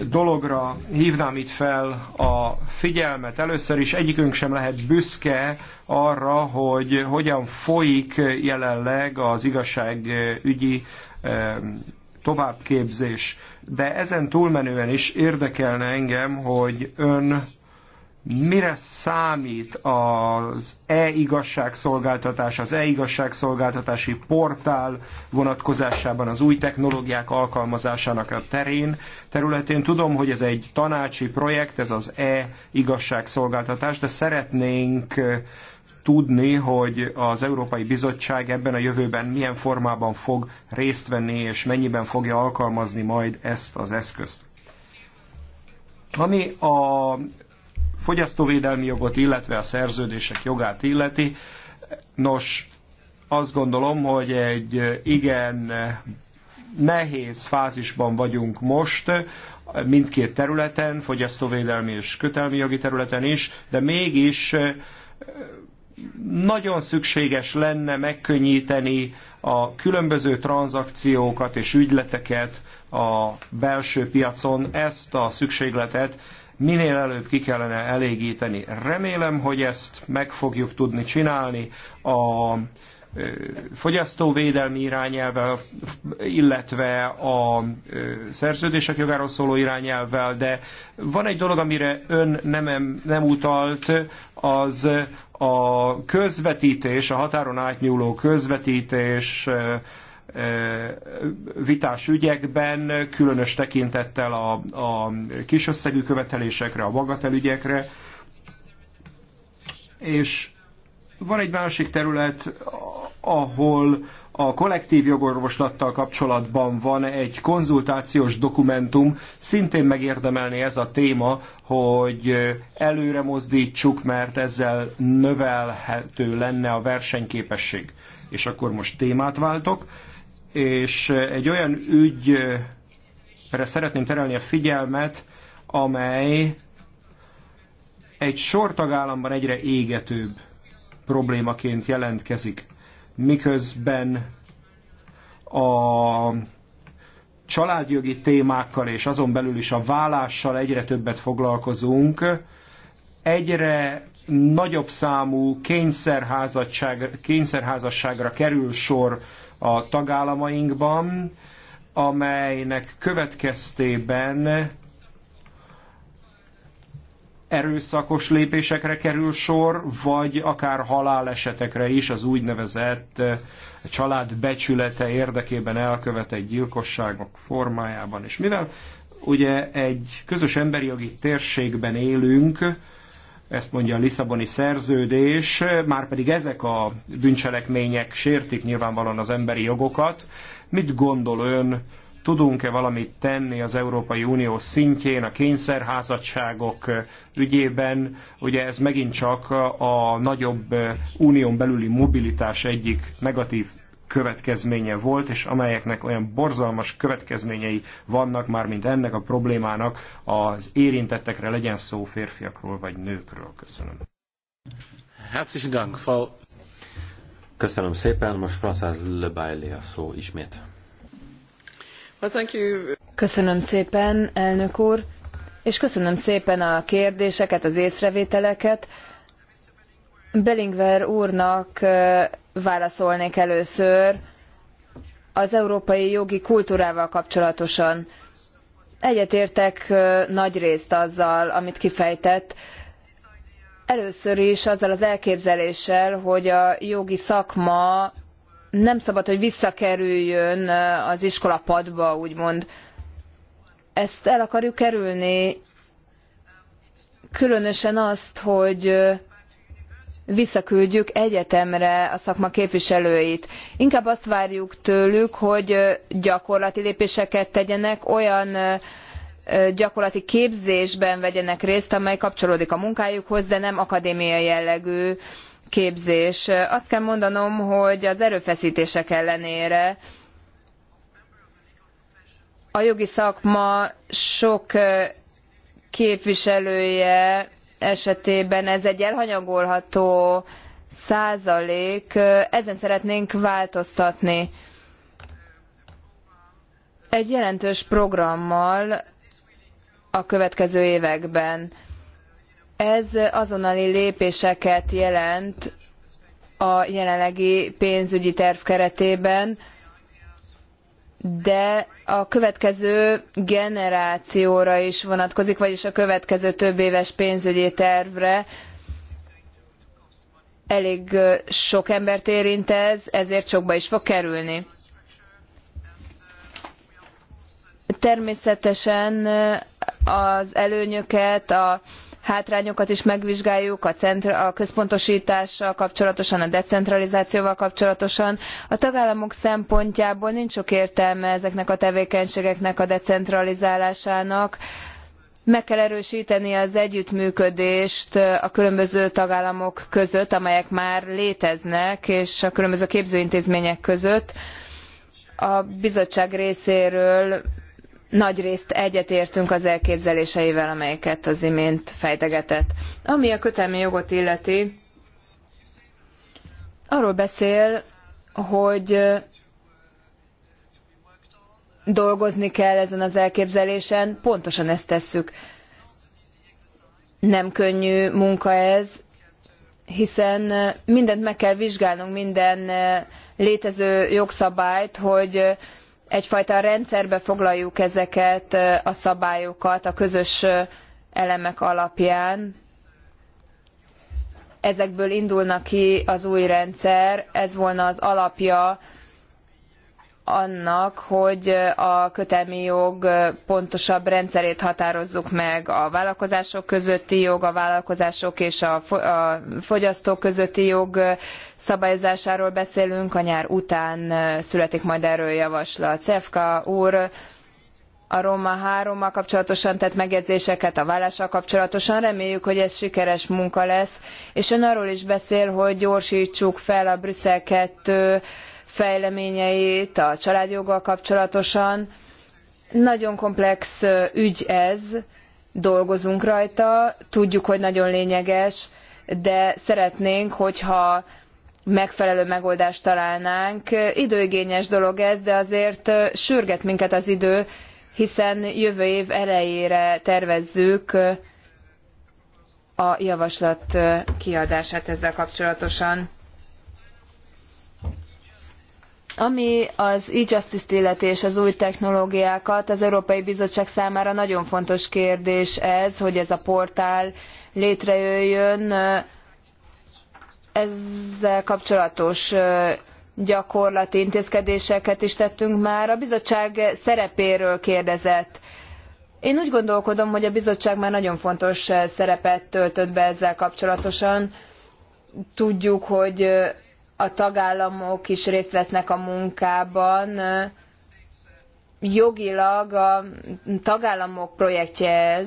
dologra hívnám itt fel a figyelmet. Először is egyikünk sem lehet büszke arra, hogy hogyan folyik jelenleg az igazságügyi továbbképzés. De ezen túlmenően is érdekelne engem, hogy ön mire számít az e-igazságszolgáltatás, az e-igazságszolgáltatási portál vonatkozásában az új technológiák alkalmazásának a terén, területén. Tudom, hogy ez egy tanácsi projekt, ez az e-igazságszolgáltatás, de szeretnénk tudni, hogy az Európai Bizottság ebben a jövőben milyen formában fog részt venni, és mennyiben fogja alkalmazni majd ezt az eszközt. Ami a fogyasztóvédelmi jogot, illetve a szerződések jogát illeti. Nos, azt gondolom, hogy egy igen nehéz fázisban vagyunk most, mindkét területen, fogyasztóvédelmi és kötelmi jogi területen is, de mégis nagyon szükséges lenne megkönnyíteni a különböző tranzakciókat és ügyleteket a belső piacon. Ezt a szükségletet minél előbb ki kellene elégíteni. Remélem, hogy ezt meg fogjuk tudni csinálni a fogyasztóvédelmi irányelvvel, illetve a szerződések jogáról szóló irányelvvel, de van egy dolog, amire ön nem, nem utalt, az a közvetítés, a határon átnyúló közvetítés vitás ügyekben, különös tekintettel a, a kisösszegű követelésekre, a bagatelügyekre. És van egy másik terület, ahol a kollektív jogorvoslattal kapcsolatban van egy konzultációs dokumentum, szintén megérdemelni ez a téma, hogy előre mozdítsuk, mert ezzel növelhető lenne a versenyképesség. És akkor most témát váltok és egy olyan ügyre szeretném terelni a figyelmet, amely egy sor tagállamban egyre égetőbb problémaként jelentkezik, miközben a családjogi témákkal és azon belül is a vállással egyre többet foglalkozunk, egyre nagyobb számú kényszerházasságra kerül sor a tagállamainkban, amelynek következtében erőszakos lépésekre kerül sor, vagy akár halálesetekre is az úgynevezett eh, család becsülete érdekében elkövetett gyilkosságok formájában. És mivel ugye egy közös emberi jogi térségben élünk, ezt mondja a Lisszaboni szerződés, már pedig ezek a bűncselekmények sértik nyilvánvalóan az emberi jogokat. Mit gondol ön, tudunk-e valamit tenni az Európai Unió szintjén a kényszerházadságok ügyében? Ugye ez megint csak a nagyobb unión belüli mobilitás egyik negatív következménye volt, és amelyeknek olyan borzalmas következményei vannak, már mint ennek a problémának az érintettekre legyen szó
férfiakról vagy nőkről. Köszönöm.
Herzlichen Dank, Frau.
Köszönöm szépen, most François Le Bailly a szó ismét.
Well, thank you. Köszönöm szépen, elnök úr, és köszönöm szépen a kérdéseket, az észrevételeket. Bellingwer úrnak válaszolnék először az európai jogi kultúrával kapcsolatosan. Egyetértek nagy részt azzal, amit kifejtett. Először is azzal az elképzeléssel, hogy a jogi szakma nem szabad, hogy visszakerüljön az iskola padba, úgymond. Ezt el akarjuk kerülni, különösen azt, hogy visszaküldjük egyetemre a szakma képviselőit. Inkább azt várjuk tőlük, hogy gyakorlati lépéseket tegyenek, olyan gyakorlati képzésben vegyenek részt, amely kapcsolódik a munkájukhoz, de nem akadémiai jellegű képzés. Azt kell mondanom, hogy az erőfeszítések ellenére a jogi szakma sok képviselője esetében ez egy elhanyagolható százalék, ezen szeretnénk változtatni. Egy jelentős programmal a következő években. Ez azonnali lépéseket jelent a jelenlegi pénzügyi terv keretében, de a következő generációra is vonatkozik, vagyis a következő több éves pénzügyi tervre. Elég sok embert érint ez, ezért sokba is fog kerülni. Természetesen az előnyöket, a hátrányokat is megvizsgáljuk, a, központostással kapcsolatosan, a decentralizációval kapcsolatosan. A tagállamok szempontjából nincs sok értelme ezeknek a tevékenységeknek a decentralizálásának, meg kell erősteni az együttműködést a különböző tagállamok között, amelyek már léteznek, és a különböző képzőintézmények között. A bizottság részéről nagyrészt egyetértünk az elképzeléseivel, amelyeket az imént fejtegetett. Ami a kötelmi jogot illeti, arról beszél, hogy dolgozni kell ezen az elképzelésen, pontosan ezt tesszük. Nem könnyű munka ez, hiszen mindent meg kell vizsgálnunk, minden létező jogszabályt, hogy egyfajta rendszerbe foglaljuk ezeket a szabályokat a közös elemek alapján. Ezekből indulna ki az új rendszer, ez volna az alapja annak, hogy a kötelmi jog pontosabb rendszerét határozzuk meg a vállalkozások közötti jog, a vállalkozások és a, fogyasztók közötti jog szabályozásáról beszélünk, a nyár után születik majd erről javaslat. Szefka úr a Roma 3-mal kapcsolatosan tett megjegyzéseket, a vállással kapcsolatosan. Reméljük, hogy ez sikeres munka lesz. És ön arról is beszél, hogy gyorsítsuk fel a Brüsszel 2 fejleményeit a családjoggal kapcsolatosan. Nagyon komplex ügy ez, dolgozunk rajta, tudjuk, hogy nagyon lényeges, de szeretnénk, hogyha megfelelő megoldást találnánk. Időigényes dolog ez, de azért sürget minket az idő, hiszen jövő év elejére tervezzük a javaslat kiadását ezzel kapcsolatosan. Ami az e-justice illeti és az új technológiákat, az Európai Bizottság számára nagyon fontos kérdés ez, hogy ez a portál létrejöjjön. Ezzel kapcsolatos gyakorlati intézkedéseket is tettünk már. A bizottság szerepéről kérdezett. Én úgy gondolkodom, hogy a bizottság már nagyon fontos szerepet töltött be ezzel kapcsolatosan. Tudjuk, hogy a tagállamok is részt vesznek a munkában. Jogilag a tagállamok projektje ez,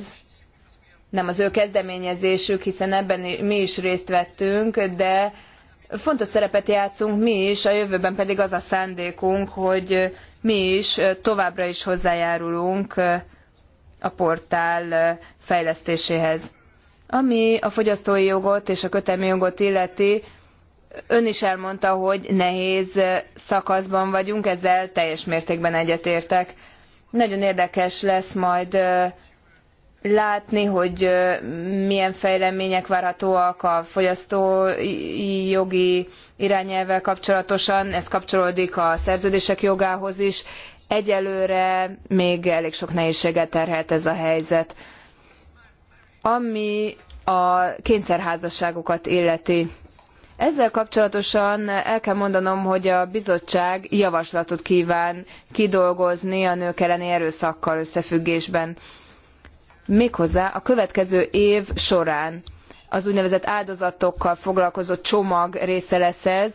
nem az ő kezdeményezésük, hiszen ebben mi is részt vettünk, de fontos szerepet játszunk mi is, a jövőben pedig az a szándékunk, hogy mi is továbbra is hozzájárulunk a portál fejlesztéséhez. Ami a fogyasztói jogot és a kötelmi jogot illeti, Ön is elmondta, hogy nehéz szakaszban vagyunk, ezzel teljes mértékben egyetértek. Nagyon érdekes lesz majd látni, hogy milyen fejlemények várhatóak a fogyasztói jogi irányelvvel kapcsolatosan, ez kapcsolódik a szerződések jogához is. Egyelőre még elég sok nehézséget terhelt ez a helyzet. Ami a kényszerházasságokat illeti, ezzel kapcsolatosan el kell mondanom, hogy a bizottság javaslatot kíván kidolgozni a nők elleni erőszakkal összefüggésben. Méghozzá a következő év során az úgynevezett áldozatokkal foglalkozó csomag része lesz ez,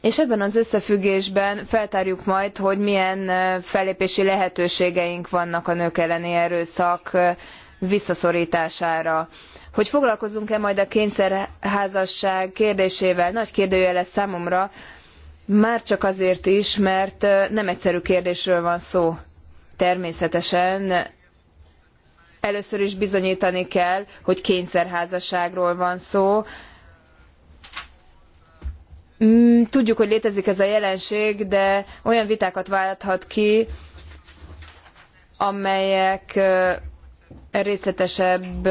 és ebben az összefüggésben feltárjuk majd, hogy milyen fellépési lehetőségeink vannak a nők elleni erőszak visszaszorítására hogy foglalkozunk-e majd a kényszerházasság kérdésével. Nagy kérdőjeles számomra, már csak azért is, mert nem egyszerű kérdésről van szó. Természetesen először is bizonyítani kell, hogy kényszerházasságról van szó. Mm, tudjuk, hogy létezik ez a jelenség, de olyan vitákat válthat ki, amelyek részletesebb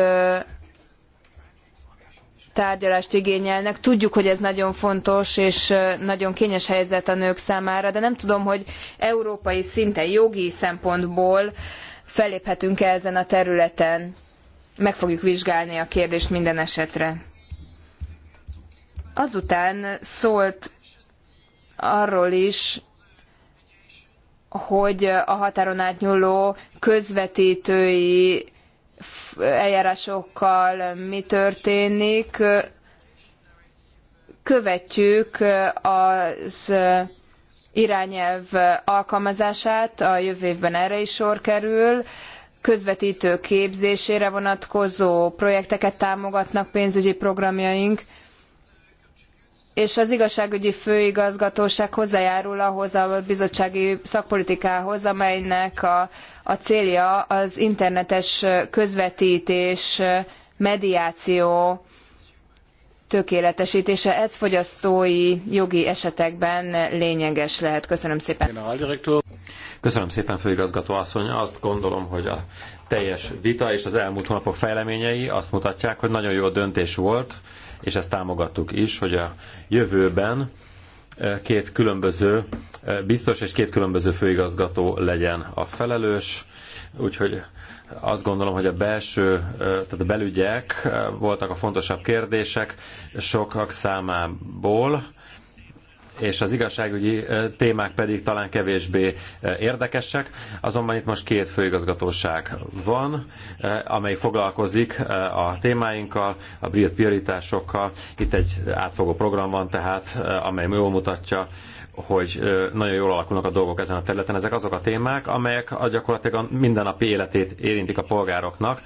tárgyalást igényelnek. Tudjuk, hogy ez nagyon fontos és nagyon kényes helyzet a nők számára, de nem tudom, hogy európai szinten jogi szempontból felléphetünk-e ezen a területen. Meg fogjuk vizsgálni a kérdést minden esetre. Azután szólt arról is, hogy a határon átnyúló közvetítői eljárásokkal mi történik. Követjük az irányelv alkalmazását, a jövő évben erre is sor kerül közvetítő képzésére vonatkozó projekteket támogatnak pénzügyi programjaink és az igazságügyi főigazgatóság hozzájárul ahhoz a bizottsági szakpolitikához, amelynek a, a célja az internetes közvetítés, mediáció tökéletesítése. Ez fogyasztói jogi esetekben lényeges lehet. Köszönöm szépen.
Köszönöm szépen, főigazgató asszony. Azt gondolom, hogy a teljes vita és az elmúlt hónapok fejleményei azt mutatják, hogy nagyon jó döntés volt, és ezt támogattuk is, hogy a jövőben eh, két különböző eh, biztos és két különböző főigazgató legyen a felelős, úgyhogy azt gondolom, hogy a belső, eh, tehát a belügyek voltak a fontosabb kérdések sokak számából, és az igazságügyi témák pedig talán kevésbé érdekesek. Azonban itt most két főigazgatóság van, amely foglalkozik a témáinkkal, a brit prioritásokkal. Itt egy átfogó program van tehát, amely jól mutatja, hogy nagyon jól alakulnak a dolgok ezen a területen. Ezek azok a témák, amelyek gyakorlatilag a mindennapi életét érintik a polgároknak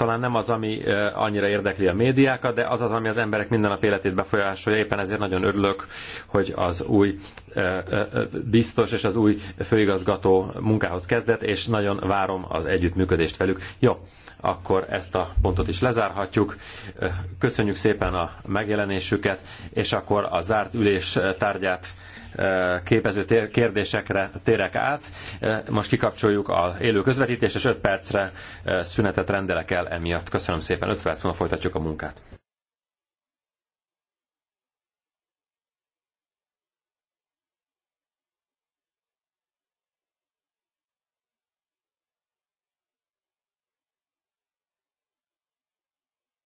talán nem az, ami annyira érdekli a médiákat, de az az, ami az emberek minden nap életét befolyásolja. Éppen ezért nagyon örülök, hogy az új biztos és az új főigazgató munkához kezdett, és nagyon várom az együttműködést velük. Jó, akkor ezt a pontot is lezárhatjuk. Köszönjük szépen a megjelenésüket, és akkor a zárt ülés tárgyát képező kérdésekre térek át. Most kikapcsoljuk a élő közvetítést, és 5 percre szünetet rendelek el emiatt. Köszönöm szépen, 5 perc múlva folytatjuk a munkát.